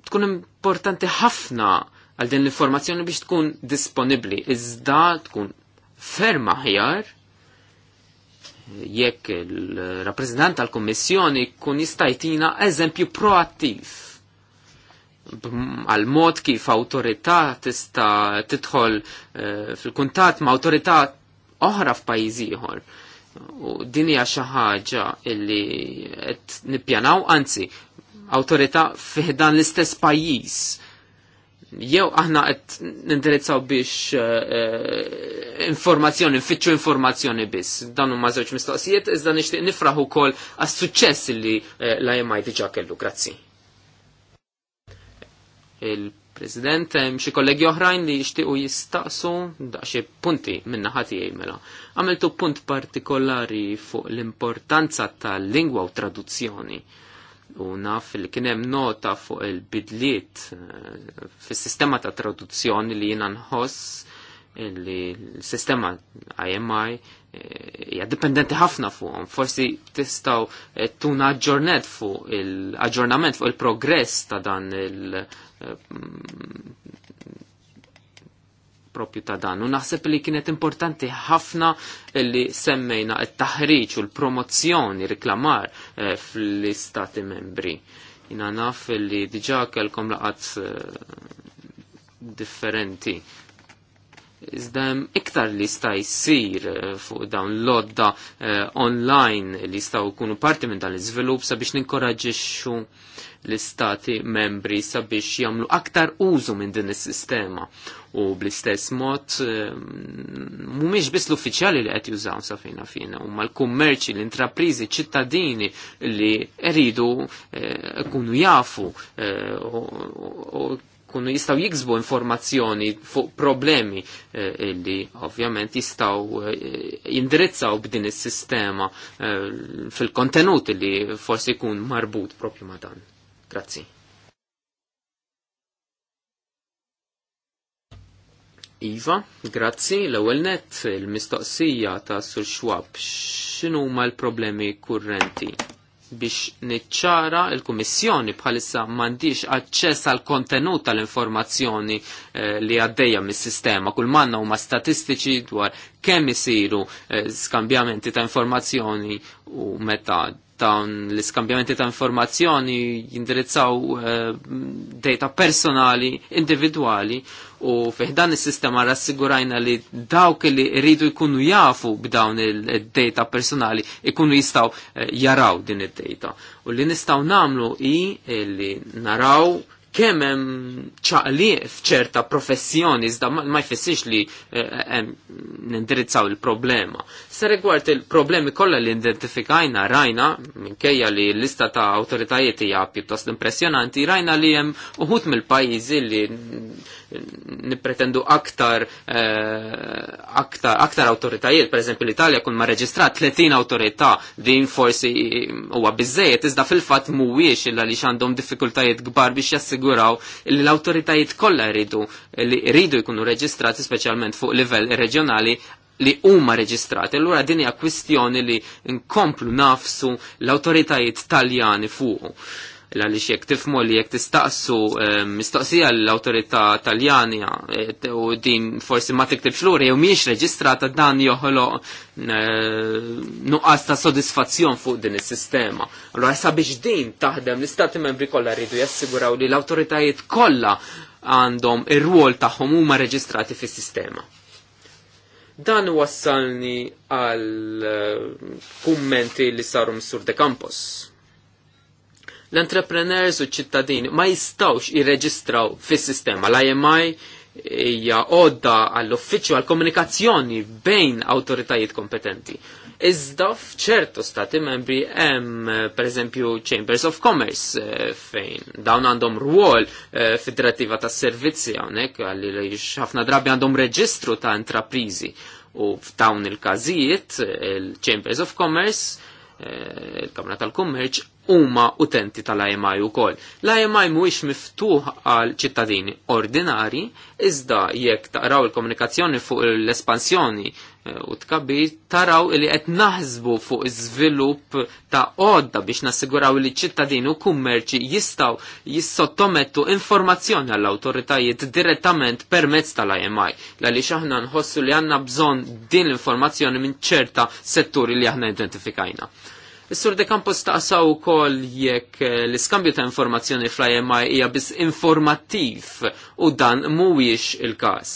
tkun importanti ħafna għal din l-informazzjoni biex tkun disponibli. Iżda tkun ferma ħjar jekk il-rappresentant tal kummissjoni kun jistajtina eżempju proattiv għal mod kif autorità tista' tidħol eh, fil-kuntat ma' autorità oħra f'pajjiż ieħor. U din hija xi ħaġa illi qed nippjanaw, anzi awtorità fiħdan l-istess pajjiż. Jew aħna qed nindirizzaw biex eh, eh, informazzjoni, nfittxu informazzjoni biss. Dan huma żewġ mistoqsijiet, iżda nixtieq nifraħ ukoll għas-suċċess li eh, la jemaj diġà kellu. Grazzi. Il-President, hemm xi kollegi oħrajn li jixtiequ jistaqsu daqsxi punti minna ħati mela. Għamiltu punt partikolari fuq l-importanza tal-lingwa u traduzzjoni u naf li kien hemm nota fuq il-bidliet eh, fis-sistema ta' traduzzjoni li jiena nħoss li l-sistema IMI eh, hija dipendenti ħafna fuqhom. Forsi tistgħu eh, tuna aġġornet fuq il-aġġornament fuq il-progress ta' dan il propju ta' dan. U naħseb li kienet importanti ħafna li semmejna t-taħriġ u l-promozzjoni riklamar eh, fl-istati membri. Jina naf li diġa kelkom laqat eh, differenti Iżda hemm iktar li sta jsir eh, fuq dawn l-odda eh, online li jistgħu jkunu parti minn dan l-iżvilupp sabiex ninkoraġixxu l-istati membri sabiex jagħmlu aktar użu minn din is-sistema u bl-istess mod eh, mhumiex biss l-uffiċjali li qed jużaw sa fina fina huma l-kummerċi, l-intrapriżi, ċittadini li eridu jkunu jafu kunu jistaw jiksbu informazzjoni fuq problemi eh, illi li ovvjament jistaw eh, indirizzaw b'din is-sistema eh, fil-kontenut illi forsi jkun marbut propju ma' dan. Grazzi. Iva, grazzi, l-ewwel net il-mistoqsija ta' Sur Xwab x'inhuma l-problemi kurrenti biex niċċara il-Kummissjoni bħalissa m'għandix aċċess għal kontenut tal-informazzjoni eh, li għaddejja mis-sistema. Kull manna huma statistiċi dwar kemm isiru eh, skambjamenti ta' informazzjoni u meta dawn l-iskambjamenti ta' informazzjoni jindirizzaw eh, data personali, individwali u fiħdan is-sistema rassigurajna li dawk li rridu jkunu jafu b'dawn il-data personali ikunu jistaw eh, jaraw din id-data. U li nistaw namlu i eh, li naraw kemm hemm f'ċerta professjoni iżda ma jfissix li eh, nindirizzaw il-problema. Se rigward il-problemi kollha li identifikajna rajna minkejja li l-lista ta' awtoritajiet hija pjuttost impressjonanti, rajna li hemm uħut mill-pajjiżi li nipretendu aktar eh, aktar, aktar autoritajiet, per eżempju l-Italja kun ma reġistrat 30 autorità din forsi huwa biżejjed, iżda fil-fatt mhuwiex illa li għandhom diffikultajiet kbar biex jassiguraw li l-awtoritajiet kollha jridu li jridu jkunu reġistrati speċjalment fuq livell reġjonali li huma reġistrati. Allura din hija kwistjoni li nkomplu nafsu l-awtoritajiet Taljani fuq għalix jekk tifmu li jekk tistaqsu eh, mistoqsija l-awtorità Taljanja eh, u din forsi ma tiktibx lura jew mhijiex reġistrata dan joħolo eh, nuqqas ta' sodisfazzjon fuq din is-sistema. Allura sabiex din taħdem l-istati membri kollha rridu jassiguraw li l-awtoritajiet kollha għandhom ir-rwol tagħhom huma reġistrati fis-sistema. Dan wassalni għal kummenti li saru Sur De Campos. L-entrepreneurs u ċ-ċittadin ma jistawx jirreġistraw fis-sistema. L-IMI hija għodda għall-uffiċċju għall-komunikazzjoni bejn autoritajiet kompetenti. Iżda ċertu stati membri hemm pereżempju Chambers of Commerce eh, fejn dawn għandhom rwol eh, federativa ta' tas servizzi hawnhekk għalli ħafna drabi għandhom reġistru ta' intraprizi u f'dawn il-każijiet il-Chambers of Commerce eh, il-Kamra tal-Kummerċ huma utenti tal-IMI wkoll. L-IMI mhuwiex miftuħ għal ċittadini ordinari, iżda jekk taraw il-komunikazzjoni fuq l-espansjoni eh, u tkabbi, taraw li qed naħsbu fuq iżvilupp ta' għodda biex nassiguraw li ċittadini u kummerċi jistgħu jissottomettu informazzjoni għall awtoritajiet direttament permezz tal-IMI. Għaliex aħna nħossu li għandna bżonn din l-informazzjoni minn ċerta setturi li aħna identifikajna. Is-sur de Campos taqsaw ukoll jekk eh, l-iskambju ta' informazzjoni fl-IMI hija biss informattiv u dan mhuwiex il-każ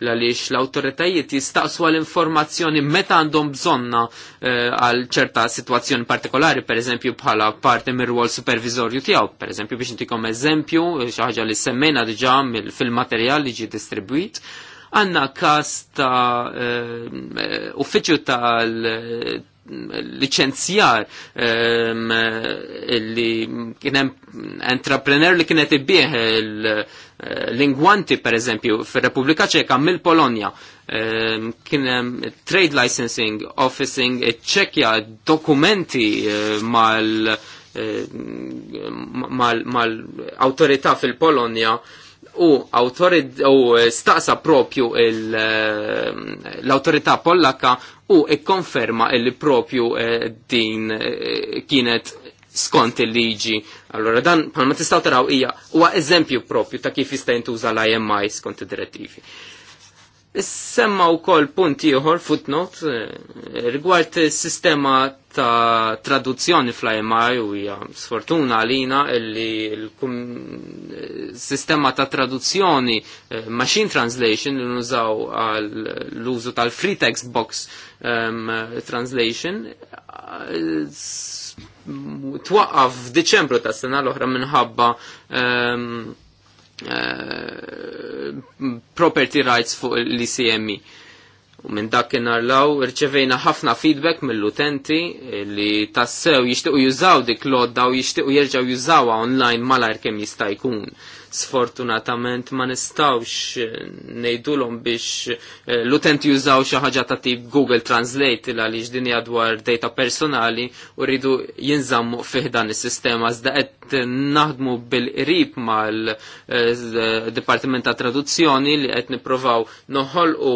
għaliex l-autoritajiet jistaqsu għal-informazzjoni meta għandhom bżonna eh, għal ċerta situazzjoni partikolari, per eżempju bħala parti mir rwol supervizorju tiegħu, per eżempju biex intikom eżempju, xi ħaġa li semmena diġà fil-materjal li ġi distribwit, għanna kas ta' e, eh, uffiċju tal licenzjar um, ehm, li kienem entrepreneur li kienet ibbieħ l eh, lingwanti per eżempju fil-Repubblika Ċeka mill polonia um, ehm, kienem trade licensing, officing, ċekja dokumenti uh, mal uh, eh, mal-autorità mal autorità mal fil polonia u, u staqsa propju l-autorità pollaka u ikkonferma li propju eh, din eh, kienet skont il-liġi. Allora dan palma tistaw taraw hija huwa eżempju propju ta' kif jista' jintuża l-IMI skont id-direttivi. Semma u kol punt ieħor footnote eh, rigward sistema ta' traduzzjoni fl-IMI u hija sfortuna għalina li l-sistema ta' traduzzjoni machine translation li nużaw l-użu tal-free text box um, translation uh, twaqqaf f'Diċembru ta' sena l-oħra minħabba um, uh, property rights fuq l-ICMI. E. U minn dak kienar law irċevejna ħafna feedback mill-utenti li tassew jixtiequ jużaw dik lodda u jixtiequ jerġgħu jużawha online malajr kemm jista' jkun sfortunatament ma nistawx eh, nejdulom biex eh, l utent jużaw xi ħaġa ta' tip Google Translate il għaliex din hija dwar data personali u rridu jinżammu fih dan is-sistema iżda qed naħdmu bil-qrib mal-Dipartiment eh, ta' Traduzzjoni li qed nipprovaw noħolqu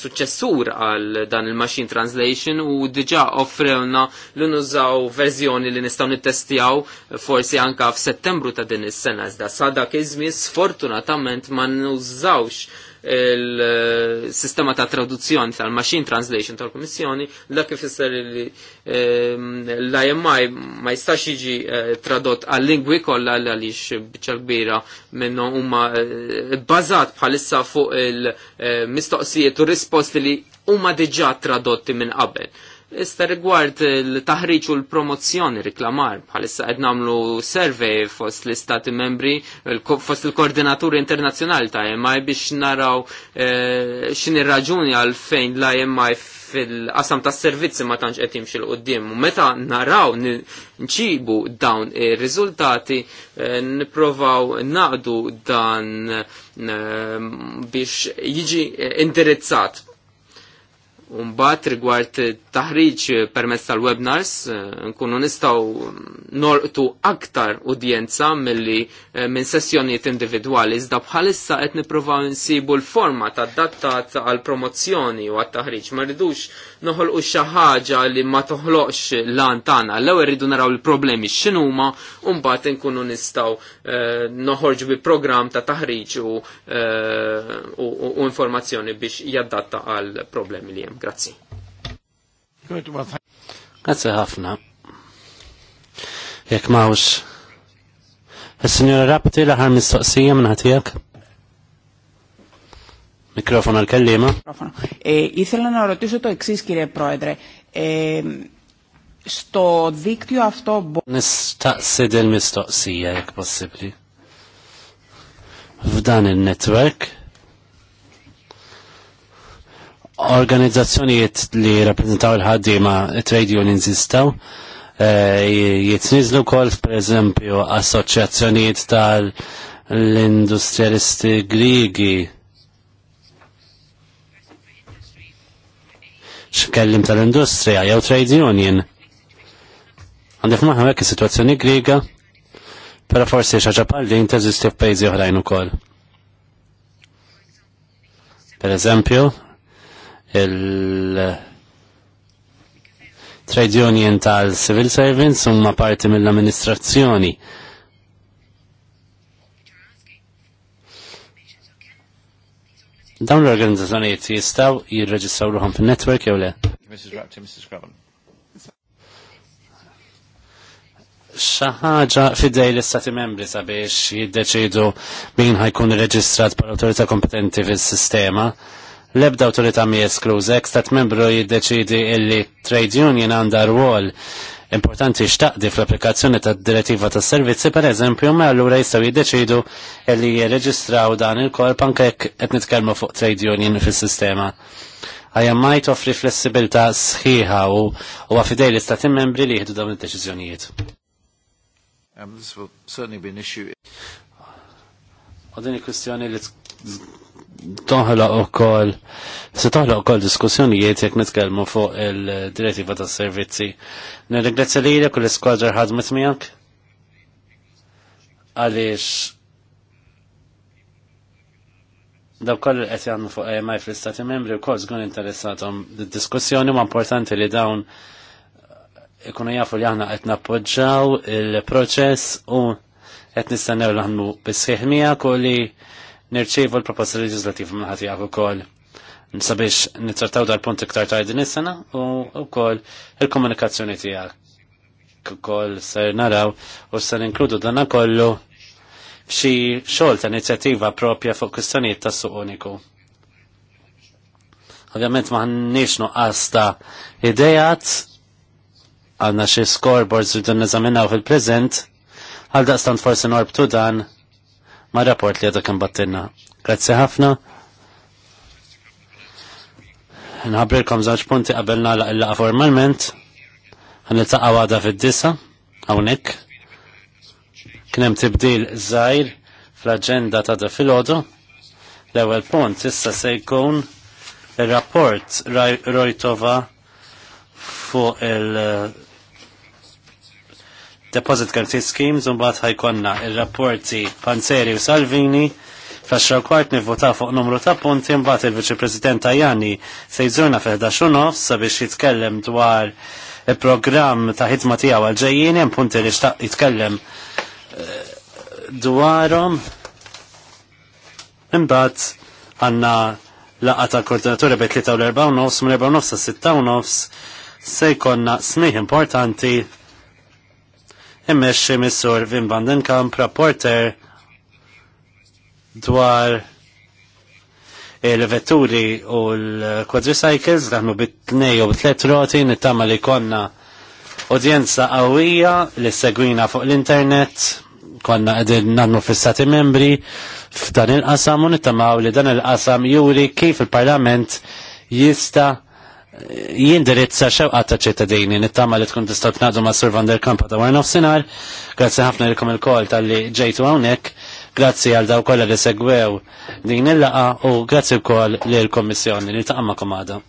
suċċessur għal dan il-machine translation u diġà offrewna li nużaw verżjoni li nistgħu nittestjaw forsi anka f'Settembru ta' din is-sena iżda sadak sa dak iż-żmien sfortunatament ma nużawx il-sistema ta' traduzzjoni tal-machine translation tal-Komissjoni, dak isser li ehm, l-IMI ma jistax jiġi eh, tradott għal-lingwi kollha għaliex biċċa kbira minnu huma eh, bbażat bħalissa fuq il-mistoqsijiet eh, u risposti li huma diġà tradotti minn qabel. Ista rigward il-taħriġ u l-promozzjoni riklamar, bħalissa qed nagħmlu survey fost l-istati membri, fost il-koordinaturi internazzjonali ta' EMI biex naraw eh, x'in raġuni għal fejn la EMI fil-qasam tas servizzi ma tantx qed jimxil qudiem. U meta naraw nċibu dawn ir-riżultati eh, nipprovaw naqdu dan eh, biex jiġi indirizzat Umbat rigward taħriġ permezz tal-webinars, eh, nkunu nistaw norqtu aktar udjenza milli eh, minn sessjonijiet individwali, iżda bħalissa qed nippruvaw insibu l-forma ta' dattat għal promozzjoni u għat taħriġ. Ma rridux noħolqu xi ħaġa li ma toħloqx lan tagħna, l-ewwel rridu naraw il-problemi x'inhuma u mbagħad inkunu nistgħu eh, noħorġu bi programm ta' taħriġ u informazzjoni biex jaddatta għal problemi li hemm. Grazzi. Grazzi ħafna. Jek mawx. Il-Signora Rapti laħar mistoqsija minn ħatijak? Mikrofon għal-kellima. Ήθελα να eh, to το kire proedre. Ehm, sto diktju għafto bo. Nistaqsi del mistoqsija jek possibli. F'dan il netwerk organizzazzjonijiet li rappresentaw il-ħaddima trade unions jistaw eh, jitnizlu kol per eżempju assoċjazzjonijiet tal-industrialisti grigi xkellim tal-industrija jew trade union għandif maħna hekk situazzjoni griga pero forsi xaġa pal din teżisti oħrajn ukoll. Per eżempju, il- trade union tal-civil servants huma parti mill-amministrazzjoni. Dawn l organizzazzjoniet jistgħu jirreġistraw ruħhom fin-network jew le? Xi ħaġa fidej l-istati membri sabiex jiddeċidu min ħajkun irreġistrat pal awtorità kompetenti fis-sistema l-ebda autorita mi esklużek, stat membru jiddeċidi illi trade union għandar rwol importanti xtaqdi fl-applikazzjoni ta' direttiva ta' servizzi per eżempju ma' allura jistaw jiddeċidu illi jirreġistraw dan il-korp anke qed nitkellmu fuq trade union fis-sistema. majt toffri flessibilta sħiħa u għafidej l-istati membri li jihdu dawn il-deċizjonijiet. Um, this will certainly be an issue. li toħla u kol, se toħla u kol diskussjonijiet jek nitkelmu fuq il-direttiva ta' servizzi. Nirregrazzja li l kull skwadra ħadmet miegħek? Għaliex daw koll qed jagħmlu fuq EMI fl-Istati Membri u kol żgur interessatom diskussjoni ma' importanti li dawn ikunu jafu li aħna qed nappoġġaw il-proċess u qed nistennew l-ħanmu bisħiħ miegħek u li nirċievu l-proposta leġislativa minn ħadd jagħmel ukoll sabiex nittrattaw dal-punt iktar tard din is-sena u wkoll il-komunikazzjoni tiegħek ukoll ser naraw u ser inkludu dan kollu f'xi xogħol ta' inizjattiva propja fuq kwistjonijiet tas-suq uniku. Ovvjament ma ħanniex nuqqas ta' idejat għandna xi scoreboards li dan fil-preżent għal daqstant forsi norbtu dan ma' rapport li għadha kan battinna. Grazzi ħafna. Nħabrilkom żewġ punti qabel nagħlaq il Għan formalment. Ħaniltaqa' għada fil disa hawnhekk. Kien hemm tibdil żgħir fl agenda ta' da filgħodu. L-ewwel punt issa se jkun ir-rapport Rojtova fuq il- deposit guarantee schemes un bat ħajkonna il-rapporti Panzeri u Salvini fl kwart nivvota fuq numru ta' punti mbagħad il-Viċi President Tajani se jżurna fil-11 nofs sabiex jitkellem dwar il-programm ta' ħidma tiegħu għal ġejjini, hemm punti li xtaq jitkellem eh, dwarhom imbagħad għandna laqgħa tal-koordinaturi bejn 3 u l-4 nofs mill-4 nofs sa' 6 nofs se jkollna smih importanti immexxi mis-sur Vim Kamp rapporter dwar il-vetturi u l-quadricycles daħnu bit-tnej u tlet roti nittama li konna udjenza qawwija li segwina fuq l-internet konna għedin nannu fissati stati membri f'dan il-qasam u nittamaw li dan il-qasam juri kif il-parlament jista' jindirizza xewqa ta' ċittadini nittama li tkun tista' tnaddu ma' Sur Van der Kamp ta' war nofsinhar. Grazzi ħafna lilkom il-kol tal-li ġejtu hawnhekk. Grazzi għal daw kollha li segwew din il-laqa u grazzi wkoll lill-Kommissjoni li ta' għamma komada.